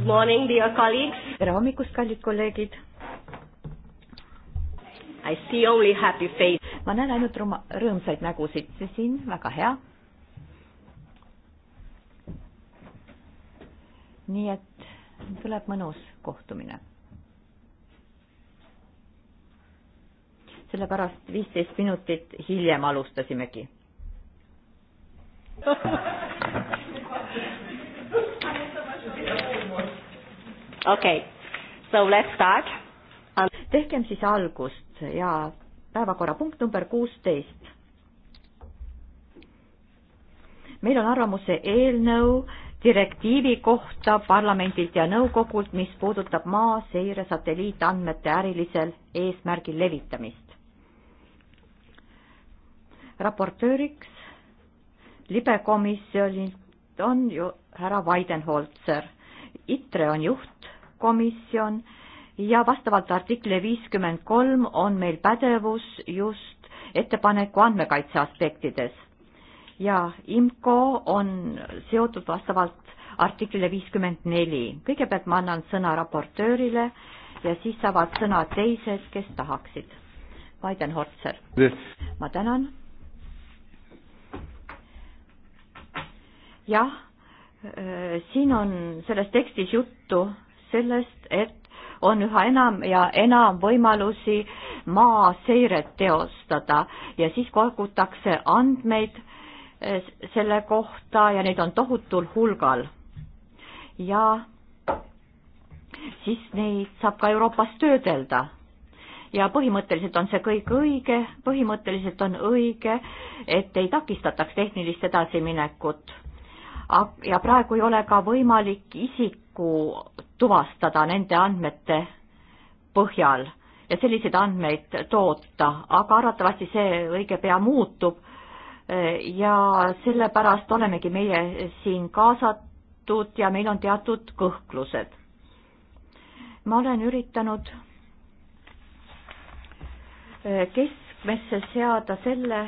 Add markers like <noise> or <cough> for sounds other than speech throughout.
Good morning, dear colleagues. tere hommikust, kallid kolleegid. I see only happy face. ma näen ainult rõõma, rõõmsaid nägusid siin, väga hea. nii et tuleb mõnus kohtumine. sellepärast viisteist minutit hiljem alustasimegi <laughs> okei okay., so let's start And.... Um, tehkem siis algust ja päevakorrapunkt number kuusteist. meil on arvamuse eelnõu direktiivi kohta parlamendilt ja nõukogult, mis puudutab maaseire satelliitandmete ärilisel eesmärgil levitamist. raportööriks libekomisjonilt on ju härra Weidenholzer ITRE on juhtkomisjon ja vastavalt artikli viiskümmend kolm on meil pädevus just ettepaneku andmekaitse aspektides. ja IMCO on seotud vastavalt artiklile viiskümmend neli. kõigepealt ma annan sõna raportöörile ja siis saavad sõna teised, kes tahaksid. Maiden Hortser. ma tänan. jah Äh, siin on selles tekstis juttu sellest, et on üha enam ja enam võimalusi maaseiret teostada ja siis kogutakse andmeid äh, selle kohta ja neid on tohutul hulgal. ja siis neid saab ka Euroopas töödelda. ja põhimõtteliselt on see kõik õige, põhimõtteliselt on õige, et ei takistataks tehnilist edasiminekut ja praegu ei ole ka võimalik isiku tuvastada nende andmete põhjal ja selliseid andmeid toota, aga arvatavasti see õige pea muutub ja sellepärast olemegi meie siin kaasatud ja meil on teatud kõhklused. ma olen üritanud keskmesse seada selle,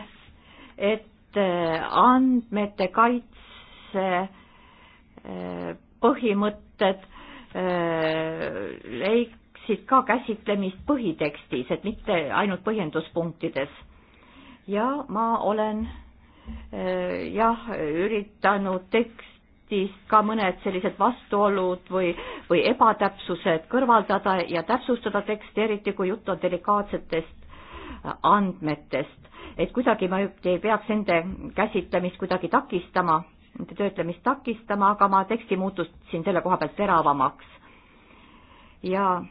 et andmete kaitse kaitse eh, põhimõtted eh, leiksid ka käsitlemist põhitekstis, et mitte ainult põhjenduspunktides. ja ma olen eh, jah, üritanud tekstis ka mõned sellised vastuolud või, või ebatäpsused kõrvaldada ja täpsustada teksti, eriti kui jutt on delikaatsetest andmetest, et kuidagi ma ei peaks nende käsitlemist kuidagi takistama töötlemist takistama, aga ma teksti muutusin selle koha pealt teravamaks. ja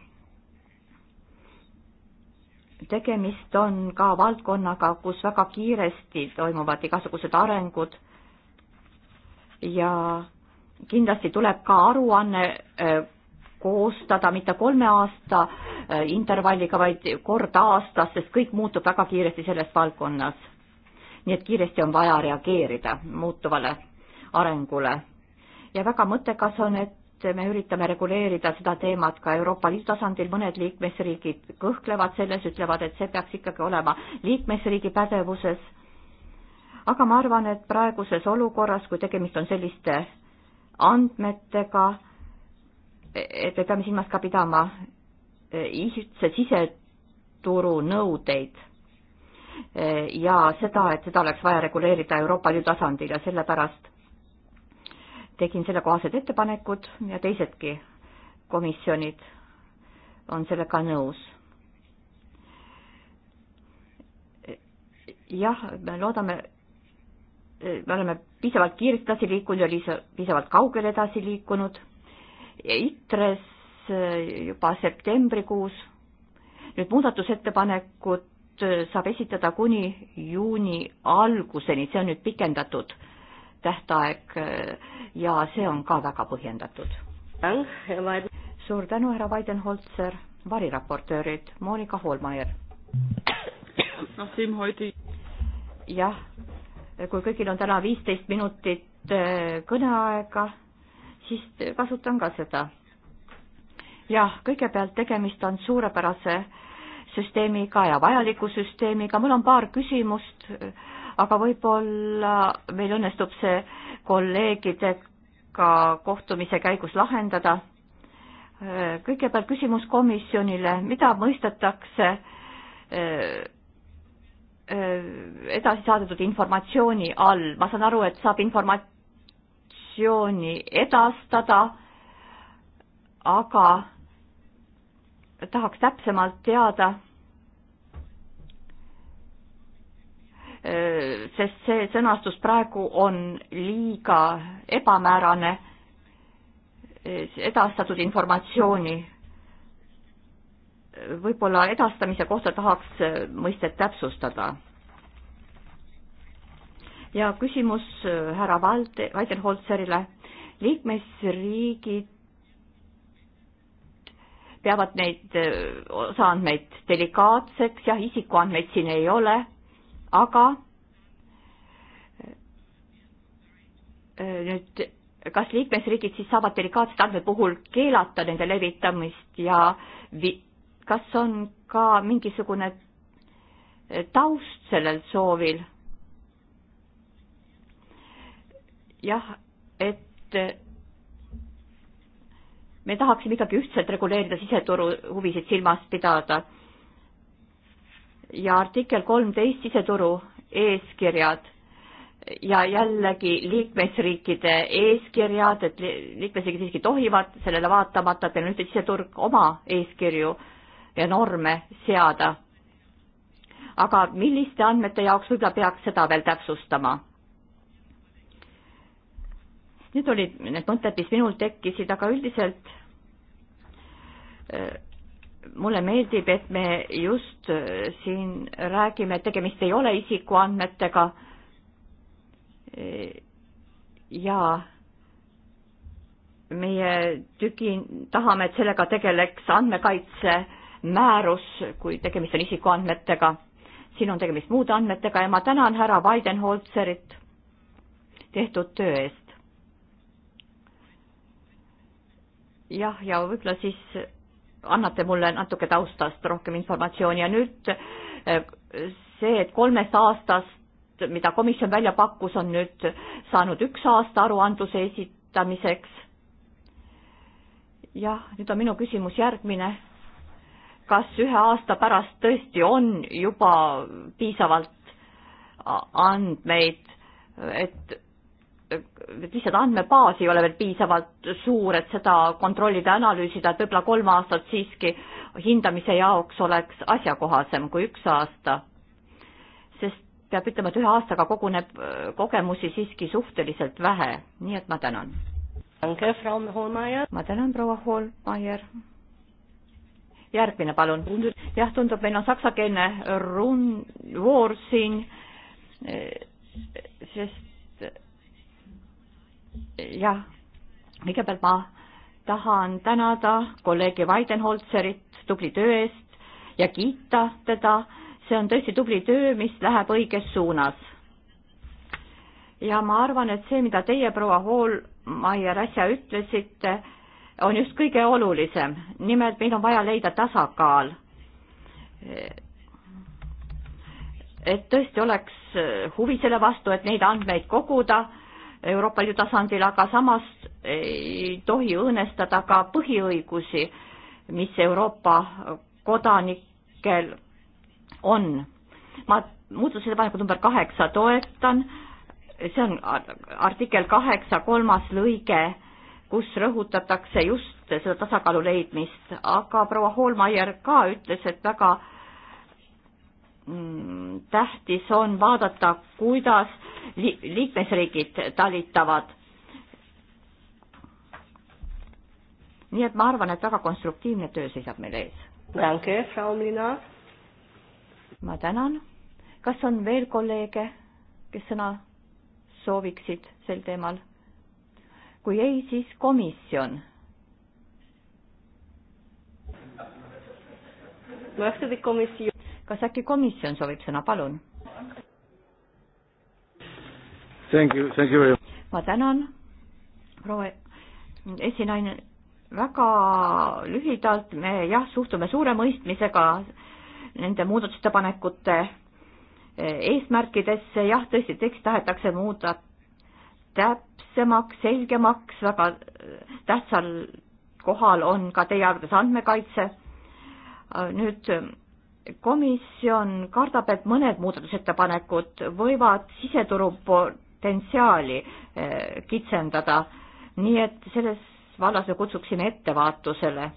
tegemist on ka valdkonnaga, kus väga kiiresti toimuvad igasugused arengud ja kindlasti tuleb ka aruanne äh, koostada mitte kolme aasta äh, intervalliga, vaid kord aastas, sest kõik muutub väga kiiresti selles valdkonnas. nii et kiiresti on vaja reageerida muutuvale arengule. ja väga mõttekas on, et me üritame reguleerida seda teemat ka Euroopa Liidu tasandil, mõned liikmesriigid kõhklevad selles, ütlevad, et see peaks ikkagi olema liikmesriigi pädevuses. aga ma arvan, et praeguses olukorras, kui tegemist on selliste andmetega, et me peame silmas ka pidama ühtse eh, siseturu nõudeid eh, ja seda, et seda oleks vaja reguleerida Euroopa Liidu tasandil ja sellepärast tegin sellekohased ettepanekud ja teisedki komisjonid on sellega nõus. jah, me loodame, me oleme piisavalt kiirelt edasi liikunud ja piisavalt kaugele edasi liikunud. ITRES eh, juba septembrikuus, nüüd muudatusettepanekud eh, saab esitada kuni juuni alguseni, see on nüüd pikendatud tähtaeg ja see on ka väga põhjendatud. suur tänu, härra Weidenholzer, variraportöörid Monika Hoolmeier. jah, kui kõigil on täna viisteist minutit äh, kõneaega, siis kasutan ka seda. jah, kõigepealt tegemist on suurepärase süsteemiga ja vajaliku süsteemiga, mul on paar küsimust aga võib-olla meil õnnestub see kolleegidega kohtumise käigus lahendada. kõigepealt küsimus komisjonile, mida mõistetakse eh, eh, edasi saadetud informatsiooni all, ma saan aru, et saab informatsiooni edastada, aga tahaks täpsemalt teada sest see sõnastus praegu on liiga ebamäärane edastatud informatsiooni võib-olla edastamise kohta tahaks mõistet täpsustada. ja küsimus härra Valde, Weidenholzerile. liikmesriigid peavad neid osaandmeid delikaatseks, jah, isikuandmeid siin ei ole aga äh, nüüd kas liikmesriigid siis saavad delikaatsete andme puhul keelata nende levitamist ja vi-, kas on ka mingisugune äh, taust sellel soovil? jah, et äh, me tahaksime ikkagi ühtselt reguleerida siseturu huvisid silmas pidada ja artikkel kolmteist siseturu eeskirjad ja jällegi liikmesriikide eeskirjad, et liikmesriigid siiski tohivad sellele vaatamata, et neil on üldse siseturg oma eeskirju ja norme seada. aga milliste andmete jaoks võib-olla peaks seda veel täpsustama? Need olid need mõtted, mis minul tekkisid, aga üldiselt äh, mulle meeldib, et me just äh, siin räägime, et tegemist ei ole isikuandmetega. ja meie tüki, tahame, et sellega tegeleks andmekaitse määrus, kui tegemist on isikuandmetega. siin on tegemist muude andmetega ja ma tänan härra Weidenholzerit tehtud töö eest. jah, ja võib-olla siis annate mulle natuke taustast rohkem informatsiooni ja nüüd eh, see, et kolmest aastast, mida komisjon välja pakkus, on nüüd saanud üks aasta aruandluse esitamiseks. jah, nüüd on minu küsimus järgmine. kas ühe aasta pärast tõesti on juba piisavalt andmeid, et lihtsalt andmebaas ei ole veel piisavalt suur, et seda kontrollida, analüüsida, et võib-olla kolm aastat siiski hindamise jaoks oleks asjakohasem kui üks aasta. sest peab ütlema, et ühe aastaga koguneb äh, kogemusi siiski suhteliselt vähe, nii et ma tänan. ma tänan, proua Hoolmeier. järgmine, palun. jah, tundub, meil on saksakeelne run-, voor siin, äh, sest jah, kõigepealt ma tahan tänada kolleegi Weidenholzerit tubli töö eest ja kiita teda. see on tõesti tubli töö, mis läheb õiges suunas. ja ma arvan, et see, mida teie, proua Hoolmaier, äsja ütlesite, on just kõige olulisem. nimelt meil on vaja leida tasakaal. et tõesti oleks huvi selle vastu, et neid andmeid koguda Euroopa Liidu tasandil, aga samas ei tohi õõnestada ka põhiõigusi, mis Euroopa kodanikel on. ma muudatusettepaneku number kaheksa toetan, see on artikkel kaheksa kolmas lõige, kus rõhutatakse just seda tasakaalu leidmist, aga proua Hoolmeier ka ütles, et väga äh, Mm, tähtis on vaadata, kuidas liikmesriigid talitavad. nii et ma arvan, et väga konstruktiivne töö seisab meil ees. Danke, Frau Mlinar. ma tänan. kas on veel kolleege, kes sõna sooviksid sel teemal? kui ei, siis komisjon kas äkki komisjon soovib sõna, palun? ma tänan, proua esinaine, väga lühidalt me jah, suhtume suure mõistmisega nende muudatusettepanekute e, eesmärkidesse, jah, tõesti, tekst tahetakse muuta täpsemaks, selgemaks, väga e, tähtsal kohal on ka teie arvates andmekaitse. nüüd komisjon kardab, et mõned muudatusettepanekud võivad siseturu potentsiaali eh, kitsendada, nii et selles vallas me kutsuksime ettevaatusele,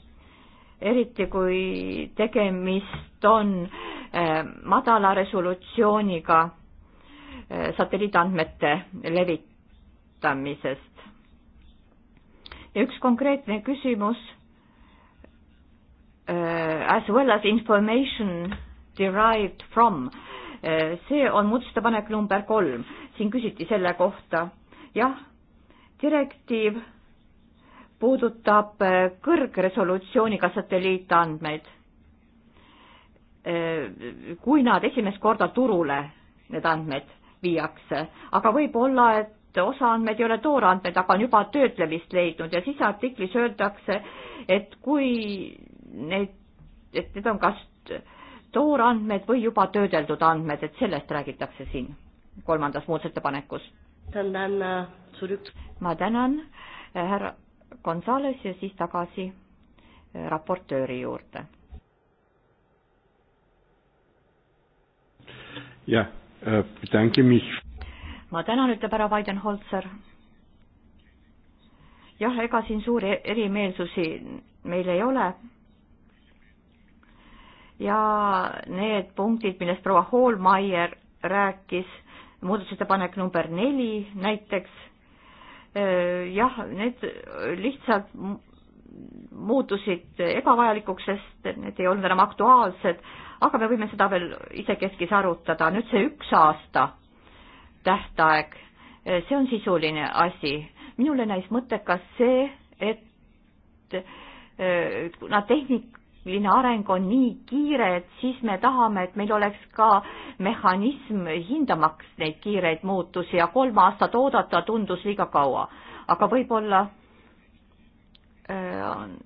eriti kui tegemist on eh, madala resolutsiooniga eh, satelliitandmete levitamisest. ja üks konkreetne küsimus Uh, as well as information derived from. Uh, see on muudatusettepanek number kolm, siin küsiti selle kohta. jah, direktiiv puudutab uh, kõrgresolutsiooniga satelliitandmeid. kui nad esimest korda turule, need andmed viiakse, aga võib-olla, et osa andmeid ei ole toorandmed, aga on juba töötlemist leidnud ja siis artiklis öeldakse, et kui neid, et need on kas toorandmed või juba töödeldud andmed, et sellest räägitakse siin kolmandas muudatusettepanekus. Äh, ma tänan äh, härra Gonzales ja siis tagasi äh, raportööri juurde. jah, tänke, mis. ma tänan, ütleb härra Weidenholzer. jah, ega siin suuri erimeelsusi meil ei ole ja need punktid, millest proua Hoolmeier rääkis, muudatusettepanek number neli näiteks, jah, need lihtsalt muutusid ebavajalikuks, sest need ei olnud enam aktuaalsed, aga me võime seda veel isekeskis arutada. nüüd see üks aasta tähtaeg, see on sisuline asi. minule näis mõttekas see, et kuna tehnik-, tehnoloogiline areng on nii kiire, et siis me tahame, et meil oleks ka mehhanism hindamaks neid kiireid muutusi ja kolm aastat oodata tundus liiga kaua. aga võib-olla äh, on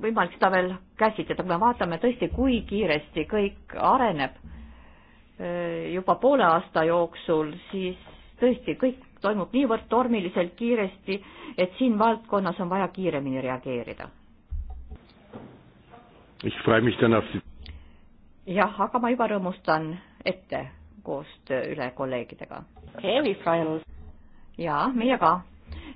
võimalik seda veel käsitleda, kui me vaatame tõesti, kui kiiresti kõik areneb äh, juba poole aasta jooksul, siis tõesti kõik toimub niivõrd tormiliselt kiiresti, et siin valdkonnas on vaja kiiremini reageerida jah, aga ma juba rõõmustan ette koostöö üle kolleegidega. ja meie ka.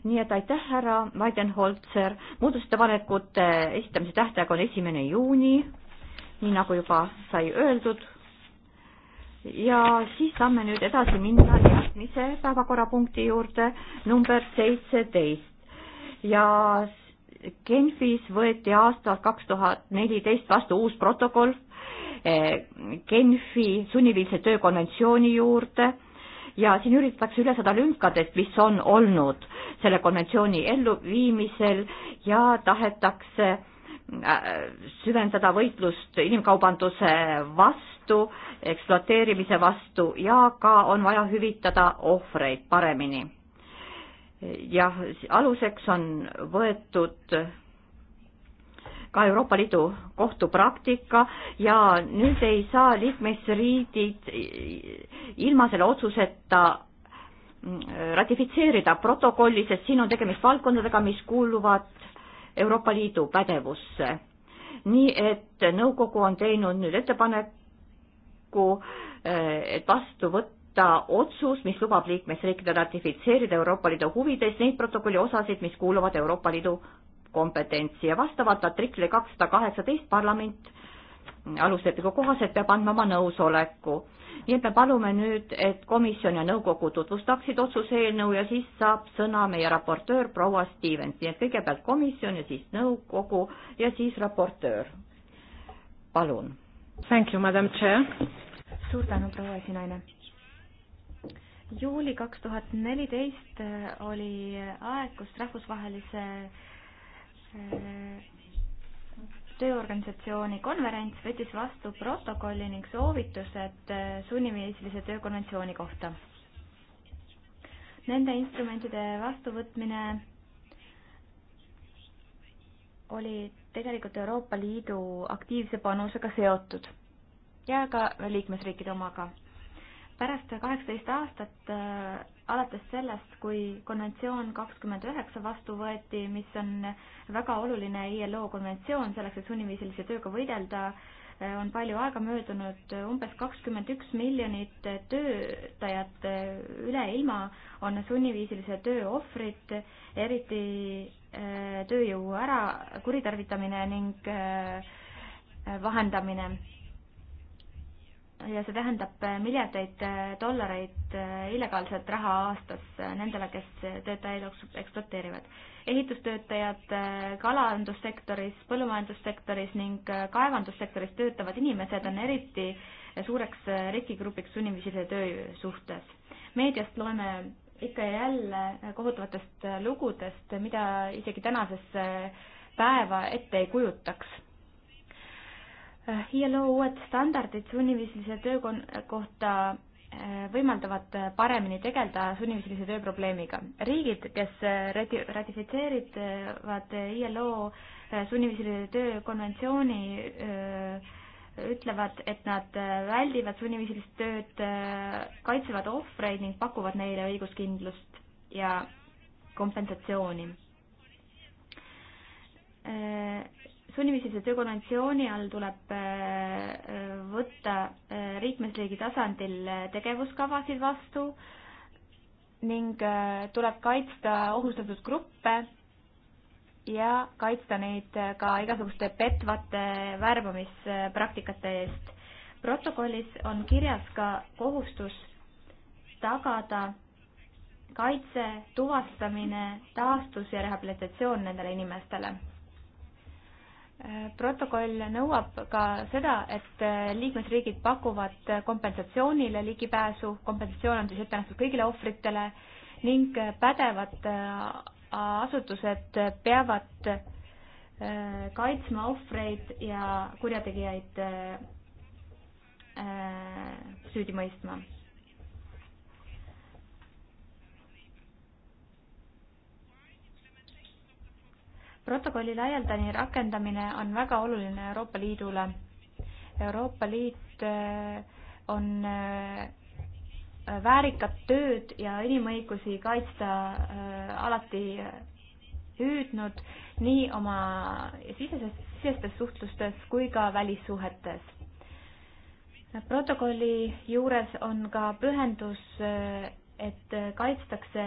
nii et aitäh, härra Weidenholzer. muudatusettepanekute esitamise tähtaeg on esimene juuni, nii nagu juba sai öeldud. ja siis saame nüüd edasi minna järgmise päevakorrapunkti juurde, number seitseteist ja Genfis võeti aastal kaks tuhat neliteist vastu uus protokoll eh, Genfi sunniviilse töö konventsiooni juurde ja siin üritatakse üle saada lünkadest, mis on olnud selle konventsiooni elluviimisel ja tahetakse äh, süvendada võitlust inimkaubanduse vastu, ekspluateerimise vastu ja ka on vaja hüvitada ohvreid paremini jah, aluseks on võetud ka Euroopa Liidu kohtupraktika ja nüüd ei saa liikmesriigid ilma selle otsuseta ratifitseerida protokolli, sest siin on tegemist valdkondadega, mis kuuluvad Euroopa Liidu pädevusse. nii et nõukogu on teinud nüüd ettepaneku, et vastu võtta võtta otsus, mis lubab liikmesriikidel ratifitseerida Euroopa Liidu huvides neid protokolli osasid, mis kuuluvad Euroopa Liidu kompetentsi ja vastavalt artiklile kakssada kaheksateist parlament aluslepingu kohaselt peab andma oma nõusoleku. nii et me palume nüüd, et komisjon ja nõukogu tutvustaksid otsuse eelnõu ja siis saab sõna meie raportöör proua Stevens, nii et kõigepealt komisjon ja siis nõukogu ja siis raportöör. palun. Thank you, madam chair. suur tänu, proua esinaine juuli kaks tuhat neliteist äh, oli aeg, kus rahvusvahelise äh, tööorganisatsiooni konverents võttis vastu protokolli ning soovitused äh, sunniviisilise töökonventsiooni kohta. Nende instrumentide vastuvõtmine oli tegelikult Euroopa Liidu aktiivse panusega seotud ja ka liikmesriikide omaga pärast kaheksateist aastat äh, alates sellest, kui konventsioon kakskümmend üheksa vastu võeti, mis on väga oluline ILO konventsioon selleks, et sunniviisilise tööga võidelda, äh, on palju aega möödunud, umbes kakskümmend üks miljonit töötajat äh, üle ilma on sunniviisilise töö ohvrid, eriti tööjõu ära kuritarvitamine ning vahendamine ja see tähendab eh, miljardeid eh, dollareid eh, illegaalset raha aastas nendele, kes töötajaid ekspluateerivad. ehitustöötajad kalandussektoris, põllumajandussektoris ning kaevandussektoris töötavad inimesed on eriti suureks riskigrupiks sunniviisilise töö suhtes. meediast loeme ikka ja jälle kohutavatest lugudest, mida isegi tänases päeva ette ei kujutaks ILO uued standardid sunniviisilise töö kohta äh, võimaldavad paremini tegeleda sunniviisilise töö probleemiga. riigid, kes äh, ratifitseerivad ILO äh, sunniviisilise töö konventsiooni, ütlevad, et nad väldivad sunniviisilist tööd, kaitsevad ohvreid ning pakuvad neile õiguskindlust ja kompensatsiooni sunniviisilise töökonventsiooni all tuleb äh, võtta äh, liikmesriigi tasandil äh, tegevuskavasid vastu ning tuleb kaitsta ohustatud gruppe ja kaitsta neid ka igasuguste petvate värbamispraktikate eest. protokollis on kirjas ka kohustus tagada kaitse, tuvastamine, taastus ja rehabilitatsioon nendele inimestele Äh, protokoll nõuab ka seda, et äh, liikmesriigid pakuvad kompensatsioonile ligipääsu, kompensatsioon on siis ette nähtud kõigile ohvritele ning äh, pädevad asutused peavad kaitsma ohvreid ja kurjategijaid süüdi mõistma protokolli laialdane rakendamine on väga oluline Euroopa Liidule. Euroopa Liit eh, on eh, väärikat tööd ja inimõigusi kaitsta eh, alati püüdnud nii oma siseses, sisestes suhtlustes kui ka välissuhetes. protokolli juures on ka pühendus et kaitstakse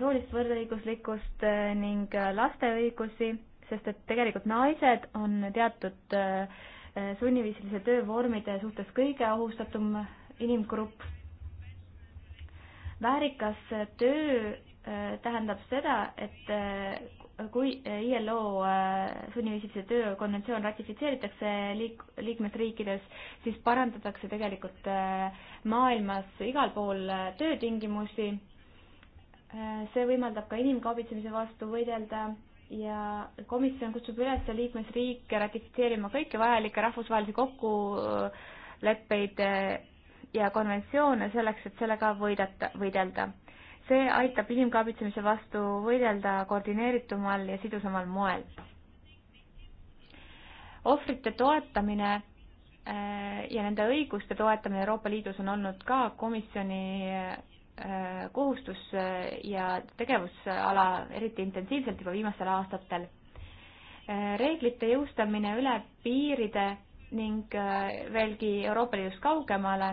soolist võrdõiguslikkust eh, ning eh, laste õigusi, sest et tegelikult naised on teatud eh, sunniviisilise töövormide suhtes kõige ohustatum inimgrupp. väärikas töö tähendab seda, et kui ILO äh, sunniviisilise töö konventsioon ratifitseeritakse liik-, liikmesriikides, siis parandatakse tegelikult äh, maailmas igal pool äh, töötingimusi. see võimaldab ka inimkaubitsemise vastu võidelda ja komisjon kutsub üles liikmesriike ratifitseerima kõiki vajalikke rahvusvahelisi kokkuleppeid ja konventsioone selleks, et sellega võidata, võidelda see aitab inimkaabitsemise vastu võidelda koordineeritumal ja sidusamal moel. ohvrite toetamine äh, ja nende õiguste toetamine Euroopa Liidus on olnud ka komisjoni äh, kohustus äh, ja tegevusala eriti intensiivselt juba viimastel aastatel. reeglite jõustamine üle piiride ning veelgi Euroopa Liidust kaugemale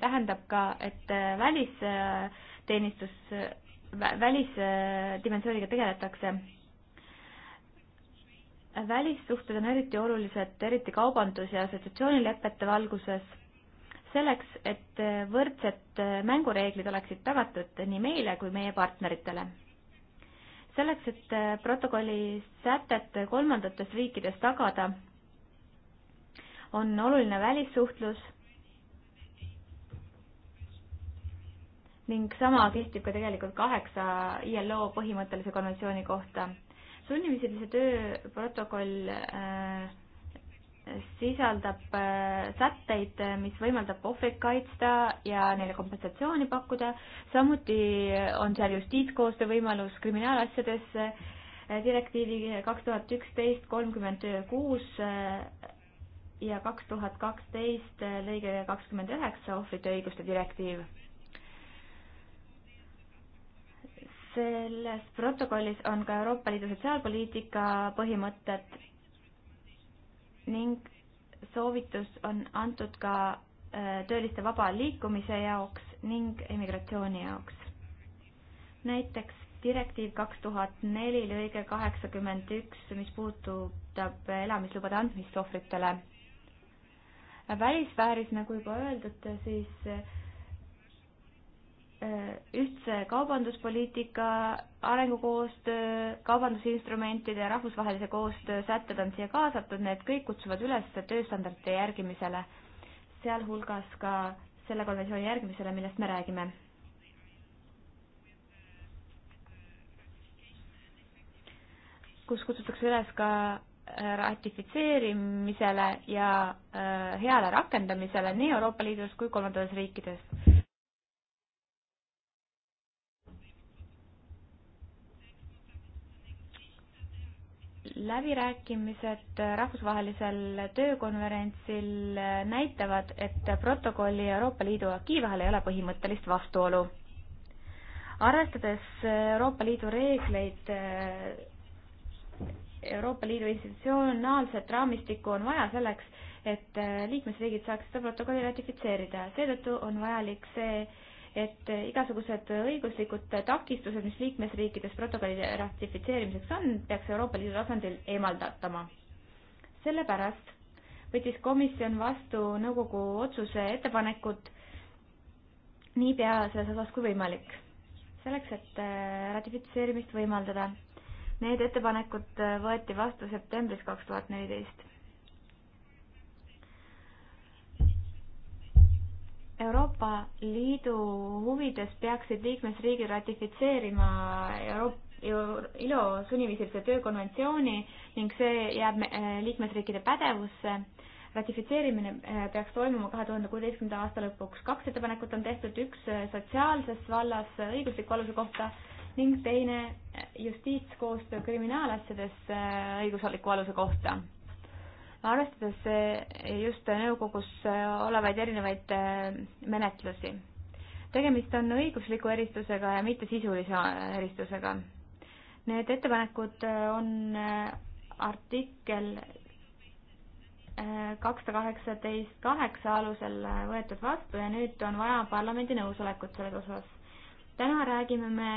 tähendab ka, et välis äh, teenistus, välisdimensiooniga tegeletakse. välissuhted on eriti olulised, eriti kaubandus- ja assotsiatsioonilepete valguses, selleks, et võrdsed mängureeglid oleksid tagatud nii meile kui meie partneritele. selleks, et protokolli sätet kolmandates riikides tagada, on oluline välissuhtlus ning sama kehtib ka tegelikult kaheksa ILO põhimõttelise konventsiooni kohta. sunniviisilise töö protokoll äh, sisaldab äh, sätteid, äh, mis võimaldab ohvreid kaitsta ja neile kompensatsiooni pakkuda, samuti on seal justiitskoostöö võimalus kriminaalasjades äh, direktiivi kaks tuhat üksteist kolmkümmend kuus äh, ja kaks tuhat kaksteist äh, lõige kakskümmend üheksa ohvrite õiguste direktiiv selles protokollis on ka Euroopa Liidu sotsiaalpoliitika põhimõtted ning soovitus on antud ka äh, tööliste vaba liikumise jaoks ning immigratsiooni jaoks. näiteks direktiiv kaks tuhat neli lõige kaheksakümmend üks, mis puudutab elamislubade andmist ohvritele. välisfääris, nagu juba öeldud, siis Äh, ühtse kaubanduspoliitika, arengukoostöö, kaubandusinstrumentide ja rahvusvahelise koostöö sätted on siia kaasatud, need kõik kutsuvad üles tööstandardite järgimisele, sealhulgas ka selle konventsiooni järgimisele, millest me räägime. kus kutsutakse üles ka äh, ratifitseerimisele ja äh, heale rakendamisele nii Euroopa Liidus kui kolmandates riikides läbirääkimised rahvusvahelisel töökonverentsil näitavad, et protokolli Euroopa Liidu aki vahel ei ole põhimõttelist vastuolu. arvestades Euroopa Liidu reegleid, Euroopa Liidu institutsionaalset raamistikku on vaja selleks, et liikmesriigid saaksid seda protokolli ratifitseerida, seetõttu on vajalik see et igasugused õiguslikud takistused, mis liikmesriikides protokolli ratifitseerimiseks on, peaks Euroopa Liidu tasandil eemaldatama. sellepärast võttis komisjon vastu nõukogu otsuse ettepanekud niipea selles osas kui võimalik. selleks, et äh, ratifitseerimist võimaldada. Need ettepanekud võeti vastu septembris kaks tuhat neliteist Euroopa Liidu huvides peaksid liikmesriigid ratifitseerima Euroopa ILO sunniviisilise töökonventsiooni ning see jääb äh, liikmesriikide pädevusse. ratifitseerimine äh, peaks toimuma kahe tuhande kuueteistkümnenda aasta lõpuks. kaks ettepanekut on tehtud, üks äh, sotsiaalses vallas õigusliku aluse kohta ning teine justiitskoostöö kriminaalasjades õigusliku aluse kohta arvestades eh, just nõukogus eh, olevaid erinevaid eh, menetlusi. tegemist on õigusliku eristusega ja mitte sisulise eristusega. Need ettepanekud on artikkel kakssada kaheksateist kaheksa alusel võetud vastu ja nüüd on vaja parlamendi nõusolekut selles osas. täna räägime me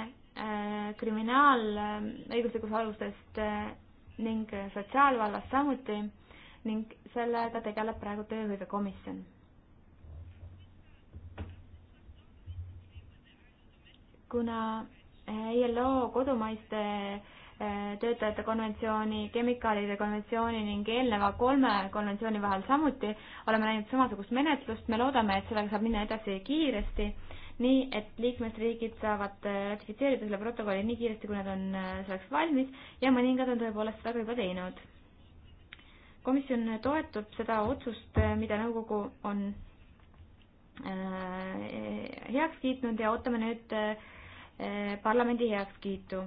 kriminaalõiguslikust alustest ning sotsiaalvallas samuti ning sellega tegeleb praegu tööhõivekomisjon. kuna ILO e kodumaiste eh, töötajate konventsiooni, kemikaalide konventsiooni ning eelneva kolme konventsiooni vahel samuti oleme näinud samasugust menetlust, me loodame, et sellega saab minna edasi kiiresti, nii et liikmesriigid saavad eh, ratifitseerida selle protokolli nii kiiresti, kui nad on eh, selleks valmis ja mõningad on tõepoolest seda ka juba teinud komisjon toetub seda otsust, mida nõukogu on äh, heaks kiitnud ja ootame nüüd äh, parlamendi heakskiitu.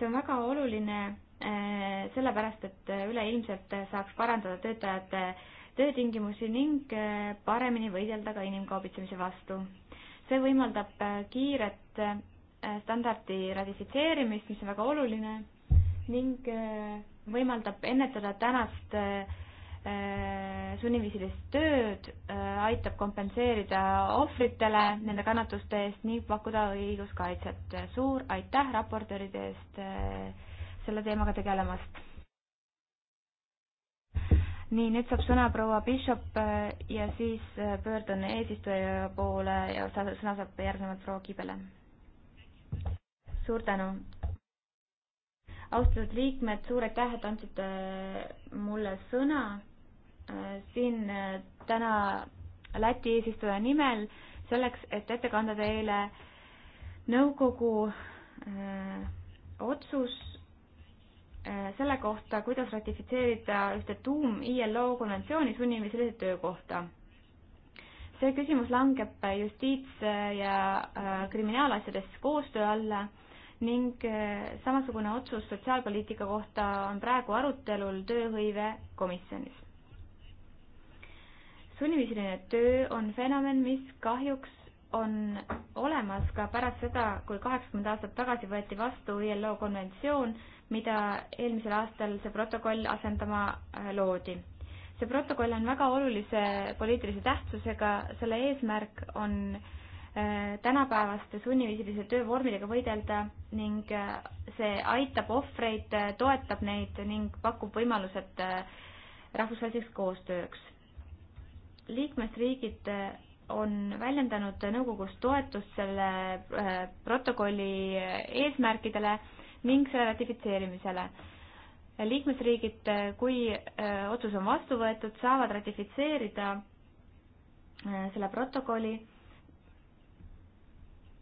see on väga oluline äh, sellepärast, et üleilmselt saaks parandada töötajate töötingimusi ning paremini võidelda ka inimkaubitsemise vastu. see võimaldab kiiret standardi ratifitseerimist, mis on väga oluline ning äh, võimaldab ennetada tänast äh, sunniviisilist tööd, äh, aitab kompenseerida ohvritele nende kannatuste eest ning pakkuda õiguskaitset. suur aitäh raportööride eest selle teemaga tegelemast. nii, nüüd saab sõna proua Bishop ja siis pöördun eesistuja poole ja sõna saab järgnevalt proua Kibele. suur tänu austatud liikmed, suur aitäh, et andsite äh, mulle sõna äh, siin äh, täna Läti eesistuja nimel selleks, et ette kanda teile nõukogu öö, otsus öö, selle kohta, kuidas ratifitseerida ühte tuum ILO konventsiooni sunniviisilise töö kohta. see küsimus langeb justiits- ja öö, kriminaalasjades koostöö alla ning eh, samasugune otsus sotsiaalpoliitika kohta on praegu arutelul tööhõive komisjonis. sunniviisiline töö on fenomen, mis kahjuks on olemas ka pärast seda, kui kaheksakümmend aastat tagasi võeti vastu ILO konventsioon, mida eelmisel aastal see protokoll asendama äh, loodi. see protokoll on väga olulise poliitilise tähtsusega, selle eesmärk on äh, Äh, tänapäevaste sunniviisilise töövormidega võidelda ning äh, see aitab ohvreid, äh, toetab neid ning pakub võimalused rahvusvaheliseks koostööks. liikmesriigid on väljendanud nõukogus toetust selle protokolli eesmärkidele ning selle ratifitseerimisele liikmesriigid, kui otsus on vastu võetud, saavad ratifitseerida selle protokolli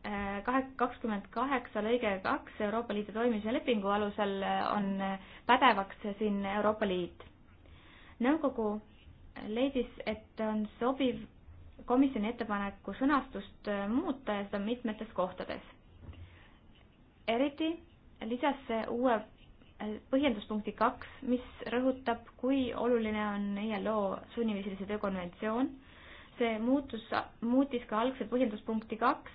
kahe, kakskümmend kaheksa lõige kaks Euroopa Liidu toimimise lepingu alusel eh, on eh, pädevaks siin Euroopa Liit. nõukogu leidis, et on sobiv komisjoni ettepaneku sõnastust eh, muuta ja seda mitmetes kohtades. eriti lisas see uue põhjenduspunkti kaks, mis rõhutab, kui oluline on ILO e sunniviisilise töökonventsioon. see muutus, muutis ka algset põhjenduspunkti kaks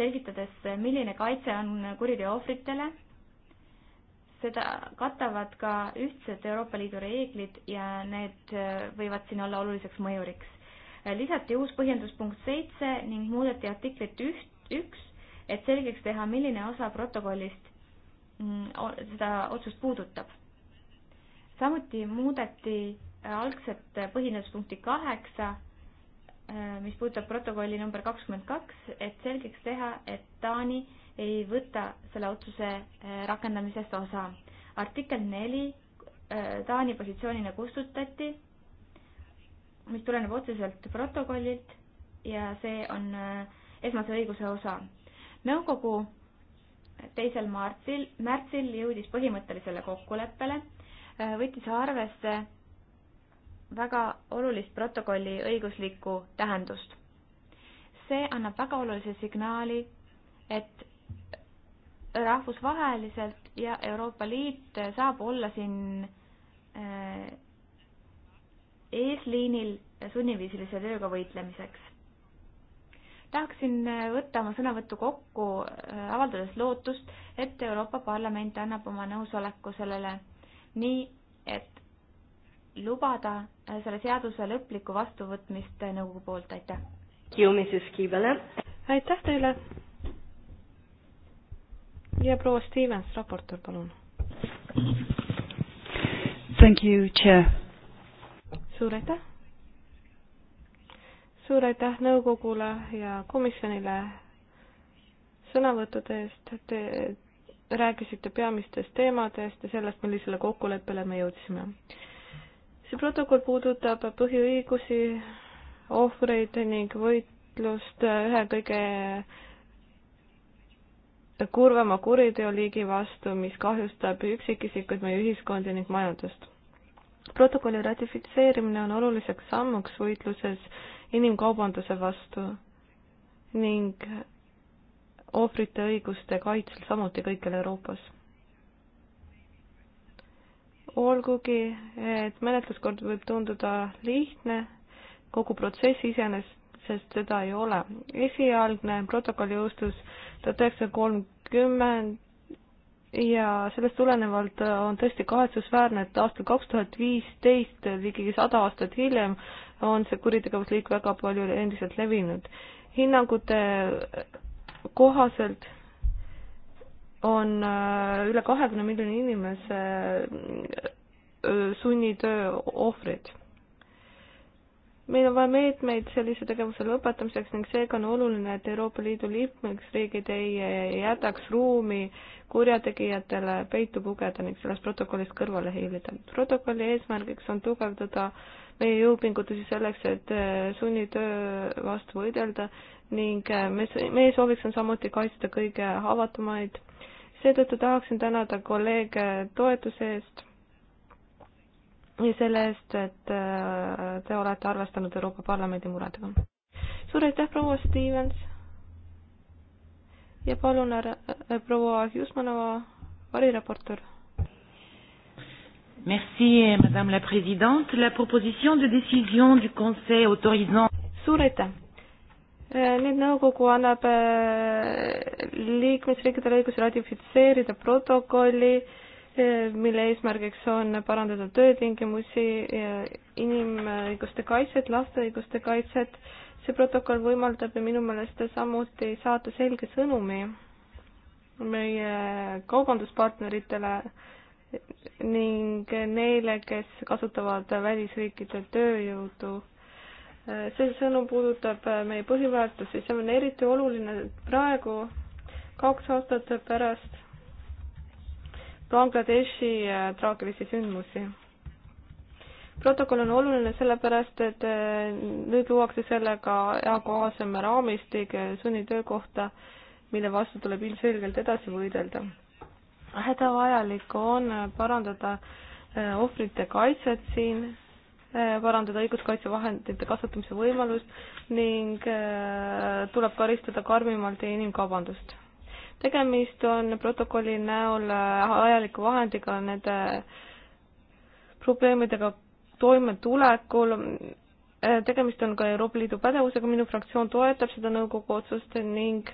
selgitades, milline kaitse on kuriteo ohvritele. seda katavad ka ühtsed Euroopa Liidu reeglid ja need äh, võivad siin olla oluliseks mõjuriks. lisati uus põhjendus punkt seitse ning muudeti artiklit üht, üks, et selgeks teha, milline osa protokollist mm, seda otsust puudutab. samuti muudeti algset põhjenduspunkti kaheksa Äh, mis puudutab protokolli number kakskümmend kaks, et selgeks teha, et Taani ei võta selle otsuse äh, rakendamisest osa. artikkel neli äh, Taani positsioonina kustutati, mis tuleneb otseselt protokollilt ja see on esmase õiguse osa. nõukogu teisel märtsil, märtsil jõudis põhimõttelisele kokkuleppele, võttis arvesse väga olulist protokolli õiguslikku tähendust. see annab väga olulise signaali, et rahvusvaheliselt ja Euroopa Liit saab olla siin äh, eesliinil sunniviisilise tööga võitlemiseks. tahaksin võtta oma sõnavõttu kokku, äh, avaldades lootust, et Euroopa Parlament annab oma nõusoleku sellele nii, lubada äh, selle seaduse lõplikku vastuvõtmist äh, nõukogu poolt, aitäh! aitäh teile! ja proua Stevens, raportöör, palun! Thank you, chair! suur aitäh! suur aitäh nõukogule ja komisjonile sõnavõttude eest, te rääkisite peamistest teemadest ja sellest, millisele kokkuleppele me jõudsime see protokoll puudutab põhiõigusi, ohvreid ning võitlust ühe kõige kurvema kuriteoliigi vastu, mis kahjustab üksikisikuid, meie ühiskondi ning majandust. protokolli ratifitseerimine on oluliseks sammuks võitluses inimkaubanduse vastu ning ohvrite õiguste kaitsel samuti kõikjal Euroopas olgugi, et menetluskord võib tunduda lihtne, kogu protsess iseenesest seda ei ole. esialgne protokoll jõustus tuhat üheksasada kolmkümmend ja sellest tulenevalt on tõesti kahetsusväärne, et aastal kaks tuhat viisteist, ligi sada aastat hiljem, on see kuritegevusliik väga palju endiselt levinud. hinnangute kohaselt on äh, üle kahekümne miljoni inimese äh, sunnitöö ohvrid. meil on vaja meetmeid sellise tegevuse lõpetamiseks ning seega on oluline, et Euroopa Liidu liikmesriigid ei jätaks ruumi kurjategijatele peitu pugeda ning sellest protokollist kõrvale hiilida. protokolli eesmärgiks on tugevdada meie jõupingutusi selleks, et äh, sunnitöö vastu võidelda ning me, meie sooviks on samuti kaitsta kõige haavatavamaid seetõttu tahaksin tänada kolleege toetuse eest ja selle eest, et äh, te olete arvestanud Euroopa Parlamendi muredega. suur aitäh, proua Stevens ja palun ära äh,, proua Jusmanova, variraportöör. Merci, madame la présidente, la proposition de décision du conseil autorisant suur aitäh! Eh, nüüd nõukogu annab eh, liikmesriikidele õiguse ratifitseerida protokolli, eh, mille eesmärgiks on parandada töötingimusi, inimõiguste kaitset, laste õiguste kaitset. see protokoll võimaldab ju minu meelest samuti saata selge sõnumi meie kaubanduspartneritele ning neile, kes kasutavad välisriikide tööjõudu see sõnum puudutab äh, meie põhiväärtusi, see on eriti oluline praegu, kaks aastat pärast Bangladeshi äh, traagilisi sündmusi. protokoll on oluline sellepärast, et äh, nüüd luuakse sellega eakohasem raamistik sunnitöö kohta, mille vastu tuleb ilmselgelt edasi võidelda. hädavajalik on parandada ohvrite kaitset siin Äh, parandada õiguskaitsevahendite kasutamise võimalust ning äh, tuleb karistada karmimalt inimkaubandust. tegemist on protokolli näol äh, ajaliku vahendiga nende probleemidega toimetulekul. tegemist on ka Euroopa Liidu pädevusega, minu fraktsioon toetab seda nõukogu otsust ning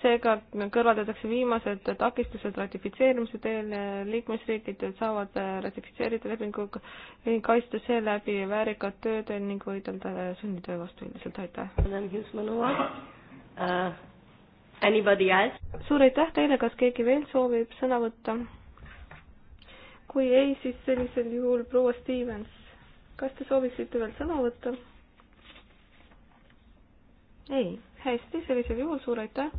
seega kõrvaldatakse viimased takistused ratifitseerimise teel, liikmesriigid saavad ratifitseerida lepinguga ning kaitsta seeläbi väärikat tööd ning võidelda sunnitöö vastu üldiselt, aitäh! Uh, suur aitäh teile, kas keegi veel soovib sõna võtta? kui ei, siis sellisel juhul proua Stevens, kas te sooviksite veel sõna võtta? ei hästi, sellisel juhul suur aitäh.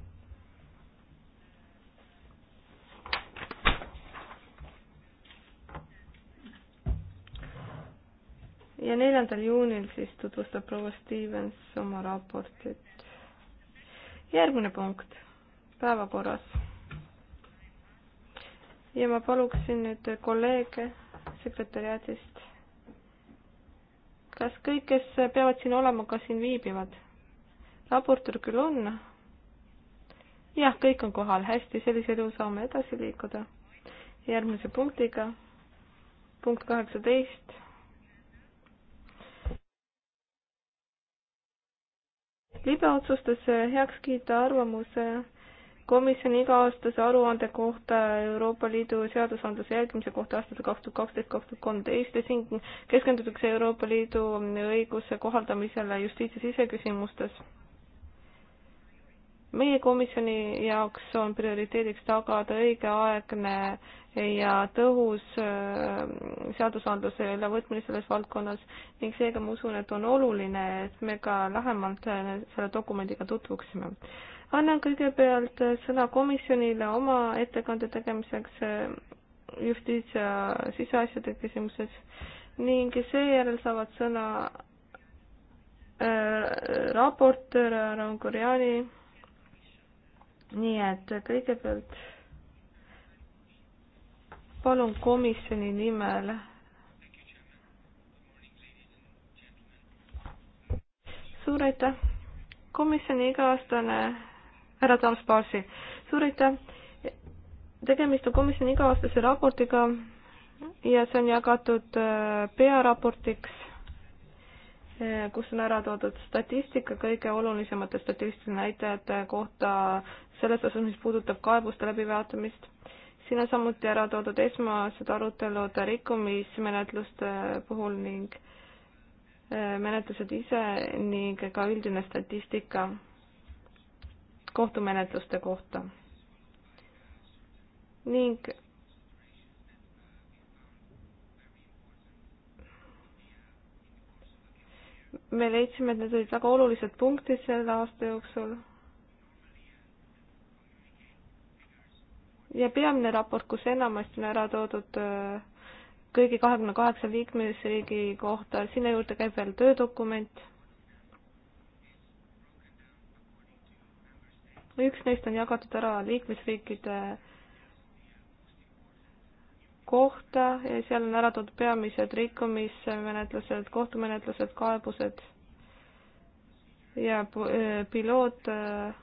ja neljandal juunil siis tutvustab proua Stevens oma raportit. järgmine punkt päevakorras. ja ma paluksin nüüd kolleege sekretäriaadist. kas kõik, kes peavad siin olema, ka siin viibivad? raportöör küll on. jah, kõik on kohal, hästi, sellisel juhul saame edasi liikuda järgmise punktiga. punkt kaheksateist. libe otsustas heaks kiita arvamuse komisjoni iga-aastase aruande kohta Euroopa Liidu seadusandluse jälgimise kohta aastatel kaks tuhat kaksteist, kaks tuhat kolmteist ja siin keskendutakse Euroopa Liidu õiguse kohaldamisele justiits- ja siseküsimustes meie komisjoni jaoks on prioriteediks tagada õigeaegne ja tõhus äh, seadusandluse ülevõtmine selles valdkonnas ning seega ma usun, et on oluline, et me ka lähemalt äh, selle dokumendiga tutvuksime. annan kõigepealt äh, sõna komisjonile oma ettekande tegemiseks justiits- ja siseasjade küsimuses ning seejärel saavad sõna raportöör Raun Kurjani nii et kõigepealt palun komisjoni nimel suur aitäh, komisjoni iga-aastane, härra Tams Paasi, suur aitäh, tegemist on komisjoni iga-aastase raportiga ja see on jagatud äh, pearaportiks kus on ära toodud statistika kõige olulisemate statistiliste näitajate kohta selles osas, mis puudutab kaebuste läbivaatamist. siin on samuti ära toodud esmased arutelud rikkumismenetluste puhul ning äh, menetlused ise ning ka üldine statistika kohtumenetluste kohta. ning me leidsime, et need olid väga olulised punktid selle aasta jooksul. ja peamine raport, kus enamasti on ära toodud äh, kõigi kahekümne kaheksa liikmesriigi kohta, sinna juurde käib veel töödokument. üks neist on jagatud ära liikmesriikide kohta ja seal on ära toodud peamised rikkumismenetlused, kohtumenetlused, kaebused ja äh, piloot äh,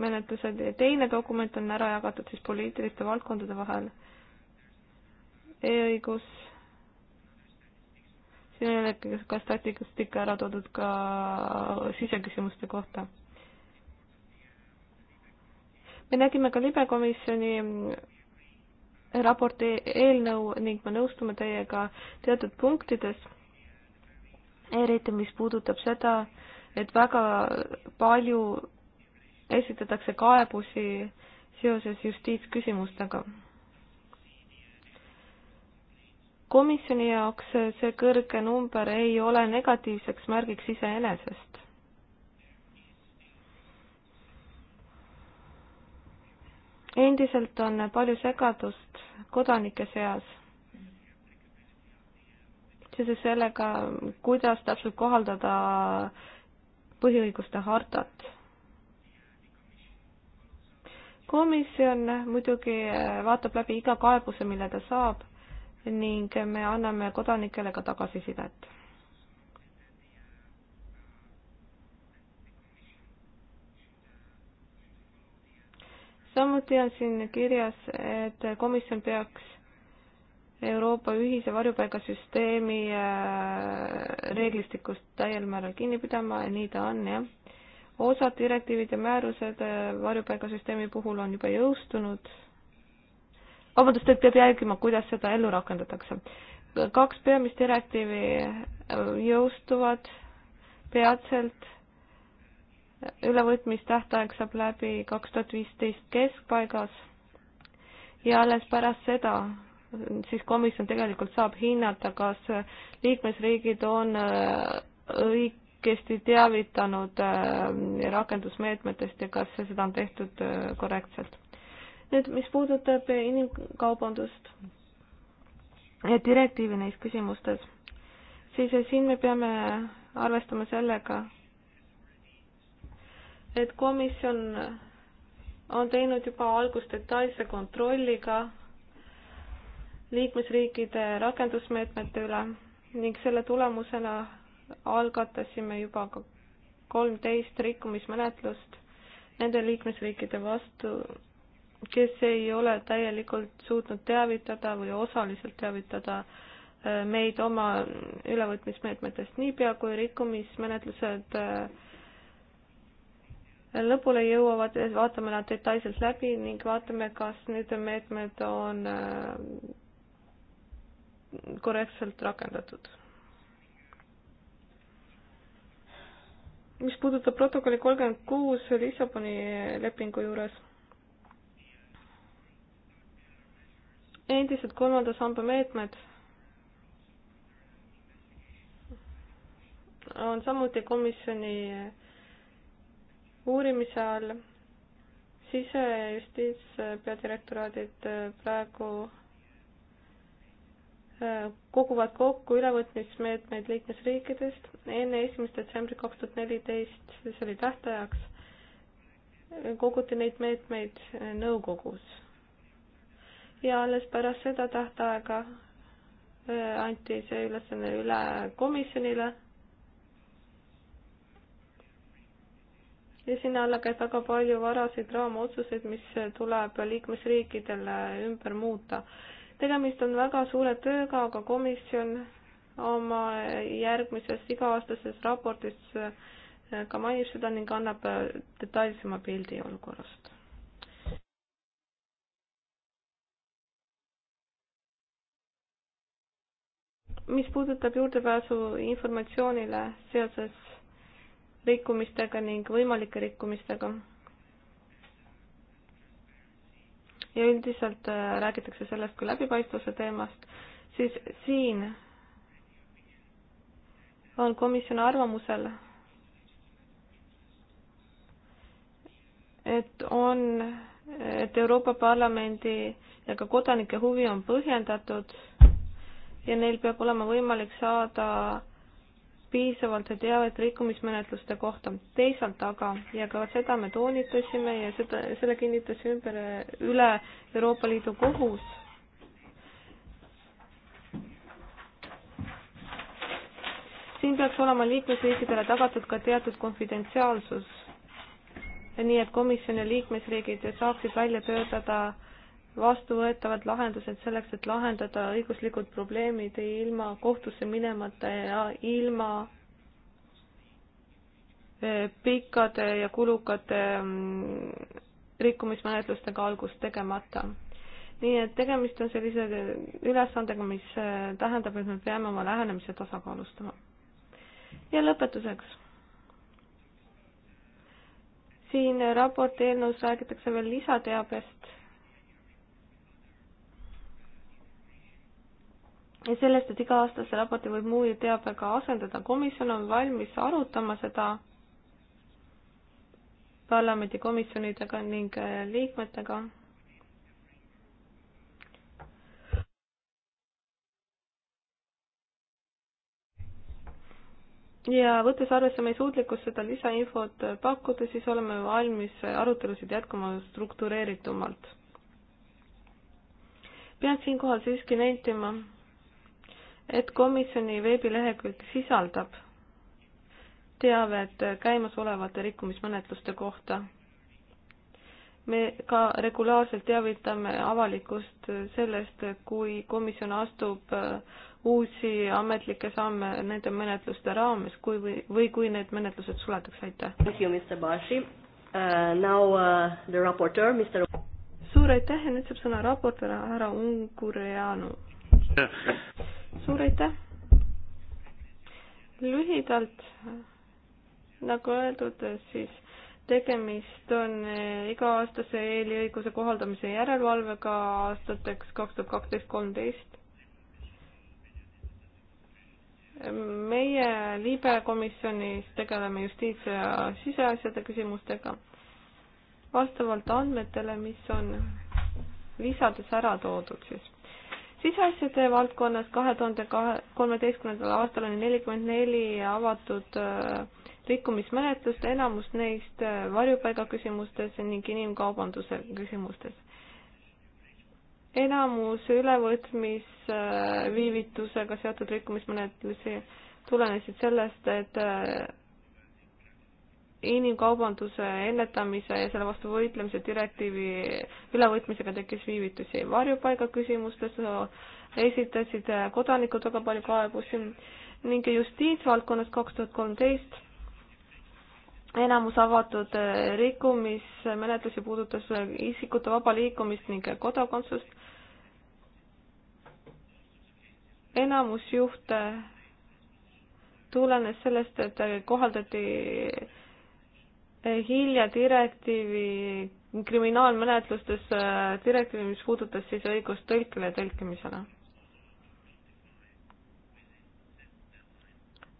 menetlused ja teine dokument on ära jagatud siis poliitiliste valdkondade vahel e. e-õigus, siin on ka statistika ära toodud ka siseküsimuste kohta me nägime ka libekomisjoni mm, raporti eelnõu ning me nõustume teiega teatud punktides, eriti mis puudutab seda, et väga palju esitatakse kaebusi seoses justiitsküsimustega. komisjoni jaoks see kõrge number ei ole negatiivseks märgiks iseenesest. endiselt on palju segadust kodanike seas seoses sellega, kuidas täpselt kohaldada põhiõiguste hartat. komisjon muidugi vaatab läbi iga kaebuse, mille ta saab ning me anname kodanikele ka tagasisidet samuti on siin kirjas, et komisjon peaks Euroopa ühise varjupaigasüsteemi äh, reeglistikust täiel määral kinni pidama ja nii ta on, jah. osad direktiivid ja määrused äh, varjupaigasüsteemi puhul on juba jõustunud. vabandust, et peab jälgima, kuidas seda ellu rakendatakse. kaks peamist direktiivi äh, jõustuvad peatselt ülevõtmistähtaeg saab läbi kaks tuhat viisteist keskpaigas ja alles pärast seda siis komisjon tegelikult saab hinnata, kas liikmesriigid on äh, õigesti teavitanud äh, rakendusmeetmetest ja kas seda on tehtud äh, korrektselt. nüüd, mis puudutab inimkaubandust ja direktiivi neis küsimustes, siis siin me peame arvestama sellega, et komisjon on teinud juba algust detailse kontrolliga liikmesriikide rakendusmeetmete üle ning selle tulemusena algatasime juba ka kolmteist rikkumismenetlust nende liikmesriikide vastu, kes ei ole täielikult suutnud teavitada või osaliselt teavitada äh, meid oma ülevõtmismeetmetest. niipea kui rikkumismenetlused äh, lõpule jõuavad, vaatame nad detailselt läbi ning vaatame, kas need meetmed on äh, korrektselt rakendatud. mis puudutab protokolli kolmkümmend kuus Lissaboni lepingu juures, endised kolmanda samba meetmed on samuti komisjoni uurimise all. sise- ja justiitspeadirektoraadid äh, praegu äh, koguvad kokku ülevõtmismeetmeid liikmesriikidest enne esimest detsembrit kaks tuhat neliteist, see oli tähtajaks, koguti neid meetmeid äh, nõukogus. ja alles pärast seda tähtaega anti see ülesanne üle komisjonile ja sinna alla käib väga palju varaseid raamotsuseid, mis tuleb liikmesriikidele ümber muuta. tegemist on väga suure tööga, aga komisjon oma järgmises iga-aastases raportis eh, ka mainib seda ning annab eh, detailsema pildi olukorrast. mis puudutab juurdepääsu informatsioonile seoses rikkumistega ning võimalike rikkumistega. ja üldiselt äh, räägitakse sellest kui läbipaistvuse teemast, siis siin on komisjoni arvamusel, et on, et Euroopa Parlamendi ja ka kodanike huvi on põhjendatud ja neil peab olema võimalik saada piisavalt teavet rikkumismenetluste kohta. teisalt aga, ja ka seda me toonitasime ja seda, selle kinnitas ümber, üle Euroopa Liidu kohus, siin peaks olema liikmesriikidele tagatud ka teatud konfidentsiaalsus. nii et komisjoni liikmesriigid saaksid välja töötada vastuvõetavad lahendused selleks, et lahendada õiguslikud probleemid ilma kohtusse minemata ja ilma e, pikkade ja kulukate mm, rikkumismenetlustega algust tegemata. nii et tegemist on sellise ülesandega, mis e, tähendab, et me peame oma lähenemise tasakaalustama. ja lõpetuseks. siin raporti eelnõus räägitakse veel lisateabest ja sellest, et iga-aastase raporti võib muu teabega asendada. komisjon on valmis arutama seda parlamendikomisjonidega ning äh, liikmetega. ja võttes arvesse meie suutlikkust seda lisainfot pakkuda, siis oleme valmis arutelusid jätkama struktureeritumalt. pean siinkohal siiski nentima et komisjoni veebilehekülg sisaldab teavet käimasolevate rikkumismenetluste kohta. me ka regulaarselt teavitame avalikkust sellest, kui komisjon astub äh, uusi ametlikke samme nende menetluste raames, kui või, või kui need menetlused suletakse, aitäh. Thank you, Mr Bashi uh,. Now uh, the raportöör, Mr. suur aitäh ja nüüd saab sõna raportöör härra Ungureanu suur aitäh! lühidalt, nagu öeldud, siis tegemist on eh, iga-aastase eeliõiguse kohaldamise järelevalvega aastateks kaks tuhat kaksteist, kolmteist. meie libe komisjonis tegeleme justiits- ja siseasjade küsimustega vastavalt andmetele, mis on lisades ära toodud siis siseasjade valdkonnas kahe tuhande kahe, kolmeteistkümnendal aastal oli nelikümmend neli avatud äh, rikkumismenetlust, enamus neist äh, varjupaiga küsimustes ning inimkaubanduse küsimustes. enamus ülevõtmisviivitusega äh, seotud rikkumismenetlusi tulenesid sellest, et inimkaubanduse ennetamise ja selle vastu võitlemise direktiivi ülevõtmisega tekkis viivitusi. varjupaiga küsimustes esitasid kodanikud väga palju kaebusi ning justiitsvaldkonnas kaks tuhat kolmteist enamus avatud rikkumismenetlusi puudutas isikute vaba liikumist ning kodakondsust. enamus juhte tulenes sellest, et kohaldati hilja direktiivi, kriminaalmenetlustes direktiivi, mis puudutas siis õigust tõlkele ja tõlkimisele.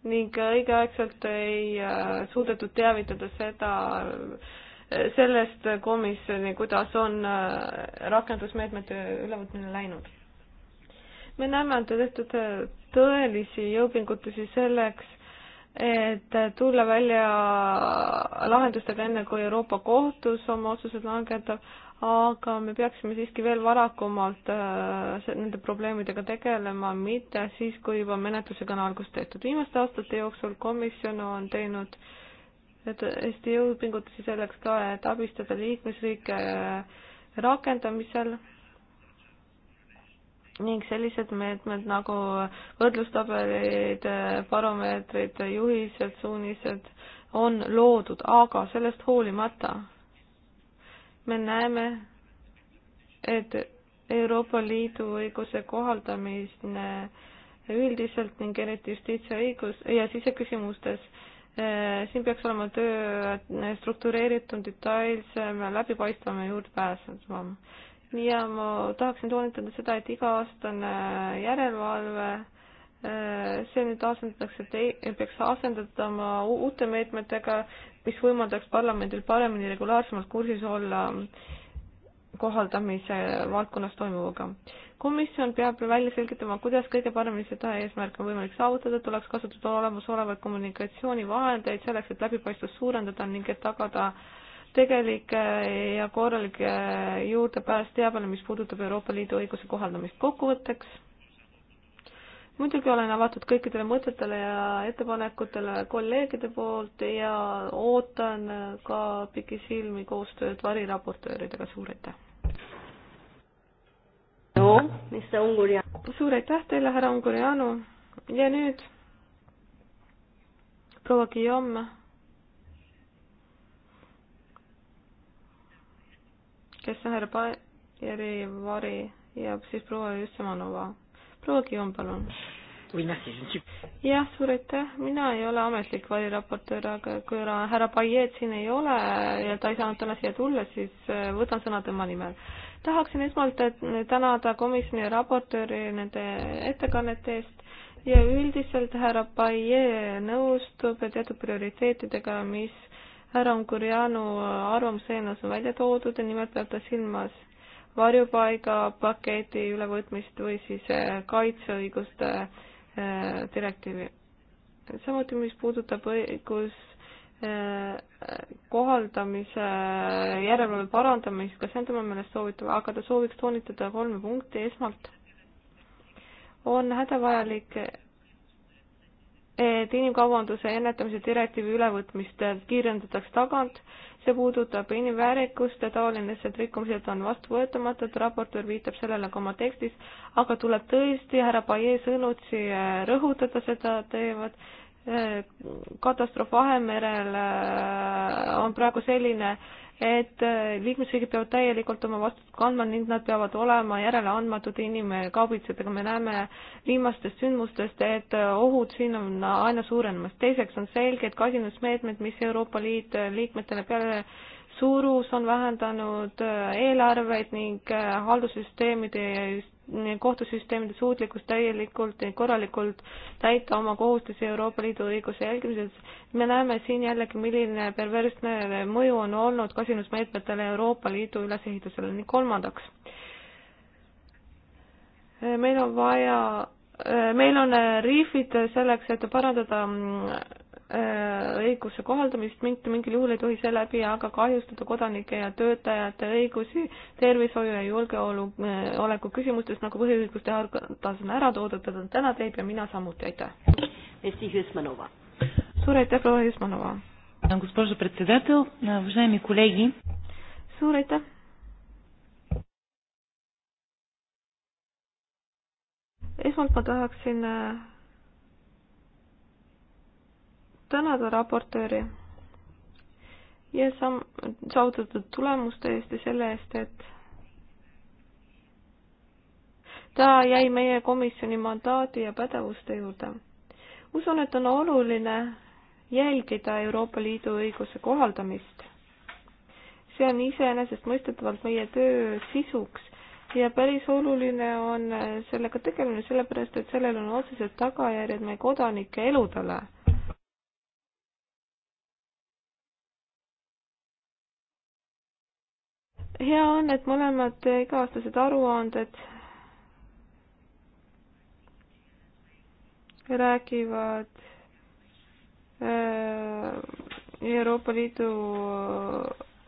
ning õigeaegselt ei äh, suudetud teavitada seda, äh, sellest komisjoni, kuidas on äh, rakendusmeetmete ülevõtmine läinud. me näeme, et on tehtud tõelisi jõupingutusi selleks, et tulla välja lahendustega enne, kui Euroopa Kohtus oma otsused langetab, aga me peaksime siiski veel varakumalt äh, nende probleemidega tegelema, mitte siis, kui juba menetlusega on algust tehtud. viimaste aastate jooksul komisjon on teinud hästi jõupingutusi selleks ka, et abistada liikmesriike äh, rakendamisel ning sellised meetmed nagu võrdlustabelid, baromeetrid, juhised, suunised on loodud, aga sellest hoolimata me näeme, et Euroopa Liidu õiguse kohaldamine üldiselt ning eriti justiits- ja õigus- ja siseküsimustes eh, siin peaks olema töö struktureeritum, detailsem, läbipaistvam ja juurdepääsetavam ja ma tahaksin toonitada seda, et iga-aastane järelevalve, äh, see nüüd asendatakse, peaks asendatama uute meetmetega, mis võimaldaks parlamendil paremini regulaarsemalt kursis olla kohaldamise valdkonnas toimuvaga. komisjon peab välja selgitama, kuidas kõige paremini seda eesmärki on võimalik saavutada, tuleks kasutada olemasolevaid kommunikatsioonivahendeid selleks, et läbipaistvust suurendada ning et tagada äh, tegelik eh, ja korralik eh, juurdepääs teabele, mis puudutab Euroopa Liidu õiguse kohaldamist kokkuvõtteks. muidugi olen avatud kõikidele mõtetele ja ettepanekutele kolleegide poolt ja ootan eh, ka pikisilmi koostööd variraportööridega, suur aitäh! no, mis see Unguri-? suur aitäh teile, härra Ungurianu ja nüüd proua Guillaume kes on härra Baieri vari ja siis proua Jussemanova. proua Kion, palun. jah, suur aitäh, mina ei ole ametlik variraportöör, aga kui härra Baiet siin ei ole ja ta ei saanud täna siia tulla, siis äh, võtan sõna tema nimel. tahaksin esmalt äh, tänada komisjoni raportööri nende ettekannete eest ja üldiselt härra Baiet nõustub teatud prioriteetidega, mis härra Ungurjanu arvamuse eelnõus on välja toodud ja nimelt peab ta silmas varjupaigapaketi ülevõtmist või siis äh, kaitseõiguste äh, direktiivi. samuti, mis puudutab õigus äh, kohaldamise järelevalve parandamist, ka see on tema meelest soovitav, aga ta sooviks toonitada kolme punkti, esmalt on hädavajalik et inimkaubanduse ennetamise direktiivi ülevõtmist kiirendataks tagant. see puudutab inimväärikust ja taolised rikkumised on vastuvõetamatud, raportöör viitab sellele ka oma tekstis, aga tuleb tõesti härra Paie sõnutsi äh, rõhutada, seda teevad äh, katastroof Vahemerel äh, on praegu selline, et äh, liikmesriigid peavad täielikult oma vastutust kandma ning nad peavad olema järele andmatud inimkaubitsetega. me näeme viimastest sündmustest, et äh, ohud siin on aina suurenemas. teiseks on selged kasinusmeetmed, mis Euroopa Liit äh, liikmetele peale suurus on vähendanud äh, eelarveid ning äh, haldussüsteemide ja kohtusüsteemide suutlikkust täielikult ja korralikult täita oma kohustusi Euroopa Liidu õiguse jälgimises. me näeme siin jällegi, milline perversne mõju on olnud kasinusmeetmetele Euroopa Liidu ülesehitusele ning kolmandaks. Äh, meil on vaja, meil on riifid selleks, et parandada mm, Äh, õiguse kohaldamist mitte mingil juhul ei tohi seeläbi aga kahjustada kodanike ja töötajate õigusi tervishoiu ja julgeoleku äh, küsimustes, nagu põhiõiguste hartas on ära toodud, tänan täna teid ja mina samuti, aitäh. suur aitäh, proua Jusmanova. suur aitäh. esmalt ma tahaksin äh, tänada raportööri ja sam-, saavutatud tulemuste eest ja selle eest, et ta jäi meie komisjoni mandaadi ja pädevuste juurde. usun, et on oluline jälgida Euroopa Liidu õiguse kohaldamist. see on iseenesestmõistetavalt meie töö sisuks ja päris oluline on sellega tegelemine, sellepärast et sellel on otsesed tagajärjed meie kodanike eludele hea on, et mõlemad iga-aastased aruanded räägivad äh, Euroopa Liidu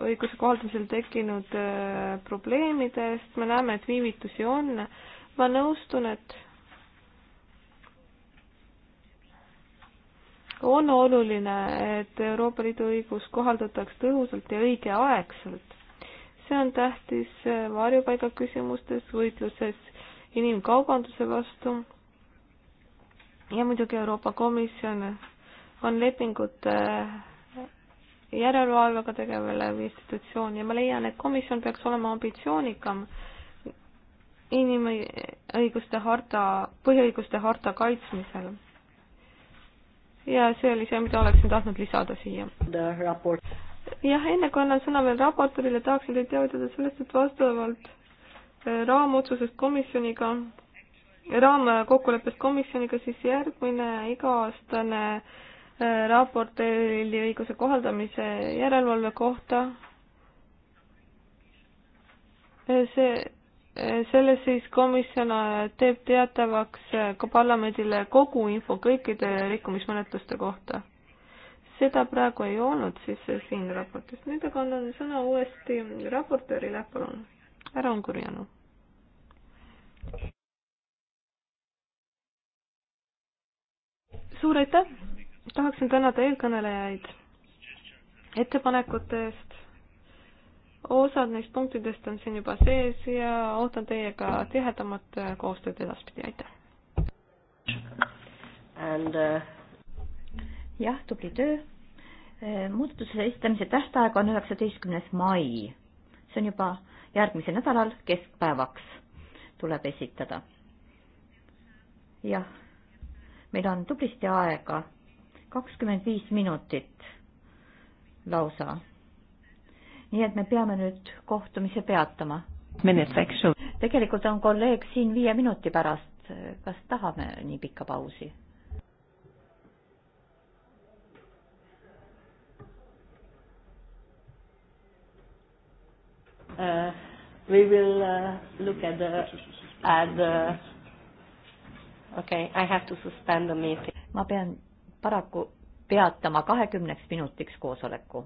õiguse kohaldamisel tekkinud äh, probleemidest, me näeme, et viivitusi on, ma nõustun, et on oluline, et Euroopa Liidu õigus kohaldataks tõhusalt ja õigeaegselt see on tähtis varjupaiga küsimustes, võitluses inimkaubanduse vastu ja muidugi Euroopa Komisjon on lepingute järelevalvega tegelev institutsioon ja ma leian, et komisjon peaks olema ambitsioonikam inimõiguste harta, põhiõiguste harta kaitsmisel. ja see oli see, mida oleksin tahtnud lisada siia jah, enne kui annan sõna veel raportorile, tahaksin teid teavitada sellest, et vastavalt äh, raamotsusest komisjoniga, raamkokkuleppest komisjoniga, siis järgmine iga-aastane äh, raport õiguse kohaldamise järelevalve kohta. Äh, see, selles siis komisjon teeb teatavaks ka parlamendile kogu info kõikide rikkumismenetluste kohta seda praegu ei olnud siis siin raportis. nüüd aga annan sõna uuesti raportöörile, palun. ära on kurjanu. suur aitäh, tahaksin tänada eelkõnelejaid ettepanekute eest. osad neist punktidest on siin juba sees ja ootan teiega tihedamat koostööd edaspidi, aitäh! And uh, jah, tubli töö. Äh, muudatuse esitamise tähtaeg on üheksateistkümnes mai. see on juba järgmisel nädalal keskpäevaks tuleb esitada. jah, meil on tublisti aega, kakskümmend viis minutit lausa. nii et me peame nüüd kohtumise peatama. tegelikult on kolleeg siin viie minuti pärast, kas tahame nii pikka pausi? uh, we will uh, look at the at the okay, I have to suspend the meeting. ma pean paraku peatama kahekümneks minutiks koosoleku.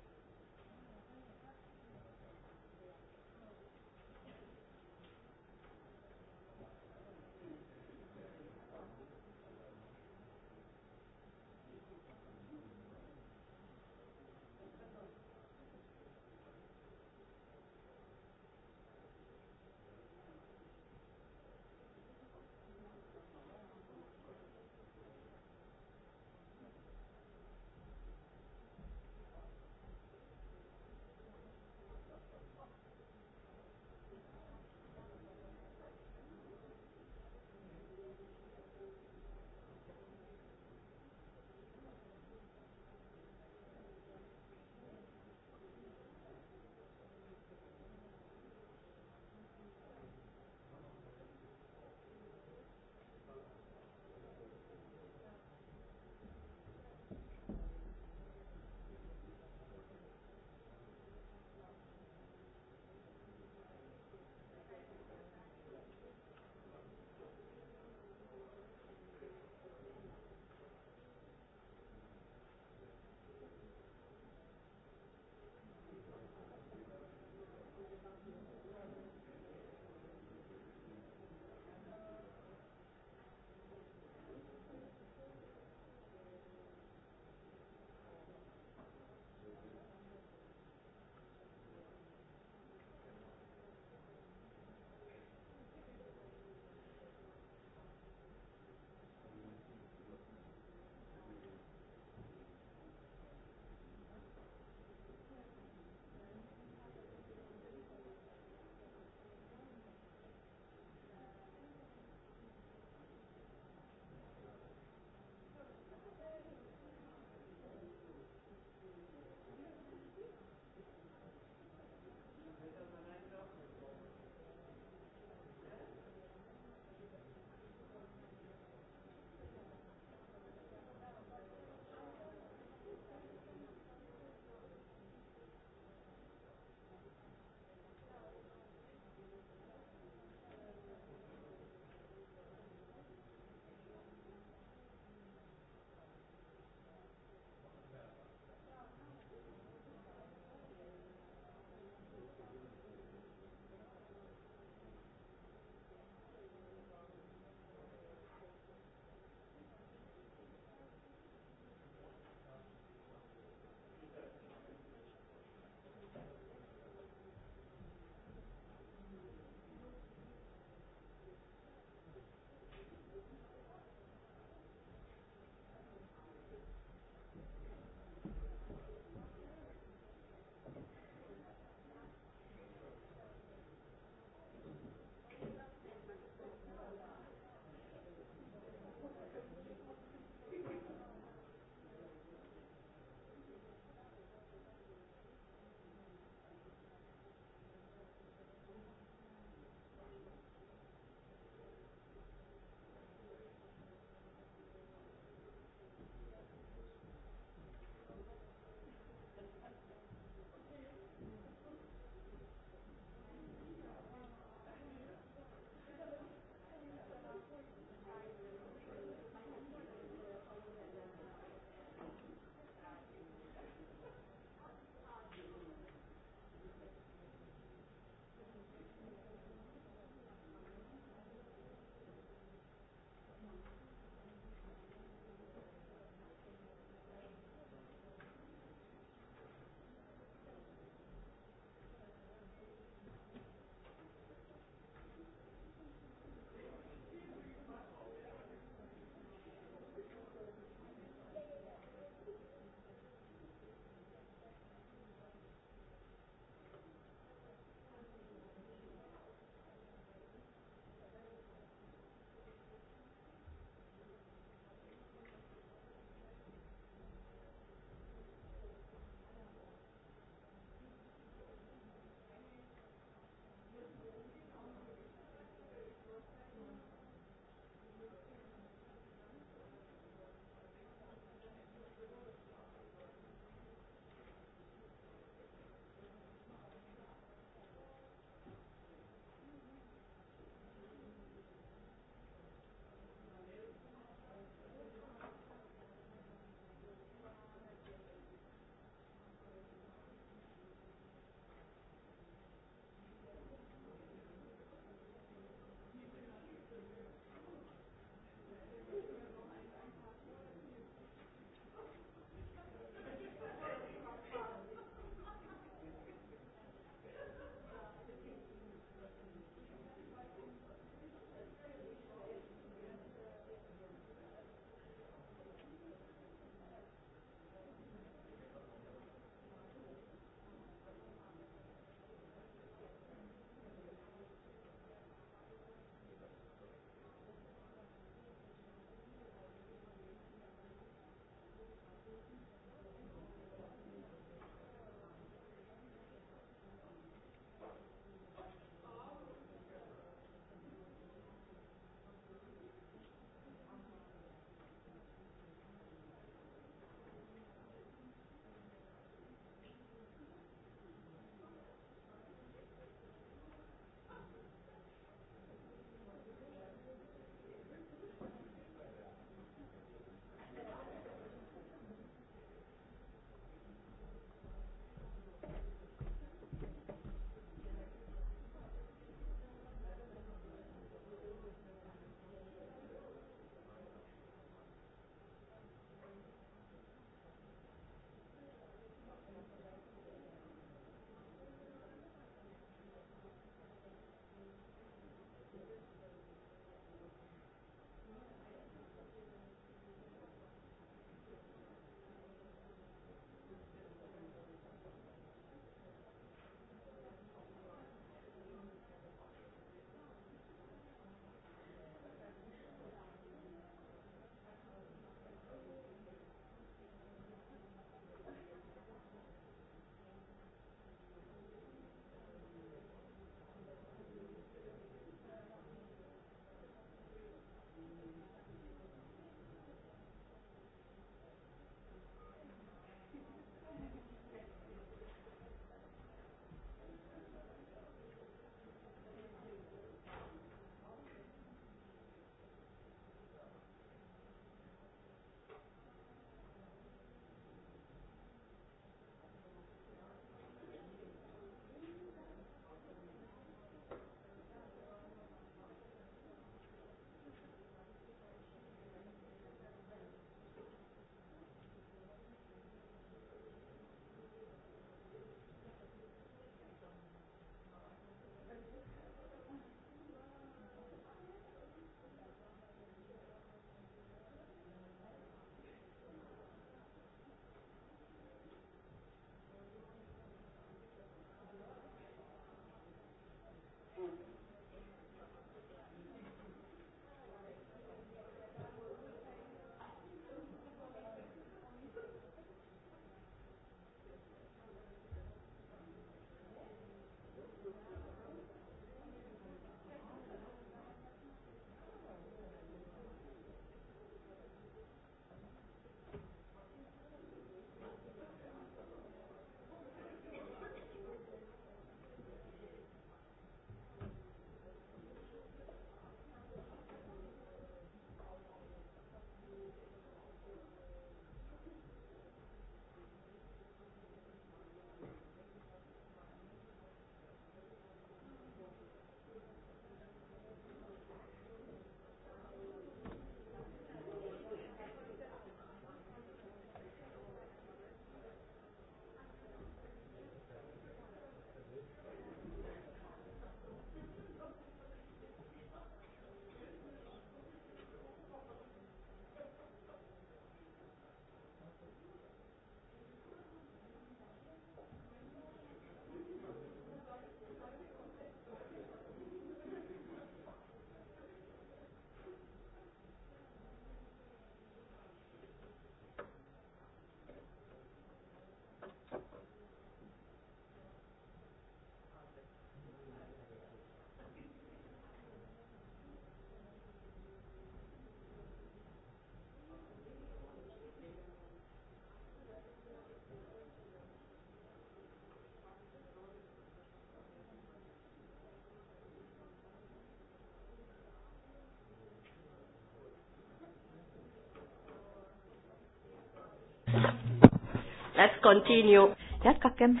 Let's continue. jätkakem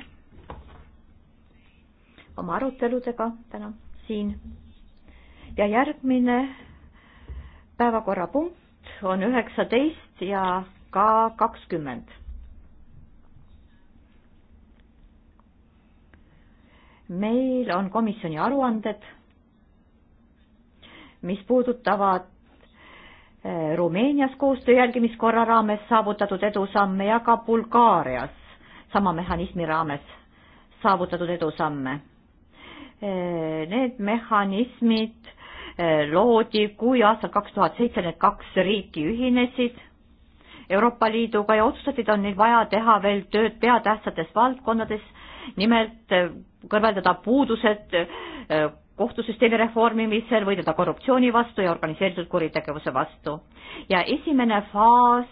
oma aruteludega täna siin. ja järgmine päevakorrapunkt on üheksateist ja ka kakskümmend. meil on komisjoni aruanded, mis puudutavad Rumeenias koostöö jälgimiskorra raames saavutatud edusamme ja ka Bulgaarias sama mehhanismi raames saavutatud edusamme. Need mehhanismid eh, loodi, kui aastal kaks tuhat seitse need kaks riiki ühinesid Euroopa Liiduga ja otsustati, et on neil vaja teha veel tööd peatähtsates valdkondades, nimelt eh, kõrvaldada puudused eh, kohtusüsteemi reformimisel, võidelda korruptsiooni vastu ja organiseeritud kuritegevuse vastu. ja esimene faas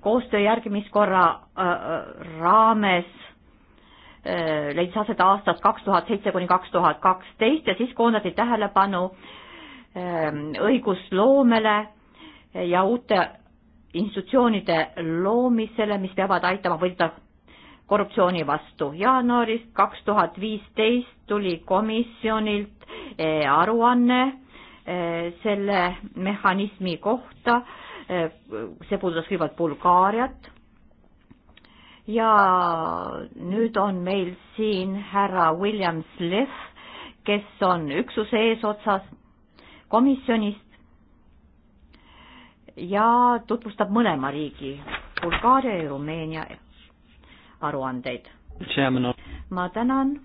koostöö järgimiskorra äh, äh, raames äh, leidis aset aastast kaks tuhat seitse kuni kaks tuhat kaksteist ja siis koondati tähelepanu äh, õigusloomele ja uute institutsioonide loomisele, mis peavad aitama võidelda korruptsiooni vastu. jaanuarist kaks tuhat viisteist tuli komisjonilt eh, aruanne eh, selle mehhanismi kohta, eh, see puudutas kõigepealt Bulgaariat ja nüüd on meil siin härra William Sliff, kes on üksuse eesotsas komisjonist ja tutvustab mõlema riigi, Bulgaaria ja Rumeenia aruandeid. ma tänan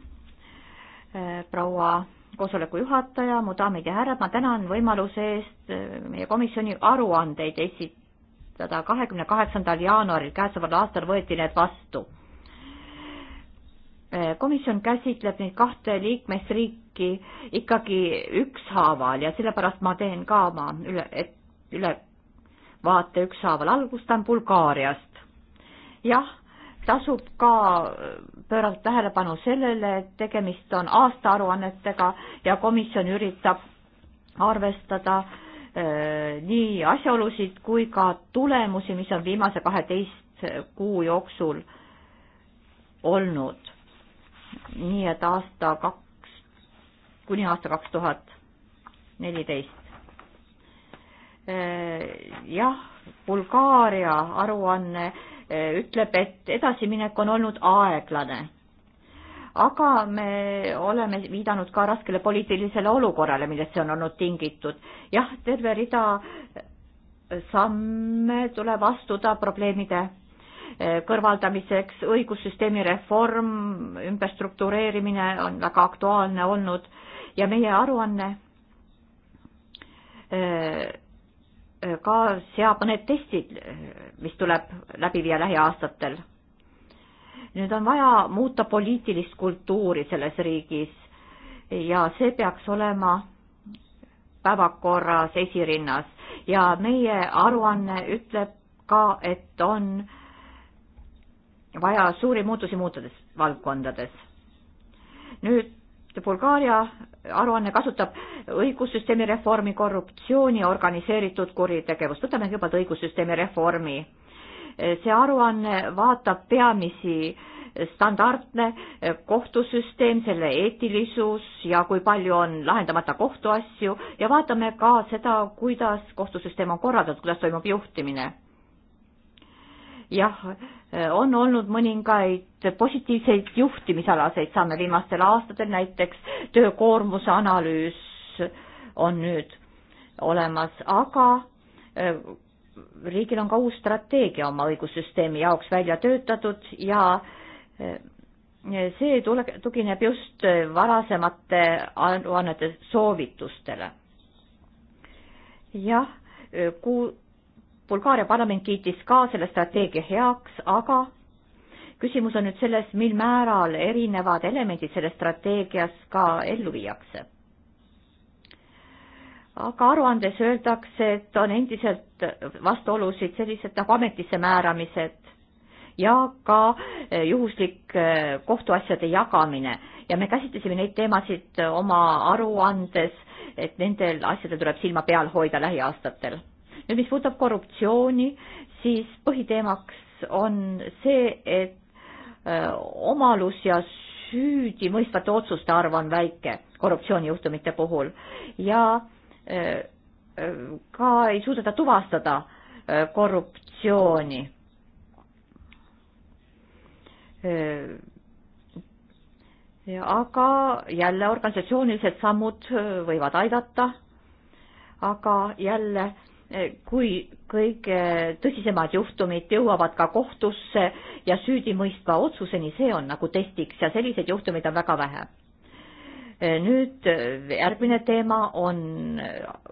eh, proua koosoleku juhataja, mu daamid ja härrad, ma tänan võimaluse eest eh, meie komisjoni aruandeid esitada. kahekümne kaheksandal jaanuaril käesoleval aastal võeti need vastu. Eh, komisjon käsitleb neid kahte liikmesriiki ikkagi ükshaaval ja sellepärast ma teen ka oma üle, ülevaate ükshaaval. algustan Bulgaariast. jah tasub ka äh, pöörata tähelepanu sellele, et tegemist on aastaaruannetega ja komisjon üritab arvestada öö, äh, nii asjaolusid kui ka tulemusi, mis on viimase kaheteist kuu jooksul olnud. nii et aasta kaks, kuni aasta kaks tuhat neliteist. Äh, jah, Bulgaaria aruanne Äh, ütleb, et edasiminek on olnud aeglane. aga me oleme viidanud ka raskele poliitilisele olukorrale, millest see on olnud tingitud. jah, terve rida samme tuleb astuda probleemide äh, kõrvaldamiseks, õigussüsteemi reform, ümberstruktureerimine on väga aktuaalne olnud ja meie aruanne äh, ka seab mõned testid, mis tuleb läbi viia lähiaastatel. nüüd on vaja muuta poliitilist kultuuri selles riigis ja see peaks olema päevakorras esirinnas ja meie aruanne ütleb ka, et on vaja suuri muutusi muutudes valdkondades. nüüd Bulgaaria aruanne kasutab õigussüsteemi reformi, korruptsiooni ja organiseeritud kuritegevust. võtame kõigepealt õigussüsteemi reformi. see aruanne vaatab peamisi standardne kohtusüsteem, selle eetilisus ja kui palju on lahendamata kohtuasju ja vaatame ka seda, kuidas kohtusüsteem on korraldatud, kuidas toimub juhtimine jah, on olnud mõningaid positiivseid juhtimisalaseid samme viimastel aastatel, näiteks töökoormuse analüüs on nüüd olemas, aga eh, riigil on ka uus strateegia oma õigussüsteemi jaoks välja töötatud ja eh, see tule, tugineb just varasemate aruannete soovitustele. jah, eh, kuu Bulgaaria parlament kiitis ka selle strateegia heaks, aga küsimus on nüüd selles, mil määral erinevad elemendid selles strateegias ka ellu viiakse. aga aruandes öeldakse, et on endiselt vastuolusid sellised nagu ametisse määramised ja ka eh, juhuslik eh, kohtuasjade jagamine ja me käsitlesime neid teemasid oma aruandes, et nendel asjadel tuleb silma peal hoida lähiaastatel nüüd, mis puudutab korruptsiooni, siis põhiteemaks on see, et äh, omalus ja süüdi mõistvate otsuste arv on väike korruptsioonijuhtumite puhul ja äh, äh, ka ei suudeta tuvastada korruptsiooni. aga jälle organisatsioonilised sammud võivad aidata, aga jälle kui kõige tõsisemad juhtumid jõuavad ka kohtusse ja süüdimõistva otsuseni, see on nagu testiks ja selliseid juhtumeid on väga vähe. nüüd järgmine teema on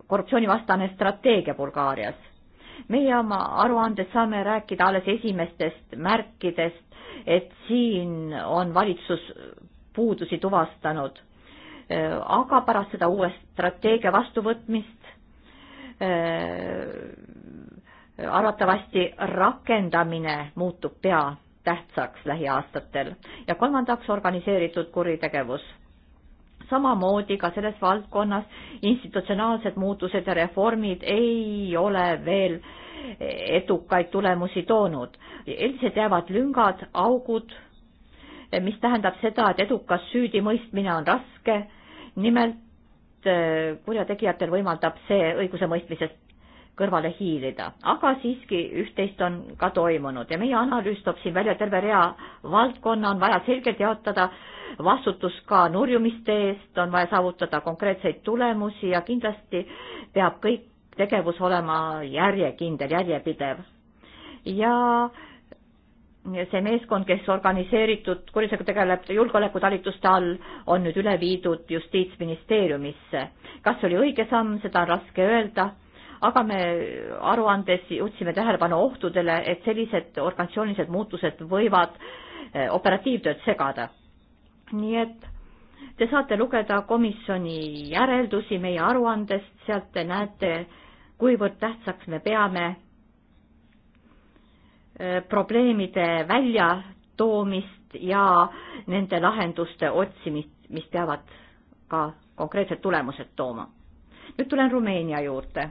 korruptsioonivastane strateegia Bulgaarias. meie oma aruandes saame rääkida alles esimestest märkidest, et siin on valitsus puudusi tuvastanud aga pärast seda uue strateegia vastuvõtmist Äh, arvatavasti rakendamine muutub pea tähtsaks lähiaastatel ja kolmandaks organiseeritud kuritegevus. samamoodi ka selles valdkonnas institutsionaalsed muutused ja reformid ei ole veel edukaid tulemusi toonud. endiselt jäävad lüngad, augud, mis tähendab seda, et edukas süüdimõistmine on raske. nimelt Eh, kurjategijatel võimaldab see õigusemõistmisest kõrvale hiilida, aga siiski üht-teist on ka toimunud ja meie analüüs toob siin välja terve rea valdkonna, on vaja selgelt jaotada vastutus ka nurjumiste eest, on vaja saavutada konkreetseid tulemusi ja kindlasti peab kõik tegevus olema järjekindel, järjepidev. ja see meeskond, kes organiseeritud kuriteoga tegeleb julgeolekutalituste all, on nüüd üle viidud Justiitsministeeriumisse. kas see oli õige samm, seda on raske öelda, aga me aruandes juhtisime tähelepanu ohtudele, et sellised organisatsioonilised muutused võivad eh, operatiivtööd segada. nii et te saate lugeda komisjoni järeldusi meie aruandest, sealt te näete, kuivõrd tähtsaks me peame Äh, probleemide väljatoomist ja nende lahenduste otsimist, mis peavad ka konkreetsed tulemused tooma. nüüd tulen Rumeenia juurde.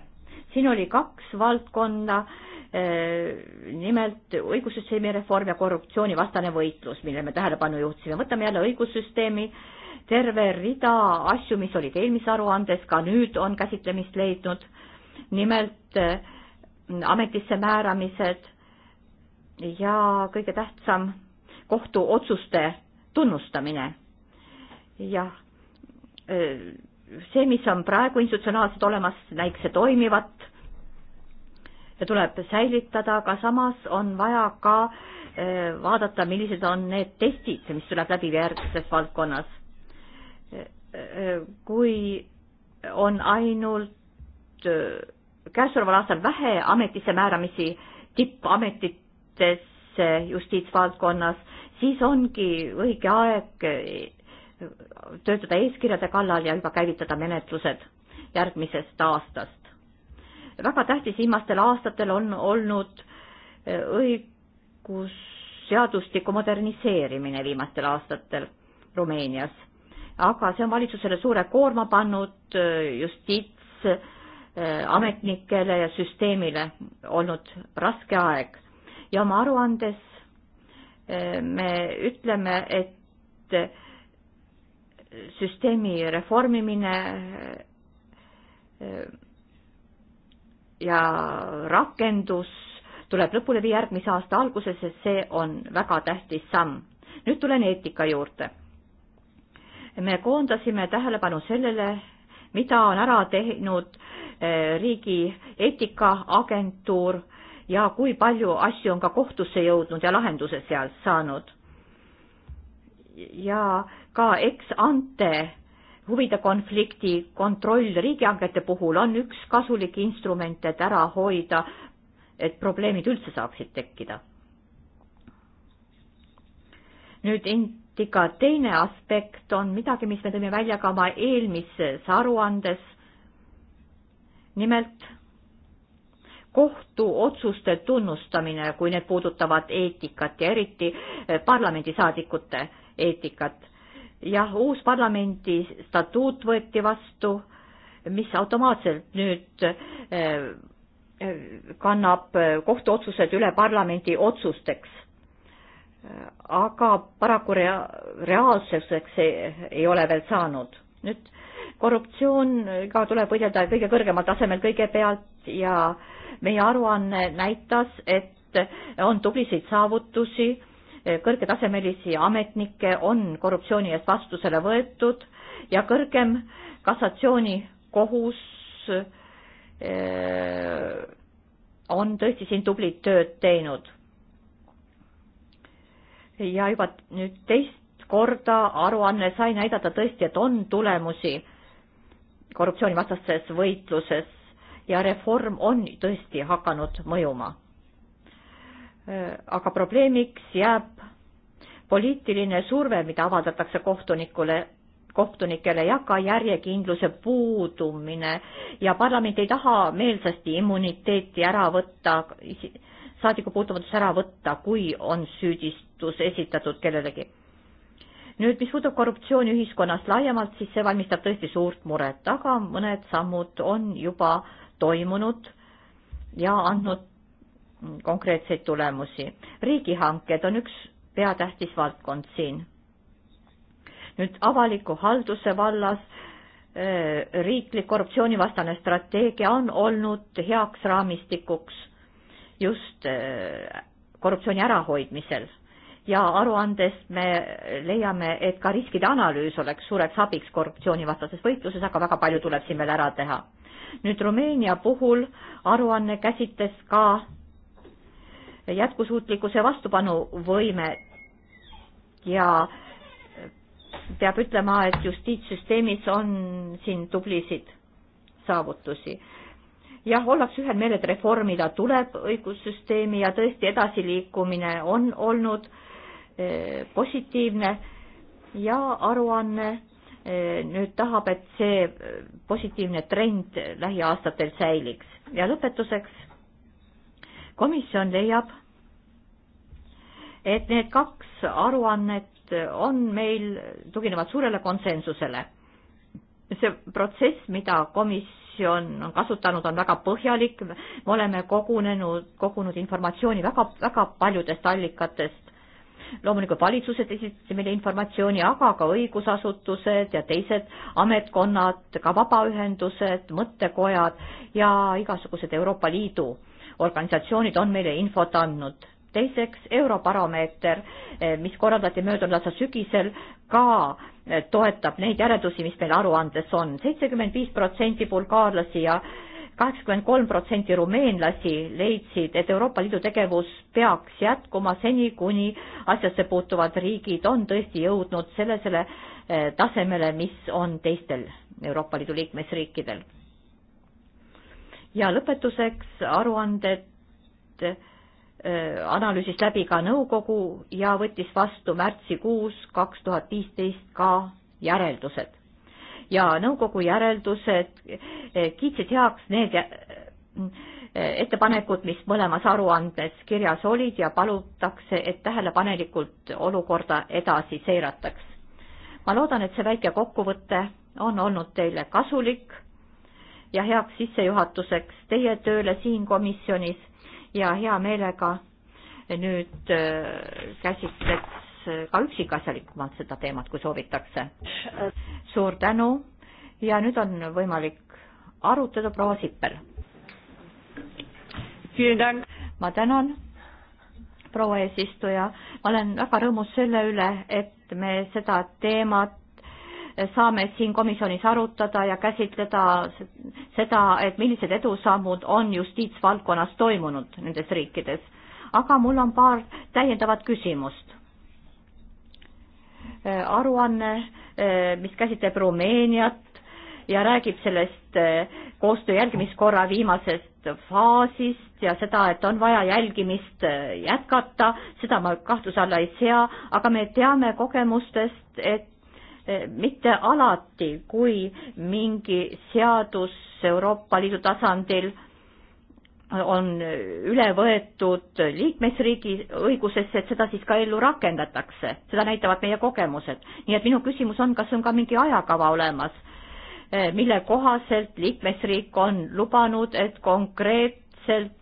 siin oli kaks valdkonda, äh, nimelt õigussüsteemi reform ja korruptsioonivastane võitlus, millele me tähelepanu juhtisime. võtame jälle õigussüsteemi, terve rida asju, mis olid eelmises aruandes, ka nüüd on käsitlemist leidnud. nimelt äh, ametisse määramised ja kõige tähtsam kohtuotsuste tunnustamine. jah, see, mis on praegu institutsionaalselt olemas, näikse toimivat ja tuleb säilitada, aga samas on vaja ka vaadata, millised on need testid, mis tuleb läbi järgmises valdkonnas. kui on ainult käesoleval aastal vähe ametisse määramisi tippametit suhetesse eh, justiitsvaldkonnas, siis ongi õige aeg eh, töötada eeskirjade kallal ja juba käivitada menetlused järgmisest aastast. väga tähtis viimastel aastatel on olnud eh, õigusseadustiku moderniseerimine viimastel aastatel Rumeenias, aga see on valitsusele suure koorma pannud justiits ametnikele ja süsteemile olnud raske aeg ja oma aruandes eh, me ütleme, et eh, süsteemi reformimine eh, ja rakendus tuleb lõpule viia järgmise aasta alguses, sest see on väga tähtis samm. nüüd tulen eetika juurde. me koondasime tähelepanu sellele, mida on ära teinud riigi eetikaagentuur ja kui palju asju on ka kohtusse jõudnud ja lahenduse seal saanud. ja ka eks ante huvide konflikti kontroll riigihangete puhul on üks kasulik instrument, et ära hoida, et probleemid üldse saaksid tekkida. nüüd Intika teine aspekt on midagi, mis me tõime välja ka oma eelmises aruandes. nimelt kohtuotsuste tunnustamine, kui need puudutavad eetikat ja eriti eh, parlamendisaadikute eetikat. jah, uus parlamendi statuut võeti vastu, mis automaatselt nüüd eh, eh, kannab kohtuotsused üle parlamendi otsusteks. aga paraku rea-, reaalsuseks ei, ei ole veel saanud. nüüd korruptsiooniga tuleb võidelda kõige kõrgemal tasemel kõigepealt ja meie aruanne näitas, et on tublisid saavutusi, kõrgetasemelisi ametnikke on korruptsiooni eest vastusele võetud ja kõrgem kassatsioonikohus eh, on tõesti siin tublit tööd teinud. ja juba nüüd teist korda aruanne sai näidata tõesti, et on tulemusi korruptsioonivastases võitluses ja reform on tõesti hakanud mõjuma. aga probleemiks jääb poliitiline surve, mida avaldatakse kohtunikule, kohtunikele ja ka järjekindluse puudumine ja parlament ei taha meelsasti immuniteeti ära võtta, saadikupuutumatus ära võtta, kui on süüdistus esitatud kellelegi nüüd, mis puudutab korruptsiooni ühiskonnas laiemalt, siis see valmistab tõesti suurt muret, aga mõned sammud on juba toimunud ja andnud konkreetseid tulemusi. riigihanked on üks peatähtis valdkond siin. nüüd avaliku halduse vallas äh, riiklik korruptsioonivastane strateegia on olnud heaks raamistikuks just äh, korruptsiooni ärahoidmisel ja aruandest me leiame, et ka riskide analüüs oleks suureks abiks korruptsioonivastases võitluses, aga väga palju tuleb siin veel ära teha. nüüd Rumeenia puhul aruanne käsitles ka jätkusuutlikkuse vastupanuvõimet ja peab ütlema, et justiitssüsteemis on siin tublisid saavutusi jah, ollakse ühel meelel, et reformida tuleb õigussüsteemi ja tõesti edasiliikumine on olnud Eh, positiivne ja aruanne eh, nüüd tahab, et see eh, positiivne trend lähiaastatel säiliks. ja lõpetuseks, komisjon leiab, et need kaks aruannet on meil, tuginevad suurele konsensusele. see protsess, mida komisjon on kasutanud, on väga põhjalik, me oleme kogunenud, kogunud informatsiooni väga, väga paljudest allikatest, loomulikult valitsused esitasid meile informatsiooni, aga ka õigusasutused ja teised ametkonnad, ka vabaühendused, mõttekojad ja igasugused Euroopa Liidu organisatsioonid on meile infot andnud. teiseks, Eurobaromeeter, eh, mis korraldati möödunud aasta sügisel, ka eh, toetab neid järeldusi, mis meil aruandes on. seitsekümmend viis protsenti bulgaarlasi ja kaheksakümmend kolm protsenti rumeenlasi leidsid, et Euroopa Liidu tegevus peaks jätkuma seni, kuni asjasse puutuvad riigid on tõesti jõudnud sellisele eh, tasemele, mis on teistel Euroopa Liidu liikmesriikidel. ja lõpetuseks aruanded eh, analüüsis läbi ka nõukogu ja võttis vastu märtsikuus kaks tuhat viisteist ka järeldused ja nõukogu järeldused kiitsid heaks need äh, ettepanekud, mis mõlemas aruandes kirjas olid ja palutakse, et tähelepanelikult olukorda edasi seirataks. ma loodan, et see väike kokkuvõte on olnud teile kasulik ja heaks sissejuhatuseks teie tööle siin komisjonis ja hea meelega nüüd äh, käsitleks Äh, ka üksikasjalikumalt seda teemat, kui soovitakse. suur tänu ja nüüd on võimalik arutada proua Sippel. ma tänan, proua eesistuja, ma olen väga rõõmus selle üle, et me seda teemat saame siin komisjonis arutada ja käsitleda seda, et millised edusammud on justiitsvaldkonnas toimunud nendes riikides. aga mul on paar täiendavat küsimust. Äh, aruanne, äh, mis käsitleb Rumeeniat ja räägib sellest äh, koostöö jälgimiskorra viimasest faasist ja seda, et on vaja jälgimist jätkata, seda ma kahtluse alla ei sea, aga me teame kogemustest, et mitte alati, kui mingi seadus Euroopa Liidu tasandil on üle võetud liikmesriigi õigusesse, et seda siis ka ellu rakendatakse, seda näitavad meie kogemused. nii et minu küsimus on, kas on ka mingi ajakava olemas, eh, mille kohaselt liikmesriik on lubanud, et konkreetselt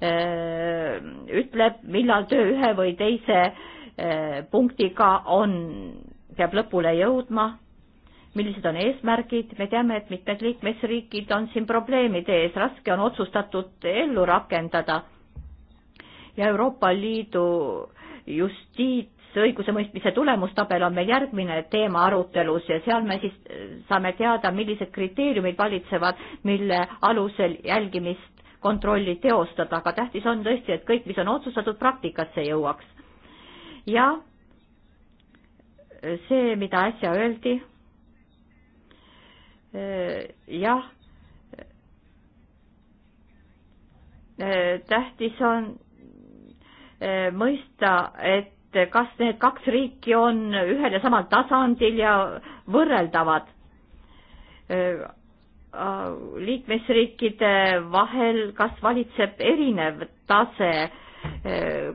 eh, ütleb, millal töö ühe või teise eh, punktiga on, peab lõpule jõudma millised on eesmärgid, me teame, et mitmed liikmesriigid on siin probleemide ees, raske on otsustatud ellu rakendada. ja Euroopa Liidu justiitsõigusemõistmise tulemustabel on meil järgmine teema arutelus ja seal me siis äh, saame teada, millised kriteeriumid valitsevad, mille alusel jälgimist kontrolli teostada, aga tähtis on tõesti, et kõik, mis on otsustatud, praktikasse jõuaks. ja see, mida äsja öeldi jah, tähtis on e, mõista, et kas need kaks riiki on ühel ja samal tasandil ja võrreldavad e, liikmesriikide vahel, kas valitseb erinev tase, e,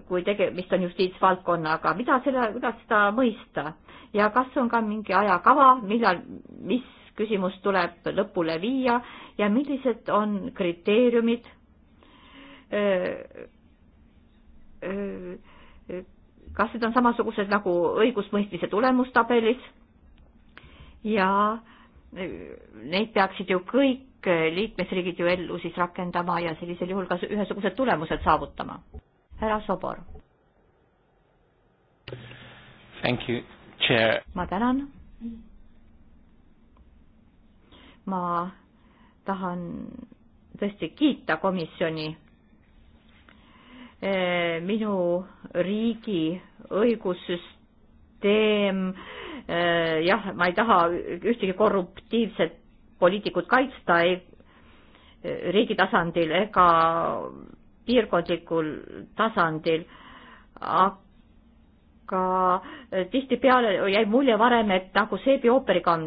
kui tegemist on justiitsvaldkonnaga, mida selle, kuidas seda mõista ja kas on ka mingi ajakava, millal, mis küsimus tuleb lõpule viia ja millised on kriteeriumid kas need on samasugused nagu õigusmõistmise tulemustabelis ja neid peaksid ju kõik liikmesriigid ju ellu siis rakendama ja sellisel juhul ka ühesugused tulemused saavutama. härra Sobor. ma tänan ma tahan tõesti kiita komisjoni eh, minu riigi õigussüsteem, eh, jah, ma ei taha ühtegi korruptiivset poliitikut kaitsta ei eh, riigi tasandil ega piirkondlikul tasandil, aga aga eh, tihtipeale jäi mulje varem, et nagu seebiooperiga on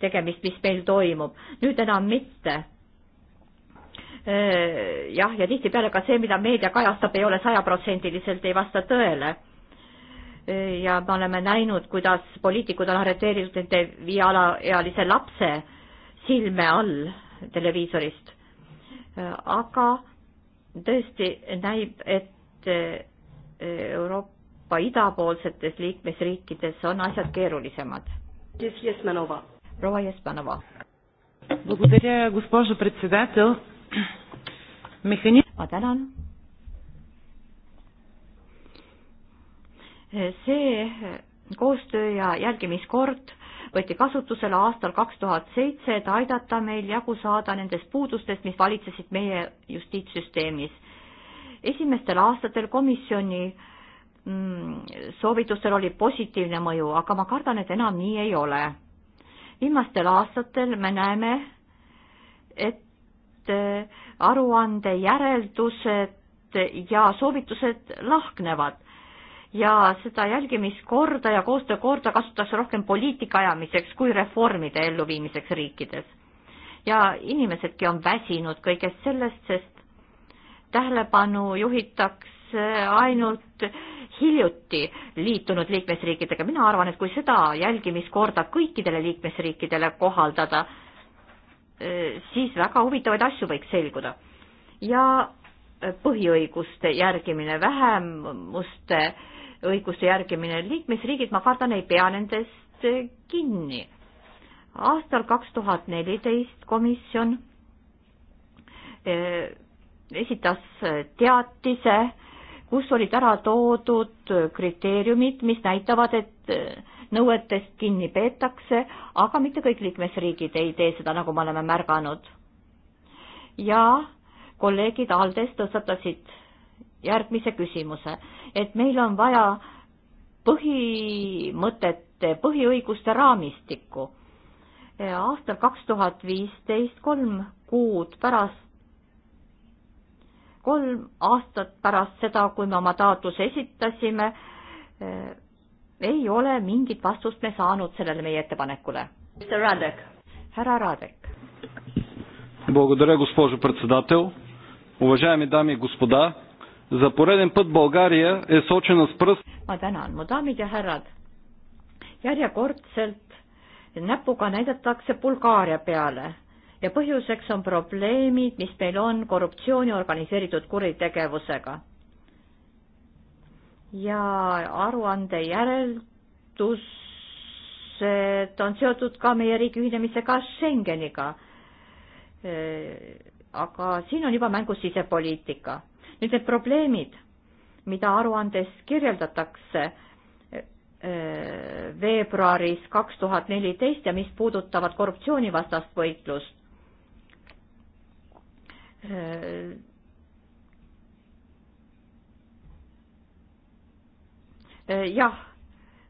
tegemist, mis meil toimub, nüüd enam mitte eh, jah, ja tihtipeale ka see, mida meedia kajastab, ei ole sajaprotsendiliselt, ei vasta tõele. Eh, ja me oleme näinud, kuidas poliitikud on arreteeritud nende viie alaealise lapse silme all televiisorist. aga tõesti näib, et Euroopa Euroopa idapoolsetes liikmesriikides on asjad keerulisemad. proua Jesmanova. ma tänan. see koostöö ja jälgimiskord võeti kasutusele aastal kaks tuhat seitse, et aidata meil jagu saada nendest puudustest, mis valitsesid meie justiitssüsteemis. esimestel aastatel komisjoni äh, Mm, soovitustel oli positiivne mõju, aga ma kardan, et enam nii ei ole. viimastel aastatel me näeme, et äh, aruande järeldused ja soovitused lahknevad ja seda jälgimiskorda ja koostöökorda kasutatakse rohkem poliitika ajamiseks kui reformide elluviimiseks riikides. ja inimesedki on väsinud kõigest sellest, sest tähelepanu juhitakse ainult hiljuti liitunud liikmesriikidega. mina arvan, et kui seda jälgimiskorda kõikidele liikmesriikidele kohaldada, eh, siis väga huvitavaid asju võiks selguda. ja eh, põhiõiguste järgimine, vähemuste õiguste järgimine, liikmesriigid, ma kardan, ei pea nendest eh, kinni. aastal kaks tuhat neliteist komisjon esitas teatise kus olid ära toodud kriteeriumid, mis näitavad, et äh, nõuetest kinni peetakse, aga mitte kõik liikmesriigid ei tee seda, nagu me oleme märganud. ja kolleegid Aldes tõstatasid järgmise küsimuse, et meil on vaja põhimõtete, põhiõiguste raamistikku. aastal kaks tuhat viisteist, kolm kuud pärast kolm aastat pärast seda, kui me oma taotluse esitasime, eh, ei ole mingit vastust me saanud sellele meie ettepanekule. härra Radek. Благодаря, госпожо председател. Уважаеми дами и господа, за пореден път България е сочена с пръст. Ma tänan, mu daamid ja härrad. Järjekordselt näpuga näidatakse Bulgaaria peale ja põhjuseks on probleemid, mis meil on korruptsiooni organiseeritud kuritegevusega. ja aruande järeldused on seotud ka meie riigi ühinemisega Schengeniga. aga siin on juba mängus sisepoliitika. nüüd need probleemid, mida aruandes kirjeldatakse veebruaris kaks tuhat neliteist ja mis puudutavad korruptsioonivastast võitlust. Äh, äh, jah,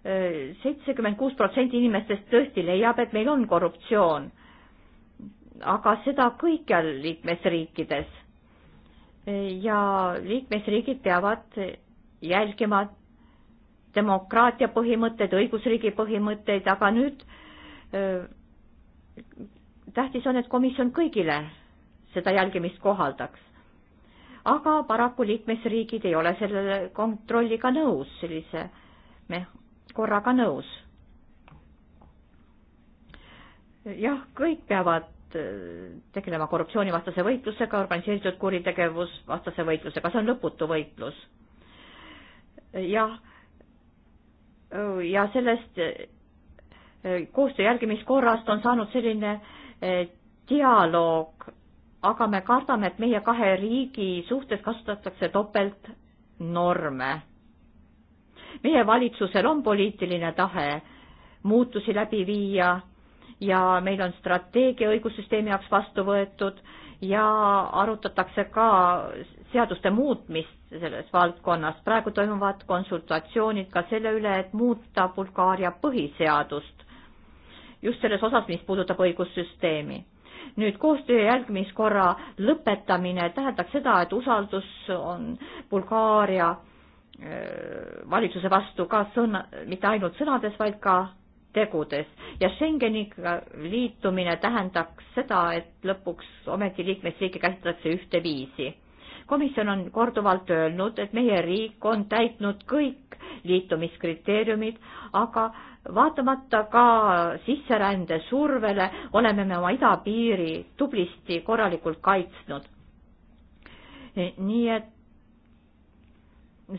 äh, seitsekümmend kuus protsenti inimestest tõesti leiab, et meil on korruptsioon, aga seda kõikjal liikmesriikides. ja liikmesriigid peavad jälgima demokraatia põhimõtteid, õigusriigi põhimõtteid, aga nüüd tähtis on, et komisjon kõigile seda jälgimist kohaldaks. aga paraku liikmesriigid ei ole selle kontrolliga nõus, sellise me korraga nõus. jah, kõik peavad äh, tegelema korruptsioonivastase võitlusega, organiseeritud kuritegevus vastase võitlusega, see on lõputu võitlus. jah, äh, ja sellest äh, koostöö jälgimiskorrast on saanud selline dialoog aga me kardame, et meie kahe riigi suhtes kasutatakse topeltnorme. meie valitsusel on poliitiline tahe muutusi läbi viia ja meil on strateegia õigussüsteemi jaoks vastu võetud ja arutatakse ka seaduste muutmist selles valdkonnas. praegu toimuvad konsultatsioonid ka selle üle, et muuta Bulgaaria põhiseadust just selles osas, mis puudutab õigussüsteemi nüüd koostöö jälgimiskorra lõpetamine tähendaks seda, et usaldus on Bulgaaria äh, valitsuse vastu ka sõna, mitte ainult sõnades, vaid ka tegudes ja Schengeniga liitumine tähendaks seda, et lõpuks ometi liikmesriike käsitletakse ühteviisi. komisjon on korduvalt öelnud, et meie riik on täitnud kõik liitumiskriteeriumid, aga äh, vaatamata ka sisserände survele oleme me oma idapiiri tublisti korralikult kaitsnud. nii et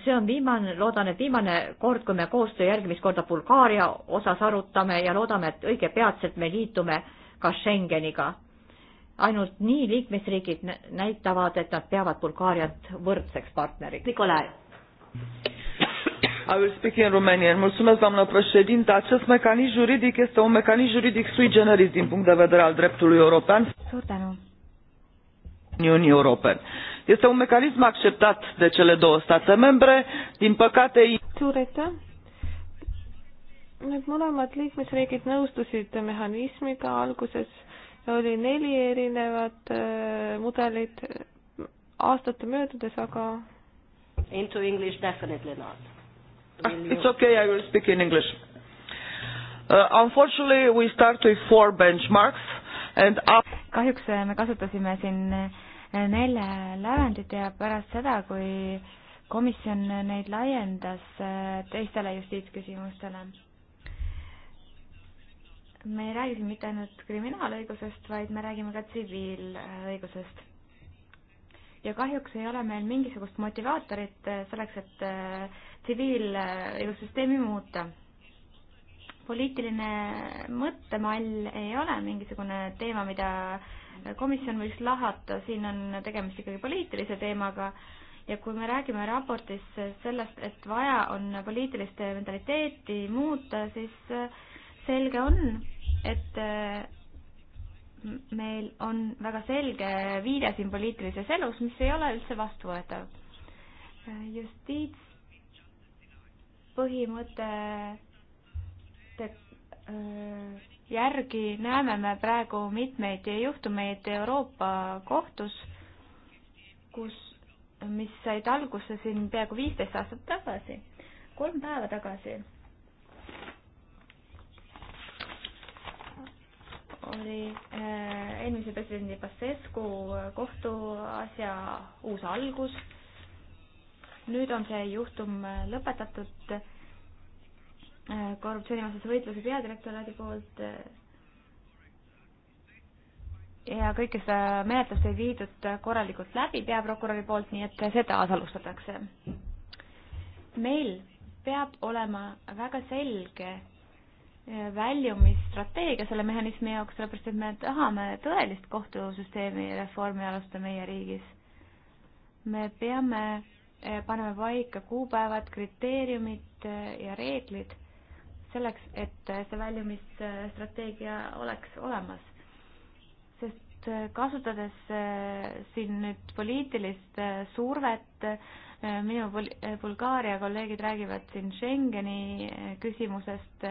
see on viimane, loodan, et viimane kord, kui me koostöö järgmist korda Bulgaaria osas arutame ja loodame, et õige peatselt me liitume ka Schengeniga. ainult nii liikmesriigid näitavad, et nad peavad Bulgaariat võrdseks partneriks. Nikolai. I will speak in Romanian. Mulțumesc, doamnă președinte. Acest mecanism juridic este un mecanism juridic sui generis din punct de vedere al dreptului european. Suur Uniunii Europene. Este un mecanism acceptat de cele două state membre. Din păcate... Suur aitäh! Need mõlemad liikmesriigid nõustusid mehhanismiga, alguses oli neli erinevat äh, mudelit aastate möödudes, aga into English definitely not Ah, it's okay, I will speak in English. Uh, unfortunately, we start with four benchmarks and up kahjuks äh, me kasutasime siin äh, nelja lävendit ja pärast seda, kui komisjon neid laiendas äh, teistele justiitsküsimustele. me ei räägi siin mitte ainult kriminaalõigusest, vaid me räägime ka tsiviilõigusest. ja kahjuks ei ole meil mingisugust motivaatorit selleks, et tsiviilelussüsteemi muuta. poliitiline mõttemall ei ole mingisugune teema, mida komisjon võiks lahata, siin on tegemist ikkagi poliitilise teemaga ja kui me räägime raportis sellest, et vaja on poliitilist mentaliteeti muuta, siis selge on, et meil on väga selge viide siin poliitilises elus, mis ei ole üldse vastuvõetav. justiits põhimõte järgi näeme me praegu mitmeid juhtumeid Euroopa kohtus, kus, mis said alguse siin peaaegu viisteist aastat tagasi, kolm päeva tagasi. oli eelmise presidendi Basescu kohtuasja uus algus nüüd on see juhtum äh, lõpetatud äh, korruptsioonivastase võitluse peadirektoraadi poolt äh, ja kõike seda menetlust ei viidud korralikult läbi peaprokuröri poolt, nii et see taasalustatakse. meil peab olema väga selge väljumisstrateegia selle mehhanismi jaoks, sellepärast et me tahame tõelist kohtusüsteemi reformi alustada meie riigis. me peame Eh, paneme paika kuupäevad, kriteeriumid eh, ja reeglid selleks, et eh, see väljumisstrateegia oleks olemas. sest kasutades siin nüüd poliitilist survet, minu Bul Bulgaaria kolleegid räägivad siin Schengeni küsimusest,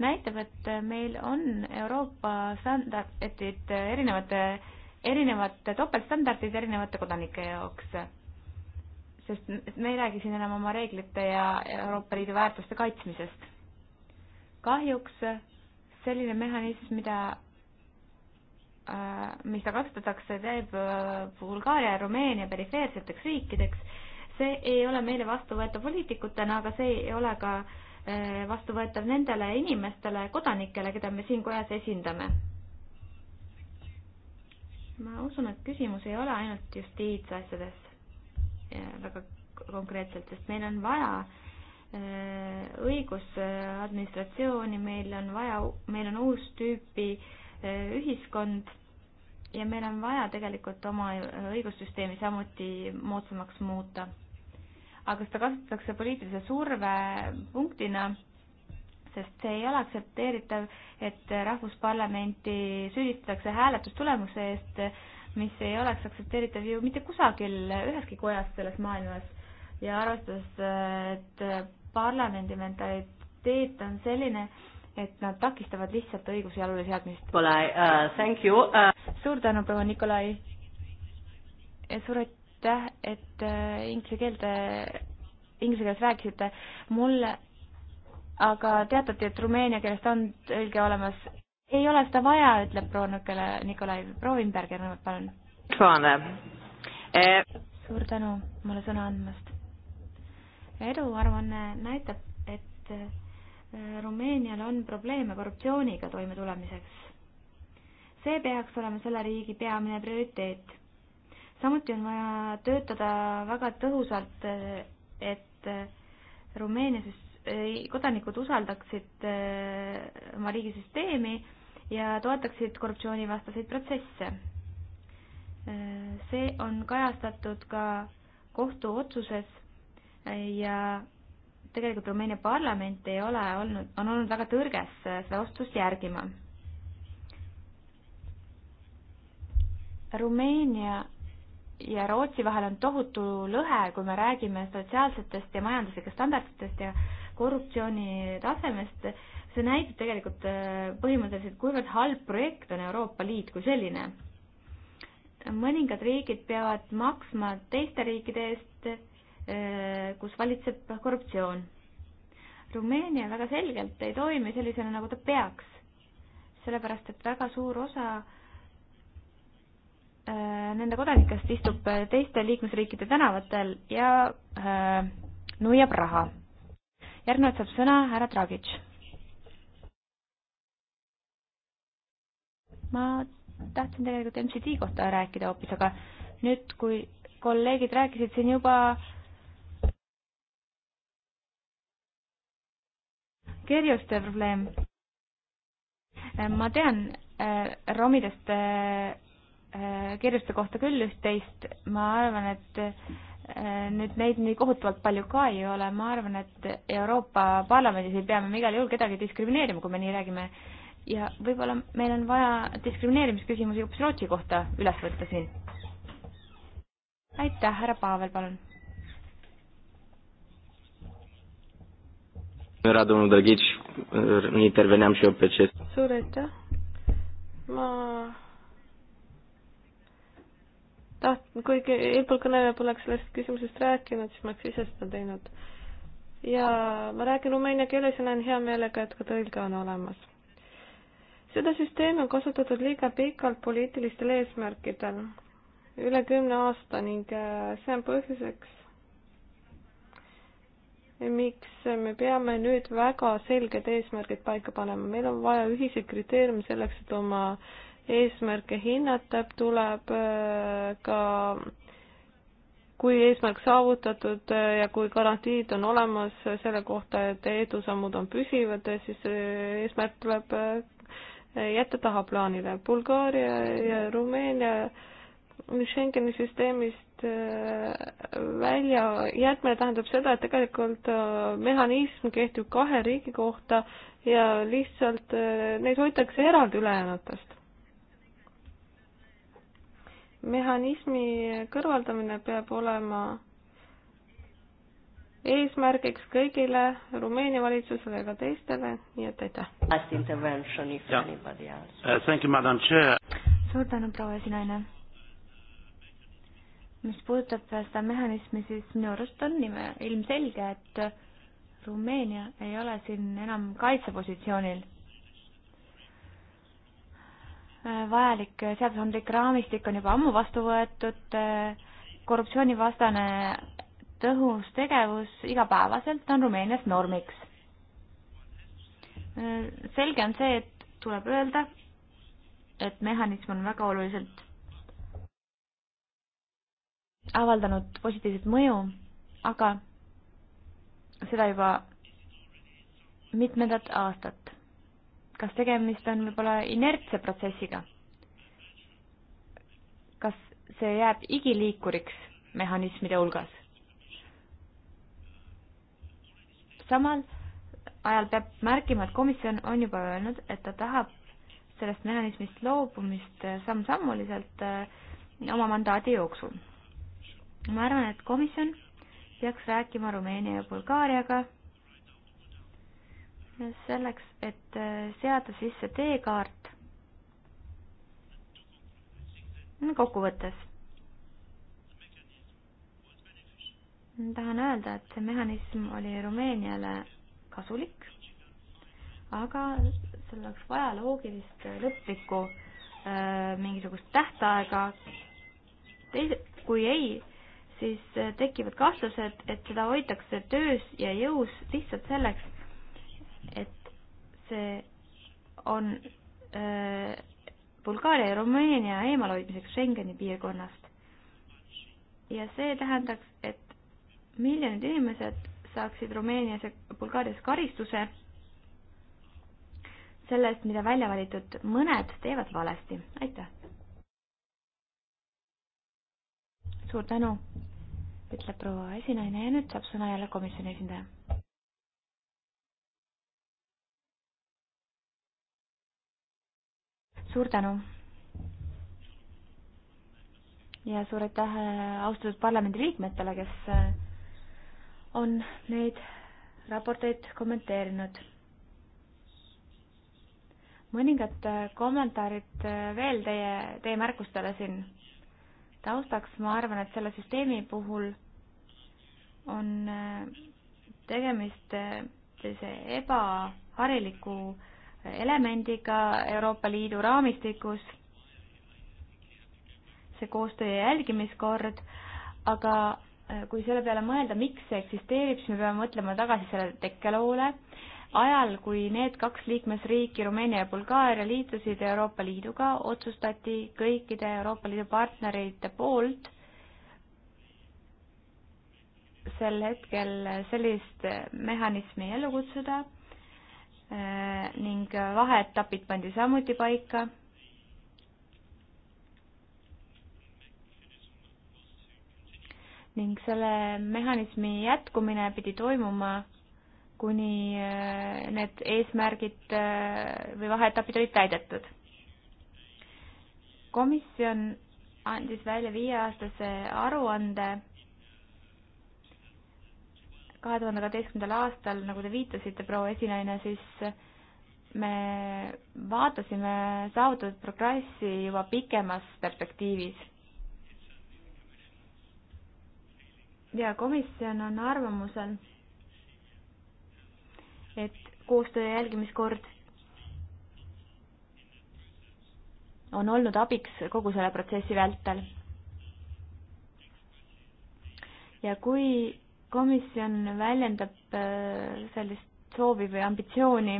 näitab, et meil on Euroopa standardid erinevate, erinevad topeltstandardid erinevate kodanike jaoks sest me ei räägi siin enam oma reeglite ja Euroopa Liidu väärtuste kaitsmisest. kahjuks selline mehhanism, mida, äh, mida kasutatakse, teeb äh, Bulgaaria ja Rumeenia perifeerseteks riikideks, see ei ole meile vastuvõetav poliitikutena, aga see ei ole ka äh, vastuvõetav nendele inimestele, kodanikele, keda me siin kojas esindame ma usun, et küsimus ei ole ainult justiitsasjades. Eh, väga konkreetselt, sest meil on vaja eh, õigusadministratsiooni, meil on vaja, meil on uus tüüpi eh, ühiskond ja meil on vaja tegelikult oma õigussüsteemi samuti moodsamaks muuta. aga seda kasutatakse poliitilise surve punktina, sest see ei ole aktsepteeritav, et rahvusparlamenti süüdistatakse hääletustulemuse eest, mis ei oleks aktsepteeritav ju mitte kusagil üheski kojas selles maailmas ja arvestades, et parlamendi mentaliteet on selline, et nad takistavad lihtsalt õiguse jalule seadmist. Nikolai uh,, thank you uh.... suur tänu, proua Nikolai. suur aitäh, et uh, inglise keelde, inglise keeles rääkisite. mulle aga teatati, et rumeenia keelest on tõlge olemas ei ole seda vaja, ütleb proua Nukele Nikolai. proua Imberger, palun. E- suur tänu mulle sõna andmast. eduaruanne näitab, et e, Rumeenial on probleeme korruptsiooniga toimetulemiseks. see peaks olema selle riigi peamine prioriteet. samuti on vaja töötada väga tõhusalt, e, et Rumeenia kodanikud usaldaksid oma riigisüsteemi ja toetaksid korruptsioonivastaseid protsesse. see on kajastatud ka kohtuotsuses ja tegelikult Rumeenia parlament ei ole olnud, on olnud väga tõrges seda otsust järgima. Rumeenia ja Rootsi vahel on tohutu lõhe, kui me räägime sotsiaalsetest ja majanduslikest standarditest ja äh, korruptsiooni tasemest, see näitab tegelikult äh, põhimõtteliselt, kuivõrd halb projekt on Euroopa Liit kui selline. mõningad riigid peavad maksma teiste riikide eest, äh, kus valitseb korruptsioon. Rumeenia väga selgelt ei toimi sellisena, nagu ta peaks, sellepärast et väga suur osa äh, nende kodanikest istub teiste liikmesriikide tänavatel ja nuiab raha järgnevalt saab sõna härra Dragic. ma tahtsin tegelikult MCD kohta rääkida hoopis, aga nüüd, kui kolleegid rääkisid siin juba kerjuste probleem. ma tean äh, romidest äh, äh, kirjuste kohta küll üht-teist, ma arvan, et nüüd neid nii kohutavalt palju ka ei ole, ma arvan, et Euroopa Parlamendis ei pea me igal juhul kedagi diskrimineerima, kui me nii räägime. ja võib-olla meil on vaja diskrimineerimisküsimusi hoopis Rootsi kohta üles võtta siin. aitäh, härra Pavel, palun. suur aitäh, ma taht-, kuigi eelpool kõneleja poleks sellest küsimusest rääkinud, siis ma oleks ise seda teinud. ja ma räägin rumeenia keeles ja näen hea meelega, et ka tõlge on olemas. seda süsteemi on kasutatud liiga pikalt poliitilistel eesmärkidel, üle kümne aasta ning äh, see on põhjuseks, miks me peame nüüd väga selged eesmärgid paika panema, meil on vaja ühiseid kriteeriume selleks, et oma äh, eesmärke hinnata, tuleb äh, ka kui eesmärk saavutatud äh, ja kui garantiid on olemas selle kohta, et edusammud on püsivad, äh, siis eesmärk tuleb jätta tahaplaanile. Bulgaaria ja Rumeenia Schengeni süsteemist välja jätmine tähendab seda, et tegelikult mehhanism kehtib kahe riigi kohta ja lihtsalt neid hoitakse eraldi ülejäänutest mehhanismi kõrvaldamine peab olema eesmärgiks kõigile Rumeenia valitsusele ja ka teistele, nii et aitäh. Uh, suur tänu, proua esinaine. mis puudutab seda mehhanismi, siis minu arust on ilmselge, et Rumeenia ei ole siin enam kaitsepositsioonil vajalik seadusandlik raamistik on juba ammu vastu võetud, korruptsioonivastane tõhus tegevus igapäevaselt on Rumeenias normiks. selge on see, et tuleb öelda, et mehhanism on väga oluliselt avaldanud positiivset mõju, aga seda juba mitmendat aastat kas tegemist on võib-olla inertse protsessiga? kas see jääb igiliikuriks mehhanismide hulgas? samal ajal peab märkima, et komisjon on juba öelnud, et ta tahab sellest mehhanismist loobumist samm-sammuliselt äh, oma mandaadi jooksul. ma arvan, et komisjon peaks rääkima Rumeenia ja Bulgaariaga selleks, et äh, seada sisse teekaart. kokkuvõttes tahan öelda, et see mehhanism oli Rumeeniale kasulik, aga seal oleks vaja loogilist lõplikku äh, mingisugust tähtaega. teise, kui ei, siis äh, tekivad kahtlused, et seda hoitakse töös ja jõus lihtsalt selleks, et see on äh, Bulgaaria ja Rumeenia eemalhoidmiseks Schengeni piirkonnast. ja see tähendaks, et miljonid inimesed saaksid Rumeenias ja Bulgaarias karistuse selle eest, mida välja valitud mõned teevad valesti. aitäh! suur tänu, ütleb proua esinaine ja nüüd saab sõna jälle komisjoni esindaja. suur tänu. ja suur aitäh äh, austatud parlamendiliikmetele, kes äh, on neid raporteid kommenteerinud. mõningad äh, kommentaarid veel teie, teie märkustele siin. taustaks ma arvan, et selle süsteemi puhul on tegemist sellise ebahariliku äh, elemendiga Euroopa Liidu raamistikus, see koostöö ja jälgimiskord, aga äh, kui selle peale mõelda, miks see eksisteerib, siis me peame mõtlema tagasi selle tekkeloole, ajal, kui need kaks liikmesriiki, Rumeenia ja Bulgaaria, liitusid Euroopa Liiduga, otsustati kõikide Euroopa Liidu partnerite poolt sel hetkel sellist mehhanismi ellu kutsuda Äh, ning äh, vaheetapid pandi samuti paika. ning selle mehhanismi jätkumine pidi toimuma, kuni äh, need eesmärgid või vaheetapid olid täidetud. komisjon andis välja viieaastase aruande kahe tuhande kaheteistkümnendal aastal, nagu te viitasite, proua esinaine, siis me vaatasime saavutatud progressi juba pikemas perspektiivis. ja komisjon on arvamusel, et koostöö jälgimiskord on olnud abiks kogu selle protsessi vältel. ja kui komisjon väljendab äh, sellist soovi või ambitsiooni,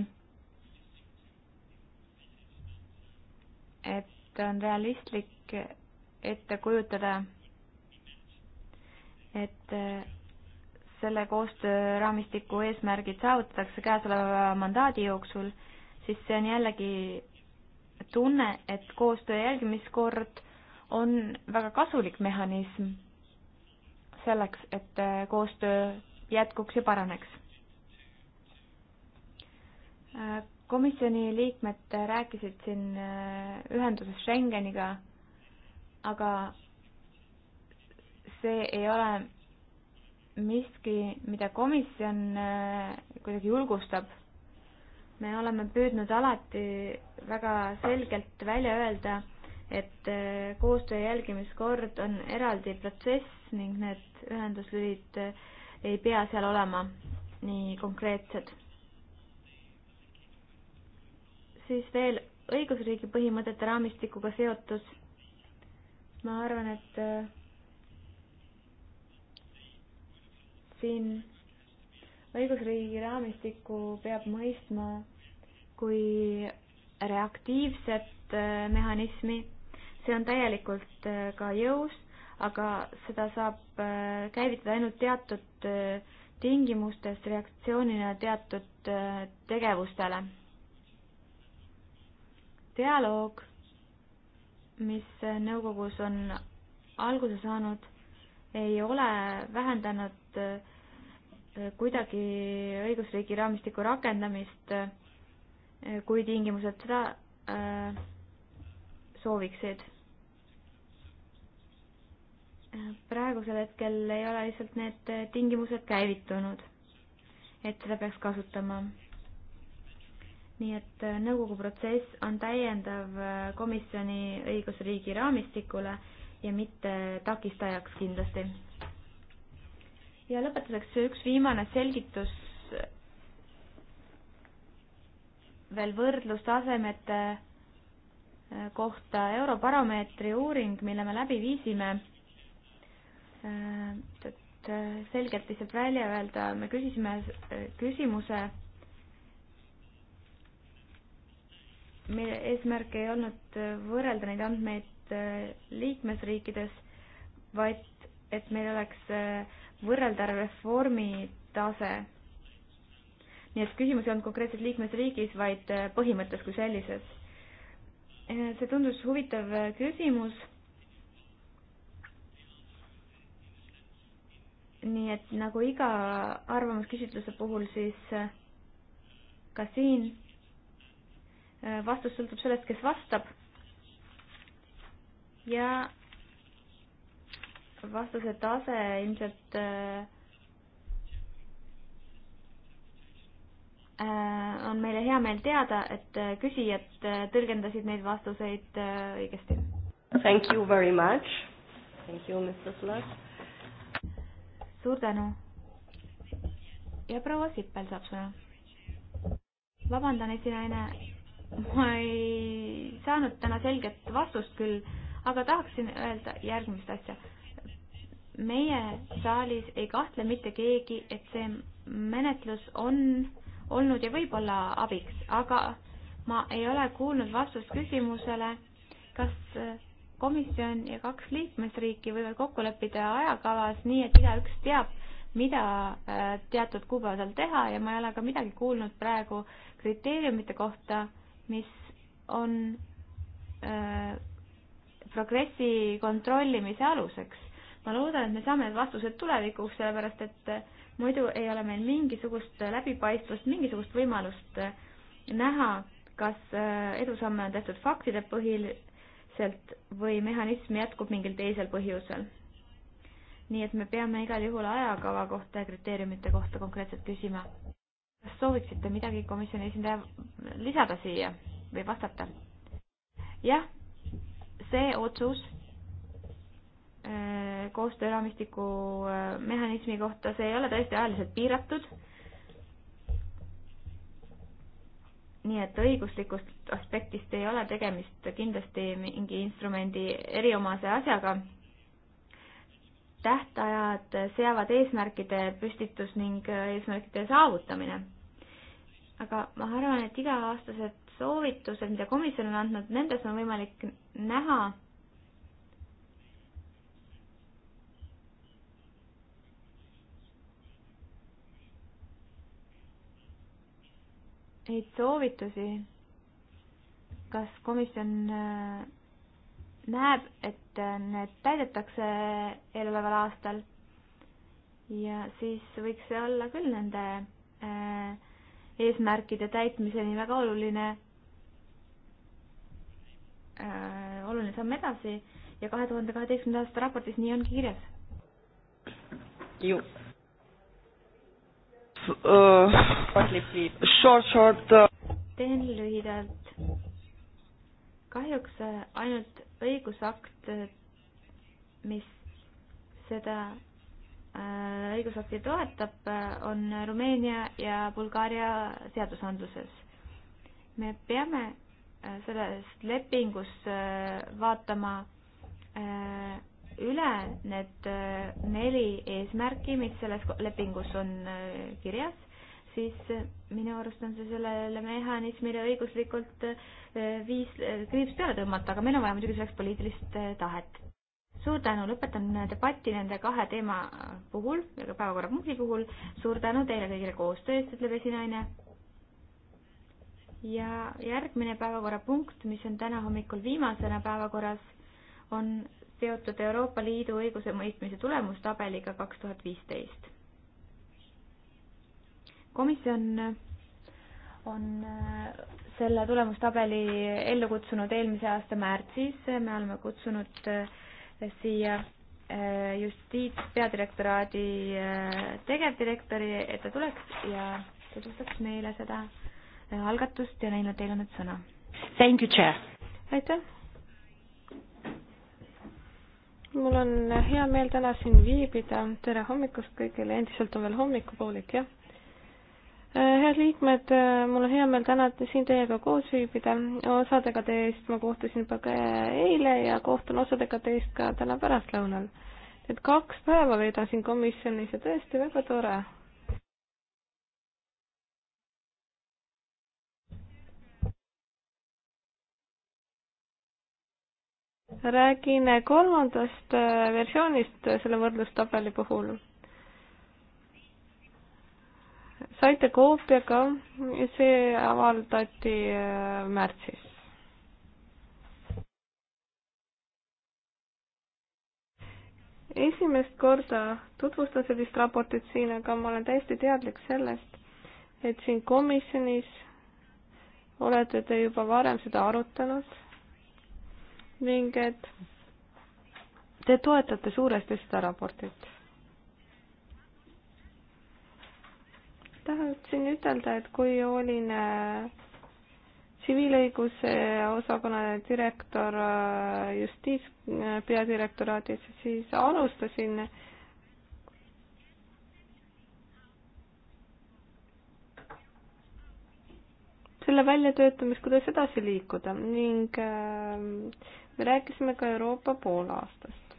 et on realistlik ette kujutada, et äh, selle koostööraamistiku eesmärgid saavutatakse käesoleva mandaadi jooksul, siis see on jällegi tunne, et koostöö jälgimiskord on väga kasulik mehhanism selleks, et äh, koostöö jätkuks ja paraneks. Äh, komisjoni liikmed rääkisid siin äh, ühenduses Schengeniga, aga see ei ole miski, mida komisjon kuidagi julgustab. me oleme püüdnud alati väga selgelt välja öelda, et koostöö jälgimiskord on eraldi protsess, ning need ühenduslülid ei pea seal olema nii konkreetsed. siis veel õigusriigi põhimõtete raamistikuga seotus. ma arvan, et äh, siin õigusriigi raamistikku peab mõistma kui reaktiivset äh, mehhanismi. see on täielikult äh, ka jõus aga seda saab äh, käivitada ainult teatud äh, tingimustes reaktsioonina teatud äh, tegevustele. dialoog, mis nõukogus on alguse saanud, ei ole vähendanud kuidagi õigusriigi raamistiku rakendamist, kui tingimused seda sooviksid praegusel hetkel ei ole lihtsalt need tingimused käivitunud, et seda peaks kasutama. nii et äh, nõukogu protsess on täiendav äh, komisjoni õigusriigi raamistikule ja mitte takistajaks kindlasti. ja lõpetuseks üks viimane selgitus äh, veel võrdlustasemete kohta Eurobaromeetri uuring, mille me läbi viisime Äh, et äh, selgelt lihtsalt välja öelda, me küsisime äh, küsimuse, meie eesmärk ei olnud võrrelda neid andmeid liikmesriikides, vaid et meil oleks võrreldav reformi tase. nii et küsimus ei olnud konkreetselt liikmesriigis, vaid põhimõttes kui sellises. see tundus huvitav küsimus nii et nagu iga arvamusküsitluse puhul, siis äh, ka siin äh, vastus sõltub sellest, kes vastab. ja vastuse tase ilmselt äh, on meile hea meel teada, et küsijad tõlgendasid neid vastuseid õigesti. Thank you very much. Thank you, Mr Slav suur tänu. ja proua Sippel saab sõna. vabandan, esinaine, ma ei saanud täna selget vastust küll, aga tahaksin öelda järgmist asja. meie saalis ei kahtle mitte keegi, et see menetlus on olnud ja võib olla abiks, aga ma ei ole kuulnud vastust küsimusele, kas komisjon ja kaks liikmesriiki võivad kokku leppida ajakavas nii, et igaüks teab, mida äh, teatud kuupäevadel teha ja ma ei ole ka midagi kuulnud praegu kriteeriumite kohta, mis on öö, äh, progressi kontrollimise aluseks. ma loodan, et me saame need vastused tulevikuks, sellepärast et äh, muidu ei ole meil mingisugust läbipaistvust, mingisugust võimalust näha, kas edusamme on tehtud faktide põhil sealt või mehhanism jätkub mingil teisel põhjusel. nii et me peame igal juhul ajakava kohta ja kriteeriumite kohta konkreetselt küsima. kas sooviksite midagi komisjoni esindaja lisada siia või vastata? jah, see otsus äh, koostööraamistiku äh, mehhanismi kohta, see ei ole tõesti ajaliselt piiratud nii et õiguslikust aspektist ei ole tegemist kindlasti mingi instrumendi eriomase asjaga. tähtajad seavad eesmärkide püstitus ning eesmärkide saavutamine. aga ma arvan, et iga-aastased soovitused, mida komisjon on andnud, nendes on võimalik näha, neid soovitusi, kas komisjon äh, näeb, et äh, need täidetakse eeloleval aastal ja siis võiks see olla küll nende äh, eesmärkide täitmiseni väga oluline, oluline samm edasi ja kahe tuhande kaheteistkümnenda aasta raportis nii ongi kirjas uh, short, short uh.... teen lühidalt. kahjuks äh, ainult õigusakt, mis seda äh, õigusakti toetab, on Rumeenia ja Bulgaaria seadusandluses. me peame sellest lepingust vaatama äh, üle need äh, neli eesmärki, mis selles lepingus on äh, kirjas, siis äh, minu arust on see sellele mehhanismile õiguslikult viis kriips peale tõmmata, aga meil on vaja muidugi selleks poliitilist tahet. suur tänu, lõpetan debatti nende kahe teema puhul ja ka päevakorrapunkti puhul. suur tänu teile kõigile koostöö eest, ütleb esinaine. ja järgmine päevakorrapunkt, mis on täna hommikul viimasena päevakorras, on seotud Euroopa Liidu õigusemõistmise tulemustabeliga kaks tuhat viisteist. komisjon on äh, selle tulemustabeli ellu kutsunud eelmise aasta märtsis, me oleme kutsunud äh, siia äh, justiitspeadirektoraadi tegevdirektori, et ta tuleks ja tutvustaks meile seda algatust ja Neino, teil on nüüd sõna. Thank you, chair. aitäh mul on hea meel täna siin viibida, tere hommikust kõigile, endiselt on veel hommikupoolik, jah. Äh, head liikmed, äh, mul on hea meel täna siin teiega koos viibida, osadega teist ma kohtusin juba ka eile ja kohtun osadega teist ka täna pärastlõunal. et kaks päeva veedan siin komisjonis ja tõesti väga tore räägin kolmandast äh, versioonist äh, selle võrdlustabeli puhul. saite koopiaga, see avaldati äh, märtsis. esimest korda tutvustan sellist raportit siin, aga ma olen täiesti teadlik sellest, et siin komisjonis olete te juba varem seda arutanud ning et te toetate suuresti seda raportit. tahaksin ütelda, et kui olin äh, tsiviilõiguse osakonna direktor äh, justiits äh, peadirektoraadis, siis alustasin selle väljatöötamist, kuidas edasi liikuda ning äh, me rääkisime ka Euroopa poolaastast.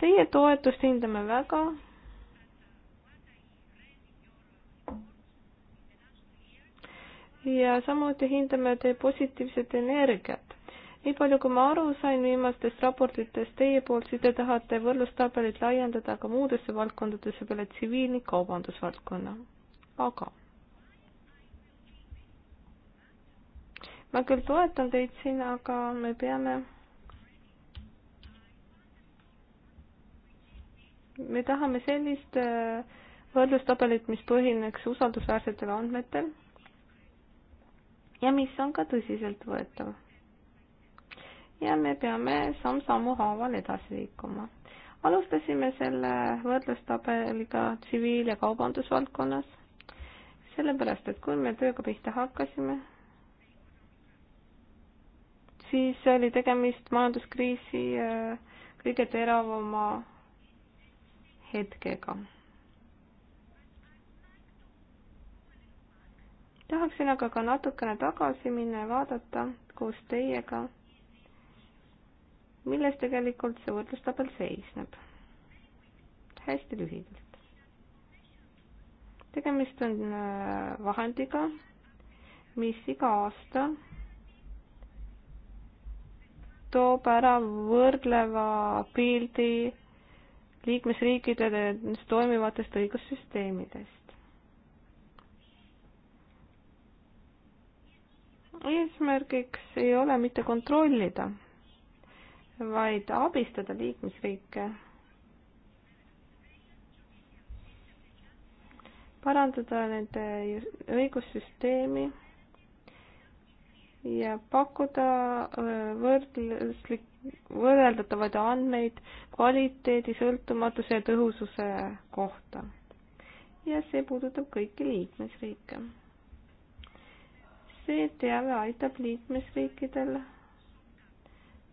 Teie toetust hindame väga. ja samuti hindame teie positiivset energiat. nii palju, kui ma aru sain viimastest raportitest teie poolt, siis te tahate võrdlustabelit laiendada ka muudesse valdkondadesse peale tsiviil- ja kaubandusvaldkonna. aga ma küll toetan teid siin, aga me peame me tahame sellist äh, võrdlustabelit, mis põhineks usaldusväärsetel andmetel ja mis on ka tõsiseltvõetav. ja me peame samm-sammu haaval edasi liikuma. alustasime selle võrdlustabeliga tsiviil- ja kaubandusvaldkonnas, sellepärast et kui me tööga pihta hakkasime, siis oli tegemist majanduskriisi äh, kõige teravama hetkega. tahaksin aga ka natukene tagasi minna ja vaadata koos teiega, milles tegelikult see võrdlustabel seisneb. hästi lühidalt. tegemist on äh, vahendiga, mis iga aasta toob ära võrdleva pildi liikmesriikides toimivatest õigussüsteemidest. eesmärgiks ei ole mitte kontrollida, vaid abistada liikmesriike, parandada nende õigussüsteemi ja pakkuda äh, võrdluslik, võrreldatavaid andmeid kvaliteedi, sõltumatuse ja tõhususe kohta. ja see puudutab kõiki liikmesriike. see teave aitab liikmesriikidel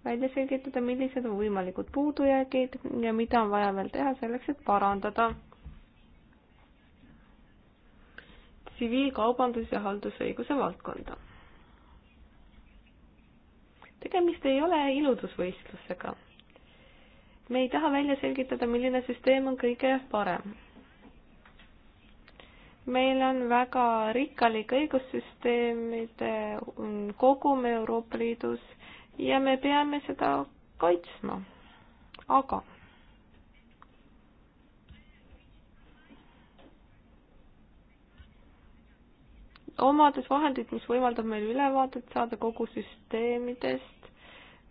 välja selgitada, millised on võimalikud puudujäägid ja mida on vaja veel teha selleks, et parandada tsiviilkaubandus- ja haldusõiguse valdkonda tegemist ei ole iludusvõistlusega. me ei taha välja selgitada, milline süsteem on kõige parem. meil on väga rikkalik õigussüsteemide kogum Euroopa Liidus ja me peame seda kaitsma, aga omades vahendit, mis võimaldab meil ülevaadet saada kogu süsteemidest,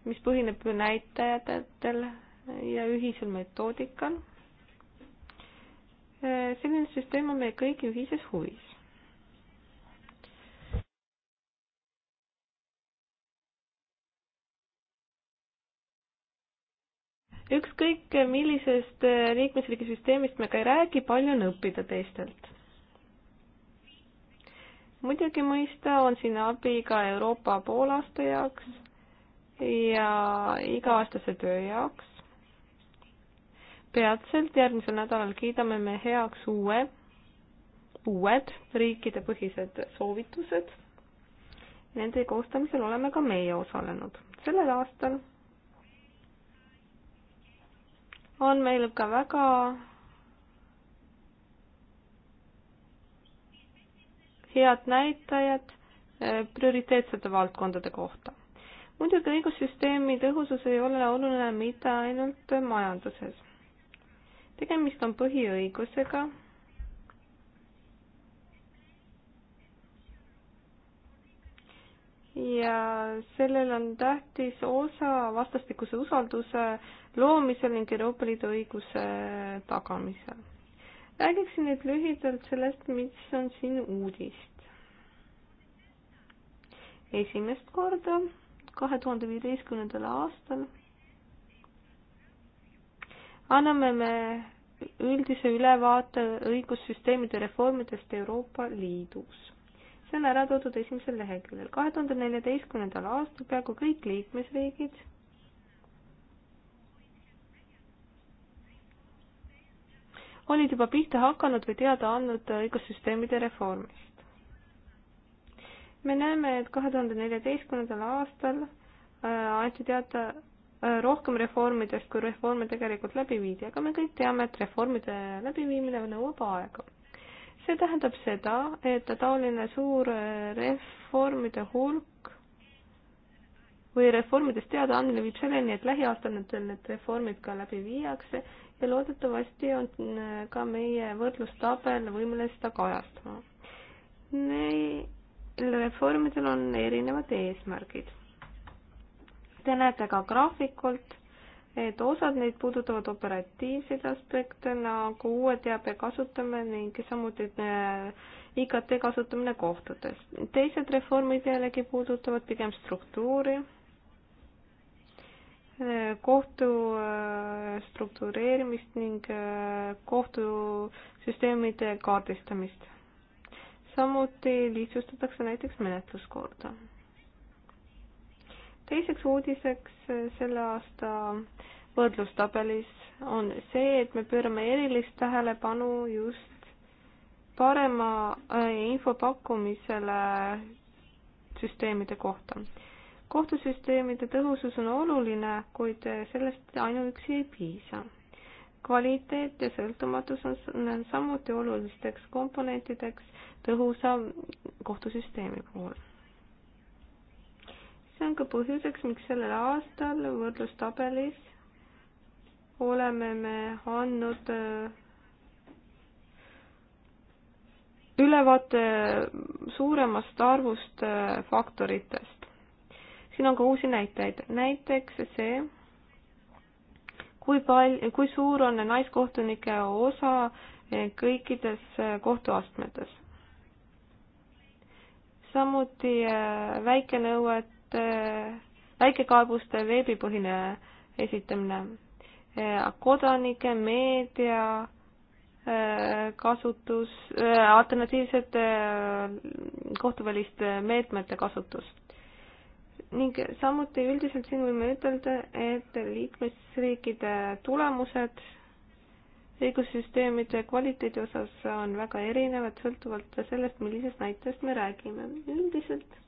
mis põhineb näitajatel ja ühisel metoodikal. selline süsteem on meie kõigi ühises huvis. ükskõik millisest liikmesriigi süsteemist me ka ei räägi, palju on õppida teistelt. muidugi mõista on siin abi ka Euroopa poolaasta jaoks ja iga-aastase töö jaoks. peatselt järgmisel nädalal kiidame me heaks uue, uued riikidepõhised soovitused. Nende koostamisel oleme ka meie osalenud. sellel aastal on meil ka väga head näitajad eh, prioriteetsete valdkondade kohta muidugi õigussüsteemi tõhusus ei ole oluline mitte ainult majanduses. tegemist on põhiõigusega ja sellel on tähtis osa vastastikuse usalduse loomisel ning Euroopa Liidu õiguse tagamisel. räägiksin nüüd lühidalt sellest, mis on siin uudist. esimest korda kahe tuhande viieteistkümnendal aastal anname me üldise ülevaate õigussüsteemide reformidest Euroopa Liidus. see on ära toodud esimesel leheküljel. kahe tuhande neljateistkümnendal aastal peaaegu kõik liikmesriigid olid juba pihta hakanud või teada andnud õigussüsteemide reformist me näeme, et kahe tuhande neljateistkümnendal aastal äh, anti teada äh, rohkem reformidest, kui reforme tegelikult läbi viidi, aga me kõik teame, et reformide läbiviimine nõuab aega. see tähendab seda, et taoline suur äh, reformide hulk või reformidest teadaandmine viib selleni, et lähiaastatel need reformid ka läbi viiakse ja loodetavasti on ka meie võrdlustabel võimeline seda kajastama nee reformidel on erinevad eesmärgid. Te näete ka graafikult, et osad neid puudutavad operatiivseid aspekte nagu uue teabe kasutamine ning samuti IKT äh, kasutamine kohtades. teised reformid jällegi puudutavad pigem struktuuri, äh, kohtu äh, struktureerimist ning kohtusüsteemide kaardistamist samuti lihtsustatakse näiteks menetluskorda. teiseks uudiseks selle aasta võrdlustabelis on see, et me pöörame erilist tähelepanu just parema äh, info pakkumisele süsteemide kohta. kohtusüsteemide tõhusus on oluline, kuid sellest ainuüksi ei piisa kvaliteet ja sõltumatus on samuti olulisteks komponentideks tõhusa kohtusüsteemi puhul. see on ka põhjuseks, miks sellel aastal võrdlustabelis oleme me andnud äh, ülevaate suuremast arvust äh, faktoritest. siin on ka uusi näiteid, näiteks see, kui pal-, kui suur on naiskohtunike osa eh, kõikides eh, kohtuastmetes. samuti eh, väikenõuete, väikekaebuste veebipõhine esitamine, kodanike, meedia kasutus, alternatiivsete kohtuväliste meetmete kasutus ning samuti üldiselt siin võime ütelda, et liikmesriikide tulemused õigussüsteemide kvaliteedi osas on väga erinevad, sõltuvalt sellest, millisest näitajast me räägime. üldiselt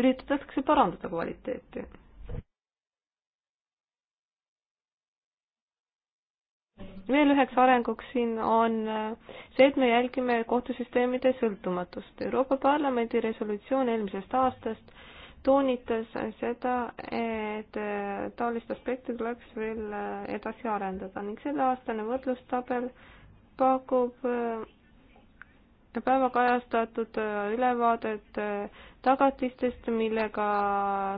üritatakse parandada kvaliteeti veel üheks arenguks siin on äh, see, et me jälgime kohtusüsteemide sõltumatust. Euroopa Parlamendi resolutsioon eelmisest aastast toonitas seda, et äh, taolist aspekti tuleks veel äh, edasi arendada ning selleaastane võrdlustabel pakub päevakajastatud ülevaadet tagatistest, millega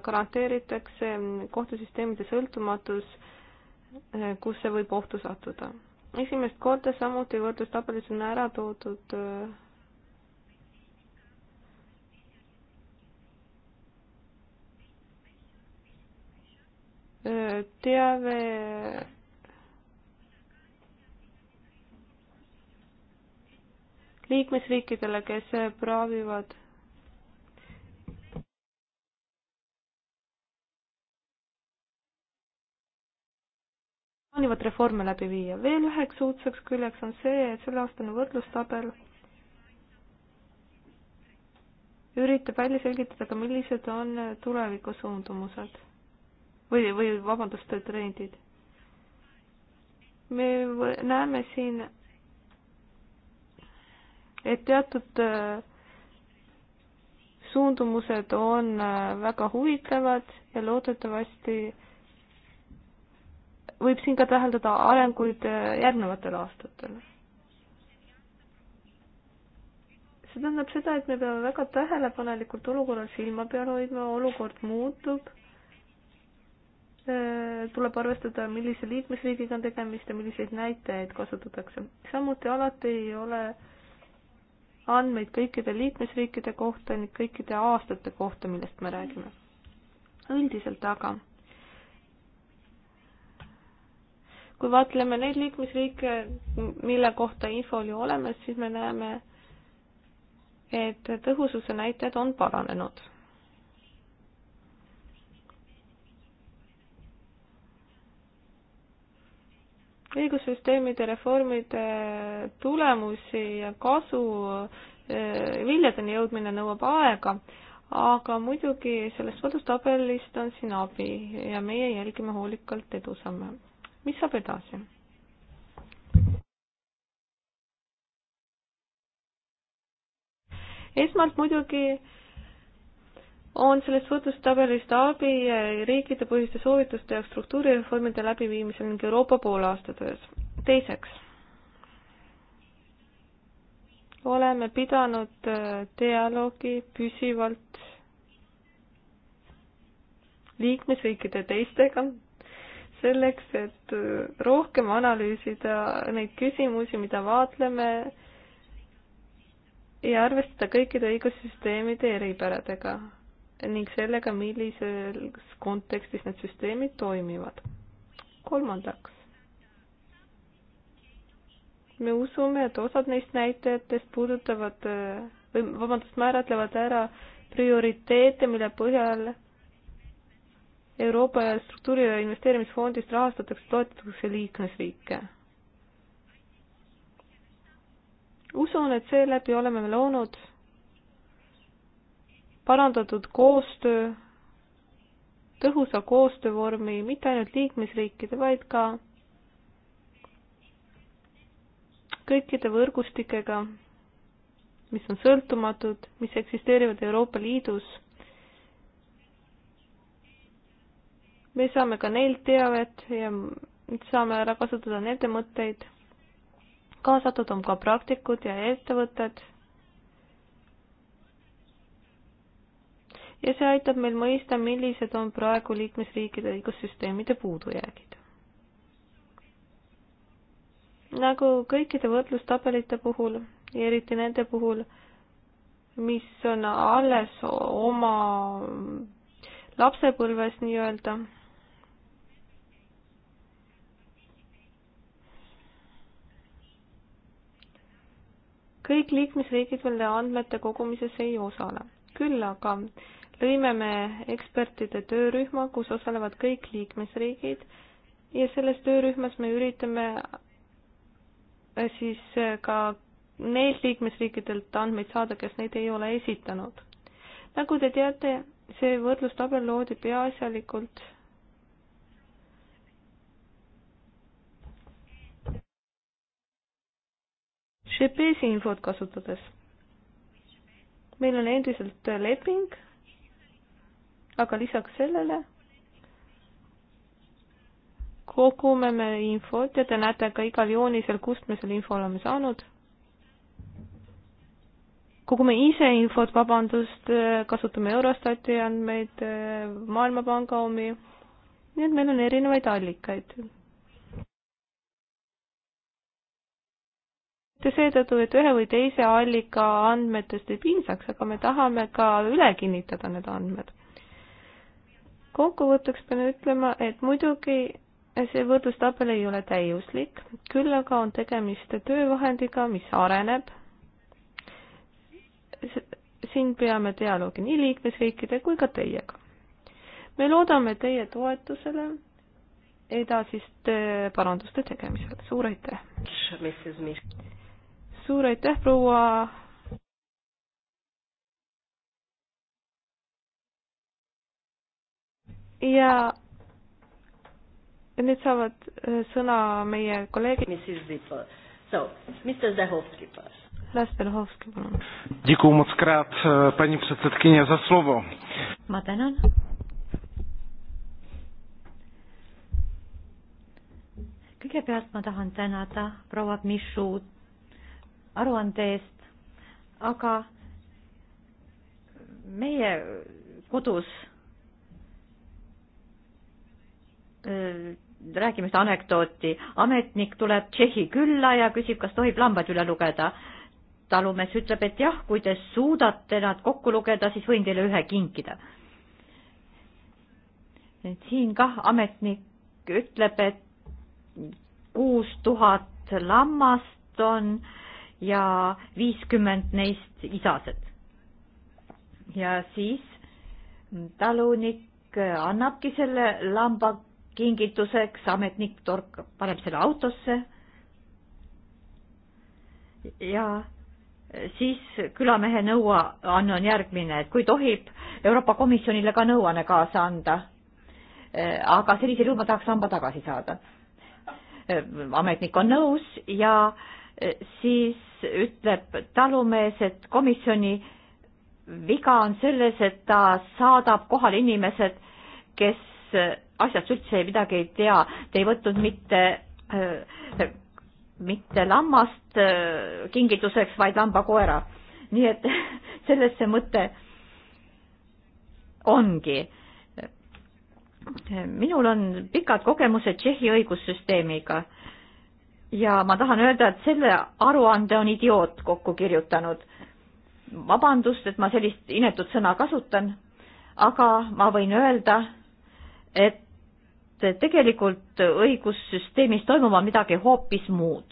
garanteeritakse kohtusüsteemide sõltumatus äh, Eh, kus see võib ohtu sattuda. esimest korda samuti võrdlustabelis on ära toodud eh, teave liikmesriikidele, kes praavivad plaanivad reforme läbi viia. veel üheks uudseks küljeks on see, et selleaastane võrdlustabel üritab välja selgitada ka, millised on tuleviku suundumused või, või vabandust, trendid. me näeme siin, et teatud äh, suundumused on äh, väga huvitavad ja loodetavasti võib siin ka täheldada arenguid äh, järgnevatel aastatel. see tähendab seda, et me peame väga tähelepanelikult olukorral silma peal hoidma, olukord muutub, äh, tuleb arvestada, millise liikmesriigiga on tegemist ja milliseid näitajaid kasutatakse. samuti alati ei ole andmeid kõikide liikmesriikide kohta ning kõikide aastate kohta, millest me räägime. üldiselt aga kui vaatleme neid liikmesriike, mille kohta info oli olemas, siis me näeme, et tõhususe näitajad on paranenud. õigussüsteemide reformide tulemusi ja kasu eh, viljadeni jõudmine nõuab aega, aga muidugi sellest kodustabelist on siin abi ja meie jälgime hoolikalt edusamme mis saab edasi? esmalt muidugi on sellest võrdlustabelist abi riikidepõhiste soovituste ja struktuurireformide läbiviimisel ning Euroopa poolaasta töös. teiseks, oleme pidanud äh, dialoogi püsivalt liikmesriikide teistega selleks, et äh, rohkem analüüsida neid küsimusi, mida vaatleme ja arvestada kõikide õigussüsteemide eripäradega ning sellega, millises kontekstis need süsteemid toimivad. kolmandaks, me usume, et osad neist näitajatest puudutavad äh, või vabandust, määratlevad ära prioriteete, mille põhjal Euroopa struktuuri- ja investeerimisfondist rahastatakse, toetatakse liikmesriike. usun, et seeläbi oleme me loonud parandatud koostöö, tõhusa koostöövormi mitte ainult liikmesriikide, vaid ka kõikide võrgustikega, mis on sõltumatud, mis eksisteerivad Euroopa Liidus me saame ka neilt teavet ja saame ära kasutada nende mõtteid. kaasatud on ka praktikud ja ettevõtted. ja see aitab meil mõista, millised on praegu liikmesriikide õigussüsteemide puudujäägid. nagu kõikide võrdlustabelite puhul ja eriti nende puhul, mis on alles oma lapsepõlves nii-öelda kõik liikmesriigid veel andmete kogumises ei osale. küll aga lõime me ekspertide töörühma, kus osalevad kõik liikmesriigid ja selles töörühmas me üritame äh, siis äh, ka neilt liikmesriikidelt andmeid saada, kes neid ei ole esitanud. nagu te teate, see võrdlustabel loodi peaasjalikult GPS-i infot kasutades. meil on endiselt leping, aga lisaks sellele kogume me infot ja te näete ka igal joonisel, kust me selle info oleme saanud. kogume ise infot, vabandust, kasutame Eurostati andmeid, Maailmapanga omi, nii et meil on erinevaid allikaid mitte seetõttu, et ühe või teise allika andmetest ei piisaks, aga me tahame ka üle kinnitada need andmed. kokkuvõtteks pean ütlema, et muidugi see võrdlustabel ei ole täiuslik, küll aga on tegemist töövahendiga, mis areneb. siin peame dialoogi nii liikmesriikide kui ka teiega. me loodame teie toetusele edasiste äh, paranduste tegemisel, suur aitäh! suur aitäh, proua ja nüüd saavad äh, sõna meie kolleegid. Mrs Zipper. So, Mr Zdehovski first. Lestelhovski, palun. Děkuji moc krát, e, paní předsedkyně, za slovo. Ma tänan. kõigepealt ma tahan tänada proua Mišut aruande eest, aga meie kodus äh, räägime seda anekdooti, ametnik tuleb Tšehhi külla ja küsib, kas tohib lambad üle lugeda. talumees ütleb, et jah, kui te suudate nad kokku lugeda, siis võin teile ühe kinkida. et siin kah ametnik ütleb, et kuus tuhat lammast on äh, ja viiskümmend neist isased. ja siis talunik annabki selle lamba kingituseks, ametnik torkab, paneb selle autosse. ja siis külamehe nõuanne on järgmine, et kui tohib Euroopa Komisjonile ka nõuanne kaasa anda. aga sellisel juhul ma tahaks samba tagasi saada. ametnik on nõus ja äh, Äh, siis ütleb talumees, et komisjoni viga on selles, et ta saadab kohale inimesed, kes äh, asjast üldse midagi ei tea, te ei võtnud mitte, äh, mitte lammast kingituseks, vaid lambakoera. nii et <laughs> selles see mõte ongi. minul on pikad kogemused Tšehhi õigussüsteemiga ja ma tahan öelda, et selle aruande on idioot kokku kirjutanud. vabandust, et ma sellist inetut sõna kasutan, aga ma võin öelda, et tegelikult õigussüsteemis toimuma midagi hoopis muud.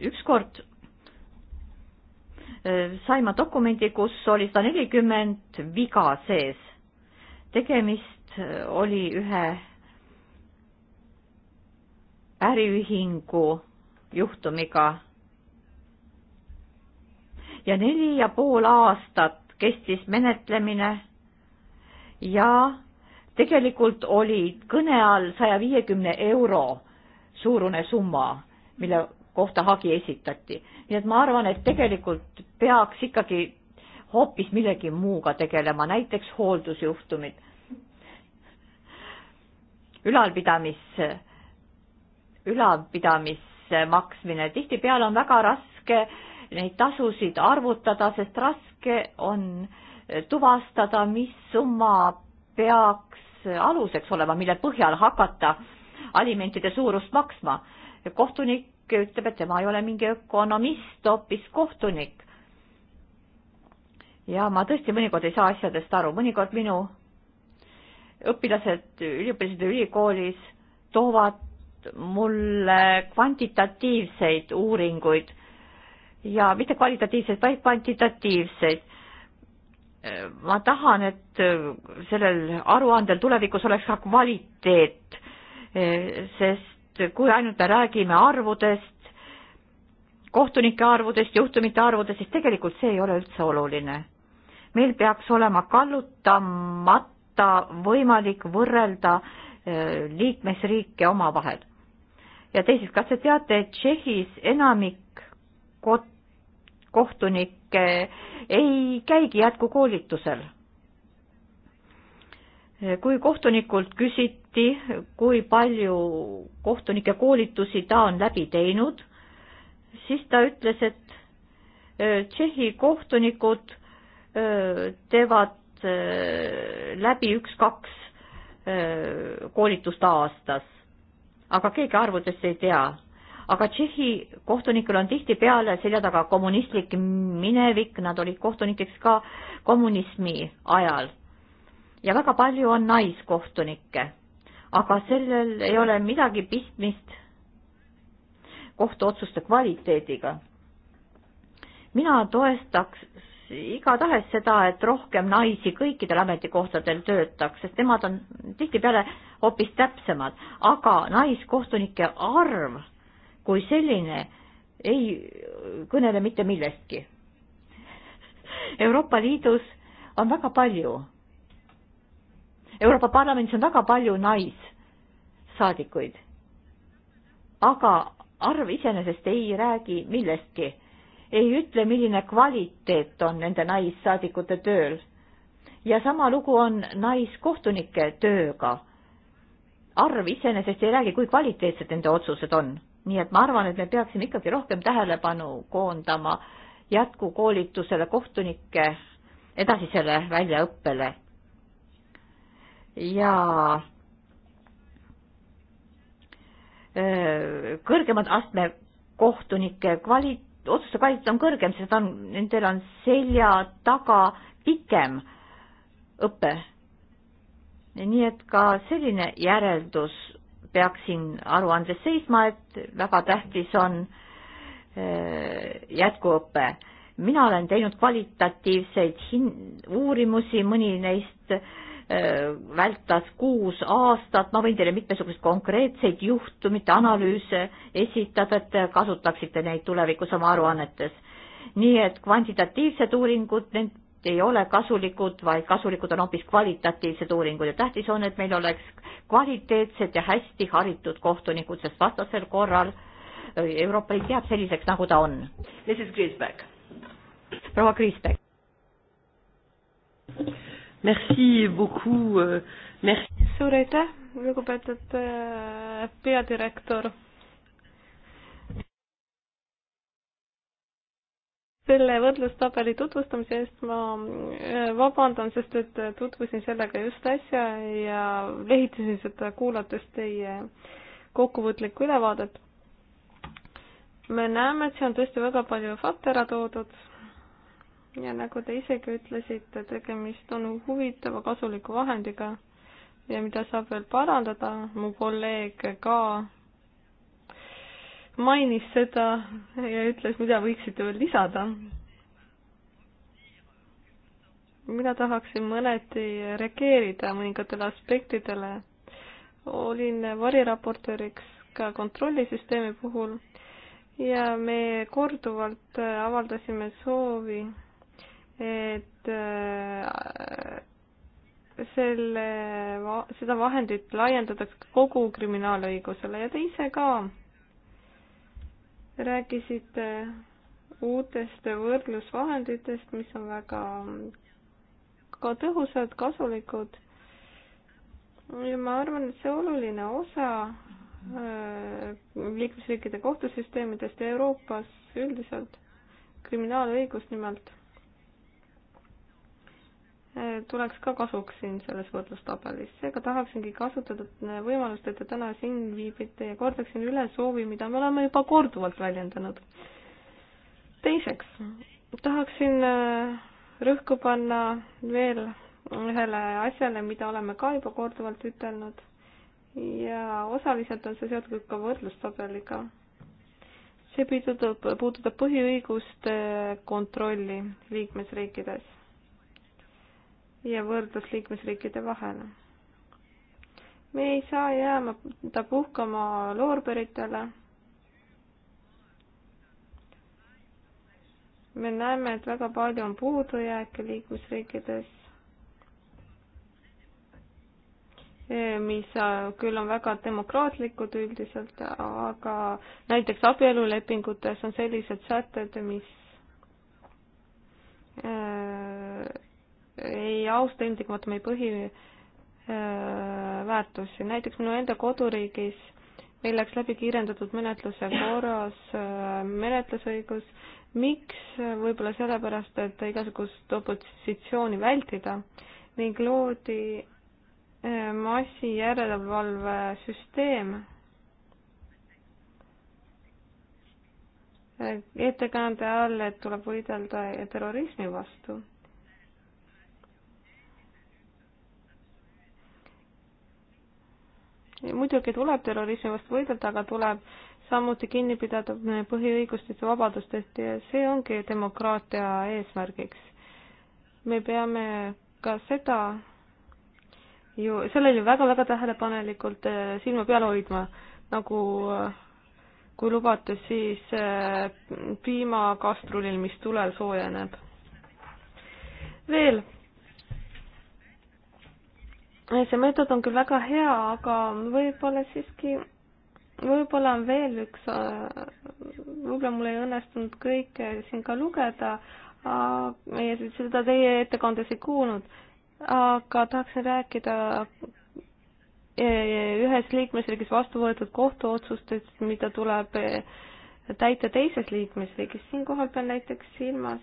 ükskord sain ma dokumendi, kus oli sada nelikümmend viga sees. tegemist oli ühe äriühingu juhtumiga. ja neli ja pool aastat kestis menetlemine ja tegelikult oli kõne all saja viiekümne euro suurune summa, mille kohta hagi esitati. nii et ma arvan, et tegelikult peaks ikkagi hoopis millegi muuga tegelema, näiteks hooldusjuhtumid, ülalpidamis ülapidamise maksmine. tihtipeale on väga raske neid tasusid arvutada, sest raske on tuvastada, mis summa peaks aluseks olema, mille põhjal hakata alimentide suurust maksma. kohtunik ütleb, et tema ei ole mingi ökonomist, hoopis kohtunik. ja ma tõesti mõnikord ei saa asjadest aru, mõnikord minu õpilased, üliõpilased ülikoolis toovad mulle kvantitatiivseid uuringuid ja mitte kvalitatiivseid, vaid kvantitatiivseid. ma tahan, et sellel aruandel tulevikus oleks ka kvaliteet, sest kui ainult me räägime arvudest, kohtunike arvudest, juhtumite arvudest, siis tegelikult see ei ole üldse oluline. meil peaks olema kallutamata võimalik võrrelda äh, liikmesriike omavahel. ja teiseks, kas te teate, et Tšehhis enamik kot-, kohtunikke ei käigi jätkukoolitusel? kui kohtunikult küsiti, kui palju kohtunike koolitusi ta on läbi teinud, siis ta ütles, et äh, Tšehhi kohtunikud äh, teevad äh, läbi üks-kaks koolitust aastas. aga keegi arvudest ei tea. aga Tšehhi kohtunikel on tihtipeale selja taga kommunistlik minevik, nad olid kohtunikeks ka kommunismi ajal. ja väga palju on naiskohtunikke, aga sellel ei ole midagi pistmist kohtuotsuste kvaliteediga mina toestaks igatahes seda, et rohkem naisi kõikidel ametikohtadel töötaks, sest nemad on tihtipeale hoopis täpsemad, aga naiskohtunike arv kui selline ei kõnele mitte millestki. Euroopa Liidus on väga palju, Euroopa Parlamendis on väga palju naissaadikuid, aga arv iseenesest ei räägi millestki ei ütle, milline kvaliteet on nende naissaadikute tööl. ja sama lugu on naiskohtunike tööga. arv iseenesest ei räägi, kui kvaliteetsed nende otsused on. nii et ma arvan, et me peaksime ikkagi rohkem tähelepanu koondama jätkukoolitusele kohtunike edasisele väljaõppele. ja kõrgemad astme kohtunike kvali-, otsuste kvaliteet on kõrgem, sest on, nendel on selja taga pikem õpe. nii et ka selline järeldus peaks siin aruandes seisma, et väga tähtis on äh, jätkuõpe. mina olen teinud kvalitatiivseid hin-, uurimusi, mõni neist Äh, vältas kuus aastat, ma võin teile mitmesuguseid konkreetseid juhtumite analüüse esitada, et te kasutaksite neid tulevikus oma aruannetes. nii et kvantitatiivsed uuringud, need ei ole kasulikud, vaid kasulikud on hoopis kvalitatiivsed uuringud ja tähtis on, et meil oleks kvaliteetsed ja hästi haritud kohtunikud, sest vastasel korral äh, Euroopa Liit jääb selliseks, nagu ta on. proua Kriisbeck. Merci beaucoup, euh, merci. suur aitäh, lugupeetud äh, peadirektor. selle võrdlustabeli tutvustamise eest ma äh, vabandan, sest et äh, tutvusin sellega just äsja ja lehitsesin seda kuulates teie kokkuvõtlikku ülevaadet. me näeme, et see on tõesti väga palju fakte ära toodud ja nagu te isegi ütlesite, tegemist on huvitava kasuliku vahendiga ja mida saab veel parandada, mu kolleeg ka mainis seda ja ütles, mida võiksite veel lisada. mina tahaksin mõneti reageerida mõningatele aspektidele. olin variraportööriks ka kontrollisüsteemi puhul ja me korduvalt avaldasime soovi et äh, selle, seda vahendit laiendatakse kogu kriminaalõigusele ja te ise ka rääkisite uutest võrdlusvahenditest, mis on väga ka tõhusad, kasulikud. ja ma arvan, et see oluline osa äh, liikmesriikide kohtusüsteemidest ja Euroopas üldiselt, kriminaalõigus nimelt Eh, tuleks ka kasuks siin selles võrdlustabelis. seega tahaksingi kasutada eh, võimalust, et te täna siin viibite ja kordaksin üle soovi, mida me oleme juba korduvalt väljendanud. teiseks tahaksin eh, rõhku panna veel ühele asjale, mida oleme ka juba korduvalt ütelnud ja osaliselt on see seotud ka võrdlustabeliga. see puudutab, puudutab põhiõiguste kontrolli liikmesriikides ja võrdlus liikmesriikide vahel. me ei saa jääma ta puhkama loorberitele. me näeme, et väga palju on puudujääke liikmesriikides, mis äh, küll on väga demokraatlikud üldiselt, aga näiteks abielulepingutes on sellised sätted, mis äh, ei austa ilmtingimata meie põhiväärtusi. näiteks minu enda koduriigis meil läks läbi kiirendatud menetluse korras äh, menetlusõigus. miks? võib-olla sellepärast, et igasugust opositsiooni vältida ning loodi äh, massi järelevalvesüsteem. Äh, ettekande all, et tuleb võidelda terrorismi vastu muidugi tuleb terrorismi vastu võidelda, aga tuleb samuti kinni pidada põhiõigustest ja vabadustest ja see ongi demokraatia eesmärgiks. me peame ka seda ju, sellel ju väga-väga tähelepanelikult äh, silma peal hoidma, nagu äh, kui lubate, siis äh, piimakastrulil, mis tulel soojeneb. veel see meetod on küll väga hea, aga võib-olla siiski, võib-olla on veel üks, äh, võib-olla mul ei õnnestunud kõike siin ka lugeda, ja seda teie ettekandes ei kuulnud, aga tahaksin rääkida e, e, ühes liikmesriigis vastu võetud kohtuotsustest, mida tuleb e, täita teises liikmesriigis, siinkohal pean näiteks silmas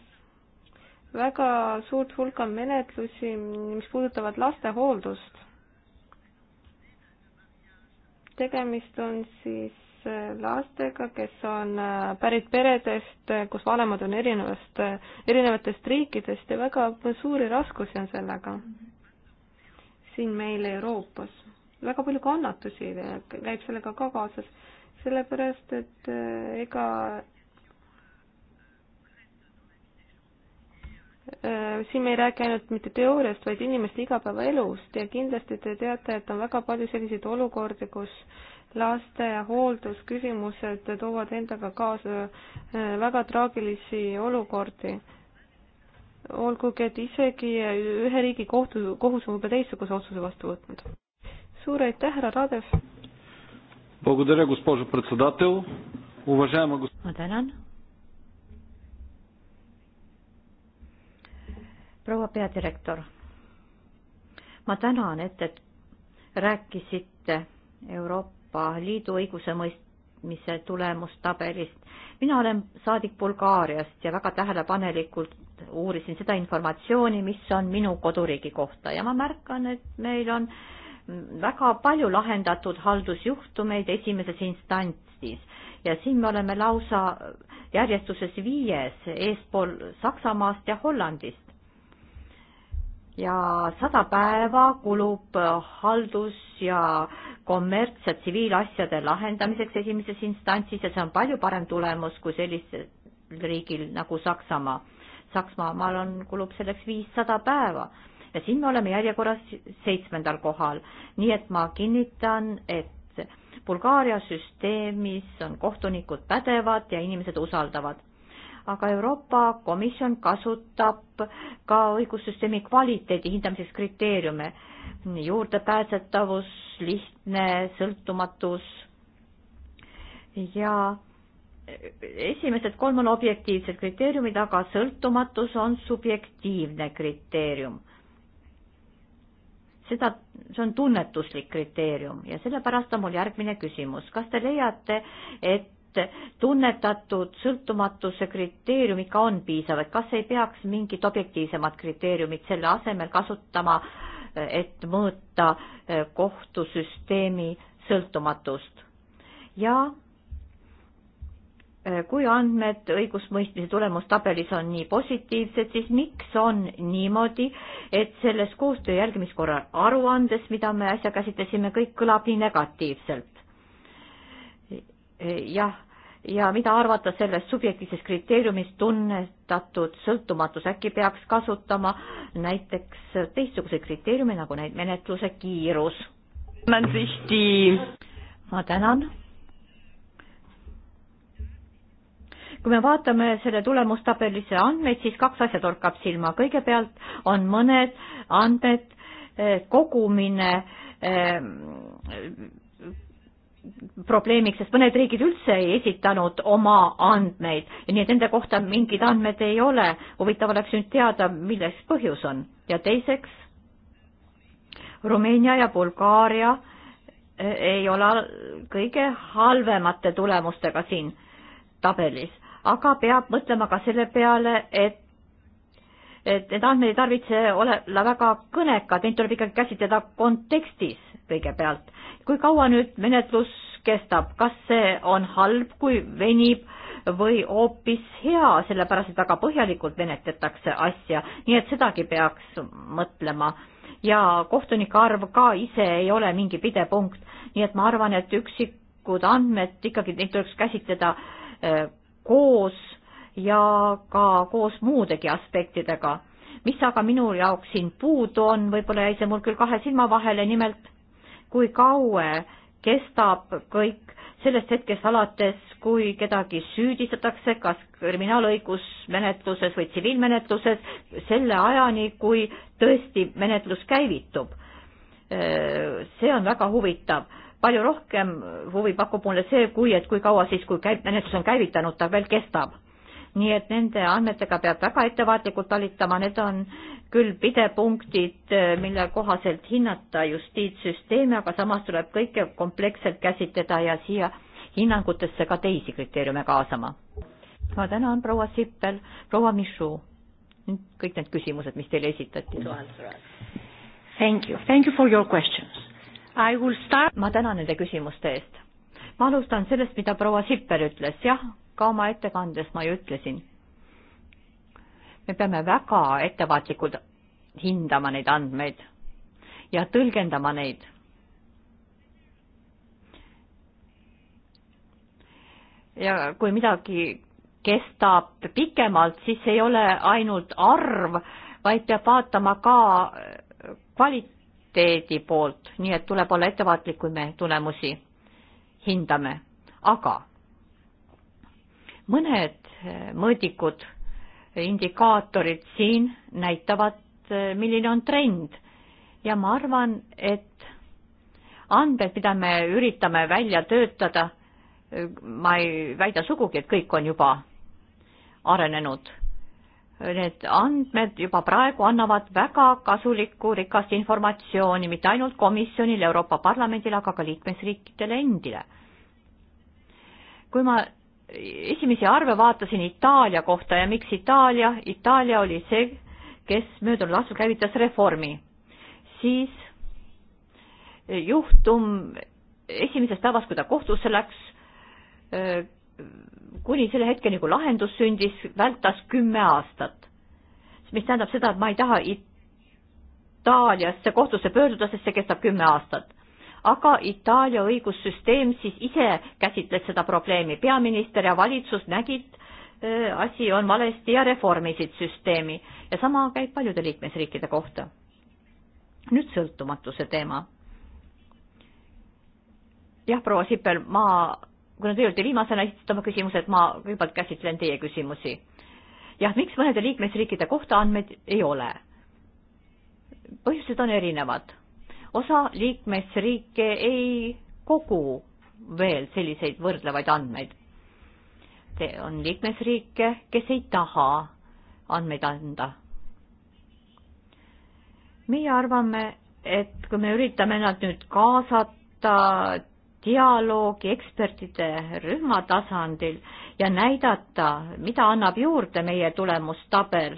väga suurt hulka menetlusi, mis puudutavad lastehooldust. tegemist on siis äh, lastega, kes on äh, pärit peredest, äh, kus vanemad on erinevast, erinevatest riikidest ja väga suuri raskusi on sellega siin meil Euroopas. väga palju kannatusi käib sellega ka kaasas, sellepärast et ega Äh, siin me ei räägi ainult mitte teooriast, vaid inimeste igapäevaelust ja kindlasti te teate, et on väga palju selliseid olukordi, kus laste hooldusküsimused toovad endaga kaasa äh, väga traagilisi olukordi. olgugi, et isegi ühe riigi kohtu, kohus on juba teistsuguse otsuse vastu võtnud. suur aitäh, härra Radev! ma tänan proua peadirektor, ma tänan, et, et rääkisite Euroopa Liidu õigusemõistmise tulemustabelist. mina olen saadik Bulgaariast ja väga tähelepanelikult uurisin seda informatsiooni, mis on minu koduriigi kohta ja ma märkan, et meil on väga palju lahendatud haldusjuhtumeid esimeses instantsis ja siin me oleme lausa järjestuses viies eespool Saksamaast ja Hollandist ja sada päeva kulub äh, haldus- ja kommerts- ja tsiviilasjade lahendamiseks esimeses instantsis ja see on palju parem tulemus kui sellisel riigil nagu Saksamaa. Saksamaal on, kulub selleks viissada päeva ja siin me oleme järjekorras seitsmendal kohal. nii et ma kinnitan, et Bulgaaria süsteemis on kohtunikud pädevad ja inimesed usaldavad aga Euroopa Komisjon kasutab ka õigussüsteemi kvaliteedi hindamiseks kriteeriume, juurdepääsetavus, lihtne, sõltumatus ja esimesed kolm on objektiivsed kriteeriumid, aga sõltumatus on subjektiivne kriteerium. seda, see on tunnetuslik kriteerium ja sellepärast on mul järgmine küsimus. kas te leiate, et et tunnetatud sõltumatuse kriteerium ikka on piisav, et kas ei peaks mingit objektiivsemat kriteeriumit selle asemel kasutama, et mõõta eh, kohtusüsteemi sõltumatust. ja eh, kui andmed õigusmõistmise tulemustabelis on nii positiivsed, siis miks on niimoodi, et selles koostöö jälgimiskorra aruandes, mida me äsja käsitlesime, kõik kõlab nii negatiivselt? Eh, jah, ja mida arvata sellest subjektiivsest kriteeriumist tunnetatud sõltumatus, äkki peaks kasutama näiteks teistsuguseid kriteeriume, nagu neid menetluse kiirus? ma tänan. kui me vaatame selle tulemustabelisse andmeid, siis kaks asja torkab silma. kõigepealt on mõned andmed eh, kogumine äh, probleemiks, sest mõned riigid üldse ei esitanud oma andmeid, nii et nende kohta mingid andmed ei ole. huvitav oleks nüüd teada, milles põhjus on. ja teiseks, Rumeenia ja Bulgaaria e, ei ole kõige halvemate tulemustega siin tabelis, aga peab mõtlema ka selle peale, et et need andmed ei tarvitse olla väga kõnekad, neid tuleb ikkagi käsitleda kontekstis kõigepealt. kui kaua nüüd menetlus kestab, kas see on halb, kui venib või hoopis hea, sellepärast et väga põhjalikult menetletakse asja, nii et sedagi peaks mõtlema. ja kohtunike arv ka ise ei ole mingi pidepunkt, nii et ma arvan, et üksikud andmed ikkagi, neid tuleks käsitleda äh, koos ja ka koos muudegi aspektidega. mis aga minu jaoks siin puudu on, võib-olla jäi see mul küll kahe silma vahele, nimelt kui kaue kestab kõik sellest hetkest alates, kui kedagi süüdistatakse, kas kriminaalõigusmenetluses või tsiviilmenetluses, selle ajani, kui tõesti menetlus käivitub. see on väga huvitav. palju rohkem huvi pakub mulle see, kui, et kui kaua siis, kui käib, menetlus on käivitanud, ta veel kestab nii et nende andmetega peab väga ettevaatlikult talitama, need on küll pidepunktid, eh, mille kohaselt hinnata justiitssüsteemi, aga samas tuleb kõike kompleksselt käsitleda ja siia hinnangutesse ka teisi kriteeriume kaasama. ma tänan, proua Sippel, proua Mišu, kõik need küsimused, mis teile esitati. Thank you, thank you for your questions. I will start. ma tänan nende küsimuste eest. ma alustan sellest, mida proua Sipper ütles, jah ka oma ettekandes ma ju ütlesin. me peame väga ettevaatlikult hindama neid andmeid ja tõlgendama neid. ja kui midagi kestab pikemalt, siis ei ole ainult arv, vaid peab vaatama ka kvaliteedi poolt, nii et tuleb olla ettevaatlik, kui me tulemusi hindame. aga mõned eh, mõõdikud, eh, indikaatorid siin näitavad, eh, milline on trend ja ma arvan, et andmed, mida me üritame välja töötada, ma ei väida sugugi, et kõik on juba arenenud. Need andmed juba praegu annavad väga kasulikku rikast informatsiooni mitte ainult komisjonile, Euroopa Parlamendile, aga ka liikmesriikidele endile. kui ma esimesi arve vaatasin Itaalia kohta ja miks Itaalia, Itaalia oli see, kes möödunud aastal käivitas reformi, siis juhtum esimesest päevast, kui ta kohtusse läks, kuni selle hetkeni, kui lahendus sündis, vältas kümme aastat. mis tähendab seda, et ma ei taha Itaaliasse kohtusse pöörduda, sest see kestab kümme aastat aga Itaalia õigussüsteem siis ise käsitles seda probleemi. peaminister ja valitsus nägid, asi on valesti ja reformisid süsteemi ja sama käib paljude liikmesriikide kohta. nüüd sõltumatuse teema. jah, proua Sipel, ma, kuna te olete viimasena esitatud oma küsimused, ma kõigepealt käsitlen teie küsimusi. jah, miks mõnede liikmesriikide kohta andmeid ei ole? põhjused on erinevad osa liikmesriike ei kogu veel selliseid võrdlevaid andmeid. on liikmesriike, kes ei taha andmeid anda. meie arvame, et kui me üritame nad nüüd kaasata dialoogi ekspertide rühma tasandil ja näidata, mida annab juurde meie tulemustabel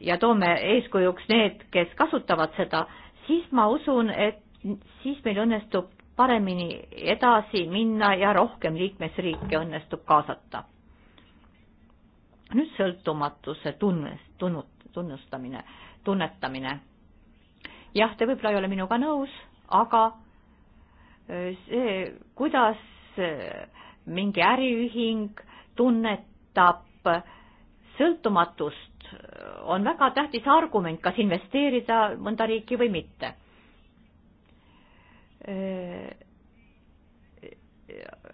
ja toome eeskujuks need, kes kasutavad seda, siis ma usun, et siis meil õnnestub paremini edasi minna ja rohkem liikmesriike õnnestub kaasata. nüüd sõltumatuse tunnes, tunnut-, tunnustamine, tunnetamine. jah, te võib-olla ei ole minuga nõus, aga äh, see, kuidas äh, mingi äriühing tunnetab äh, sõltumatust on väga tähtis argument, kas investeerida mõnda riiki või mitte.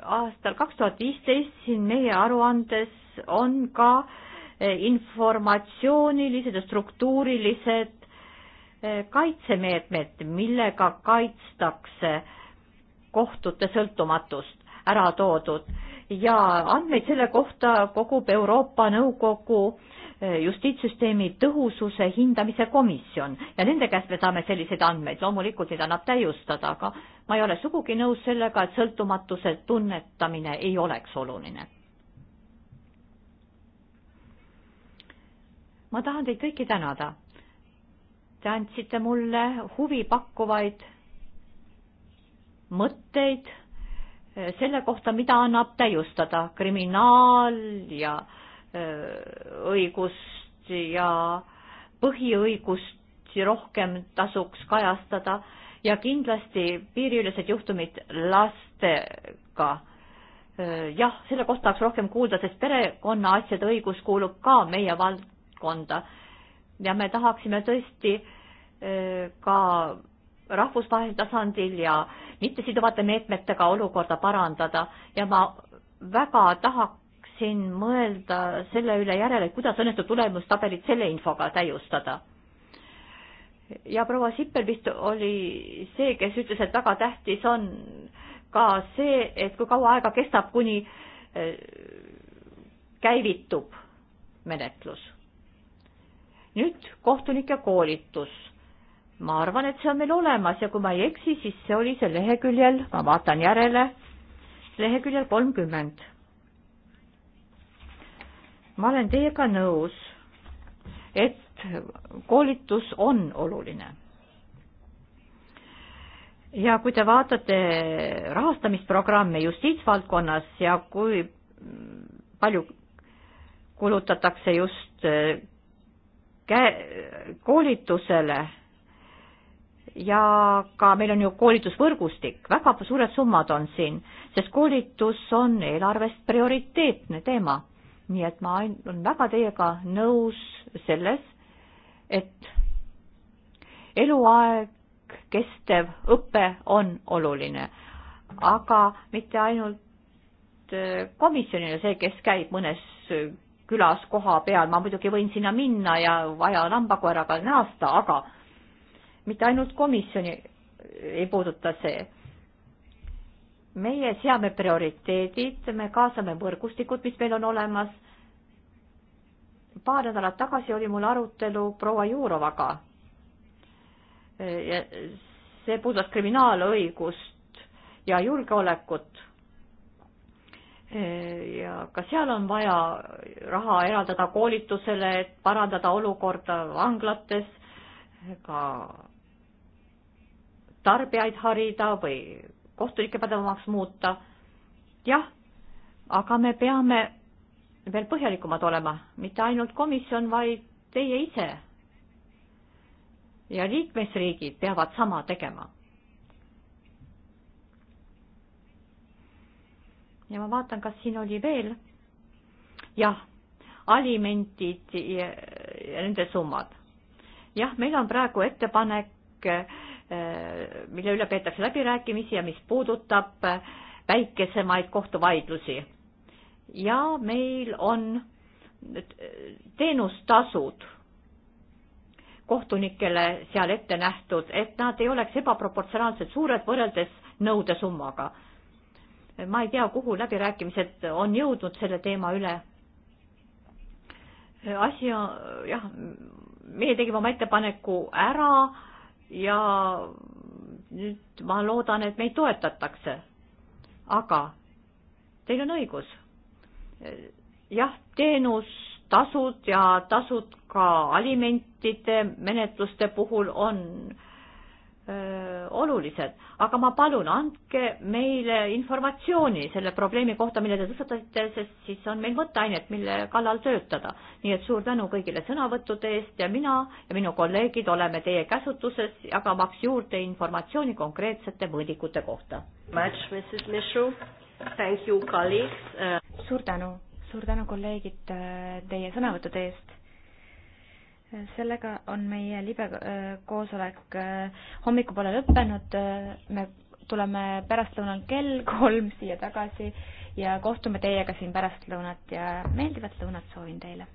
aastal kaks tuhat viisteist siin meie aruandes on ka informatsioonilised ja struktuurilised kaitsemeetmed, millega kaitstakse kohtute sõltumatust ära toodud ja andmeid selle kohta kogub Euroopa Nõukogu äh, justiitssüsteemi tõhususe hindamise komisjon ja nende käest me saame selliseid andmeid, loomulikult neid annab täiustada, aga ma ei ole sugugi nõus sellega, et sõltumatuse tunnetamine ei oleks oluline. ma tahan teid kõiki tänada. Te andsite mulle huvipakkuvaid mõtteid selle kohta, mida annab täiustada kriminaal ja äh, õigust ja põhiõigust rohkem tasuks kajastada ja kindlasti piiriülesed juhtumid lastega. jah, selle kohta tahaks rohkem kuulda, sest perekonnaasjade õigus kuulub ka meie valdkonda ja me tahaksime tõesti eh, ka rahvusvahelisel tasandil ja mittesiduvate meetmetega olukorda parandada ja ma väga tahaks, tahaksin mõelda selle üle järele, kuidas õnnestub tulemustabelit selle infoga täiustada. ja proua Sippel vist oli see, kes ütles, et väga tähtis on ka see, et kui kaua aega kestab, kuni äh, käivitub menetlus. nüüd kohtunike koolitus. ma arvan, et see on meil olemas ja kui ma ei eksi, siis see oli see leheküljel, ma vaatan järele, leheküljel kolmkümmend ma olen teiega nõus, et koolitus on oluline. ja kui te vaatate rahastamisprogramme justiitsvaldkonnas ja kui palju kulutatakse just eh, kä-, koolitusele ja ka meil on ju koolitusvõrgustik, väga suured summad on siin, sest koolitus on eelarvest prioriteetne teema nii et ma olen väga teiega nõus selles, et eluaeg kestev õpe on oluline, aga mitte ainult äh, komisjonile, see, kes käib mõnes äh, külas koha peal, ma muidugi võin sinna minna ja vaja lambakoeraga naasta, aga mitte ainult komisjoni ei puuduta see meie seame prioriteedid, me kaasame võrgustikud, mis meil on olemas. paar nädalat tagasi oli mul arutelu proua Juurovaga. see puudutas kriminaalõigust ja julgeolekut. ja ka seal on vaja raha eraldada koolitusele, et parandada olukorda vanglates, ka tarbijaid harida või kohtunikke pädevamaks muuta. jah, aga me peame veel põhjalikumad olema, mitte ainult komisjon, vaid teie ise. ja liikmesriigid peavad sama tegema. ja ma vaatan, kas siin oli veel. jah, alimentid ja nende summad. jah, meil on praegu ettepanek Äh, mille üle peetakse läbirääkimisi ja mis puudutab väikesemaid kohtuvaidlusi. ja meil on äh, teenustasud kohtunikele seal ette nähtud, et nad ei oleks ebaproportsionaalselt suured võrreldes nõudesummaga. ma ei tea, kuhu läbirääkimised on jõudnud selle teema üle. Äh, asi on jah, meie tegime oma ettepaneku ära ja nüüd ma loodan, et meid toetatakse. aga teil on õigus. jah, teenustasud ja tasud ka alimentide menetluste puhul on öö, olulised aga ma palun, andke meile informatsiooni selle probleemi kohta, mille te tõstatasite, sest siis on meil mõtteainet, mille kallal töötada. nii et suur tänu kõigile sõnavõttude eest ja mina ja minu kolleegid oleme teie käsutuses, jagamaks juurde informatsiooni konkreetsete mõõdikute kohta. suur tänu, suur tänu, kolleegid, teie sõnavõttude eest sellega on meie libe äh, koosolek äh, hommikupoole lõppenud. Äh, me tuleme pärastlõunal kell kolm siia tagasi ja kohtume teiega siin pärastlõunat ja meeldivat lõunat soovin teile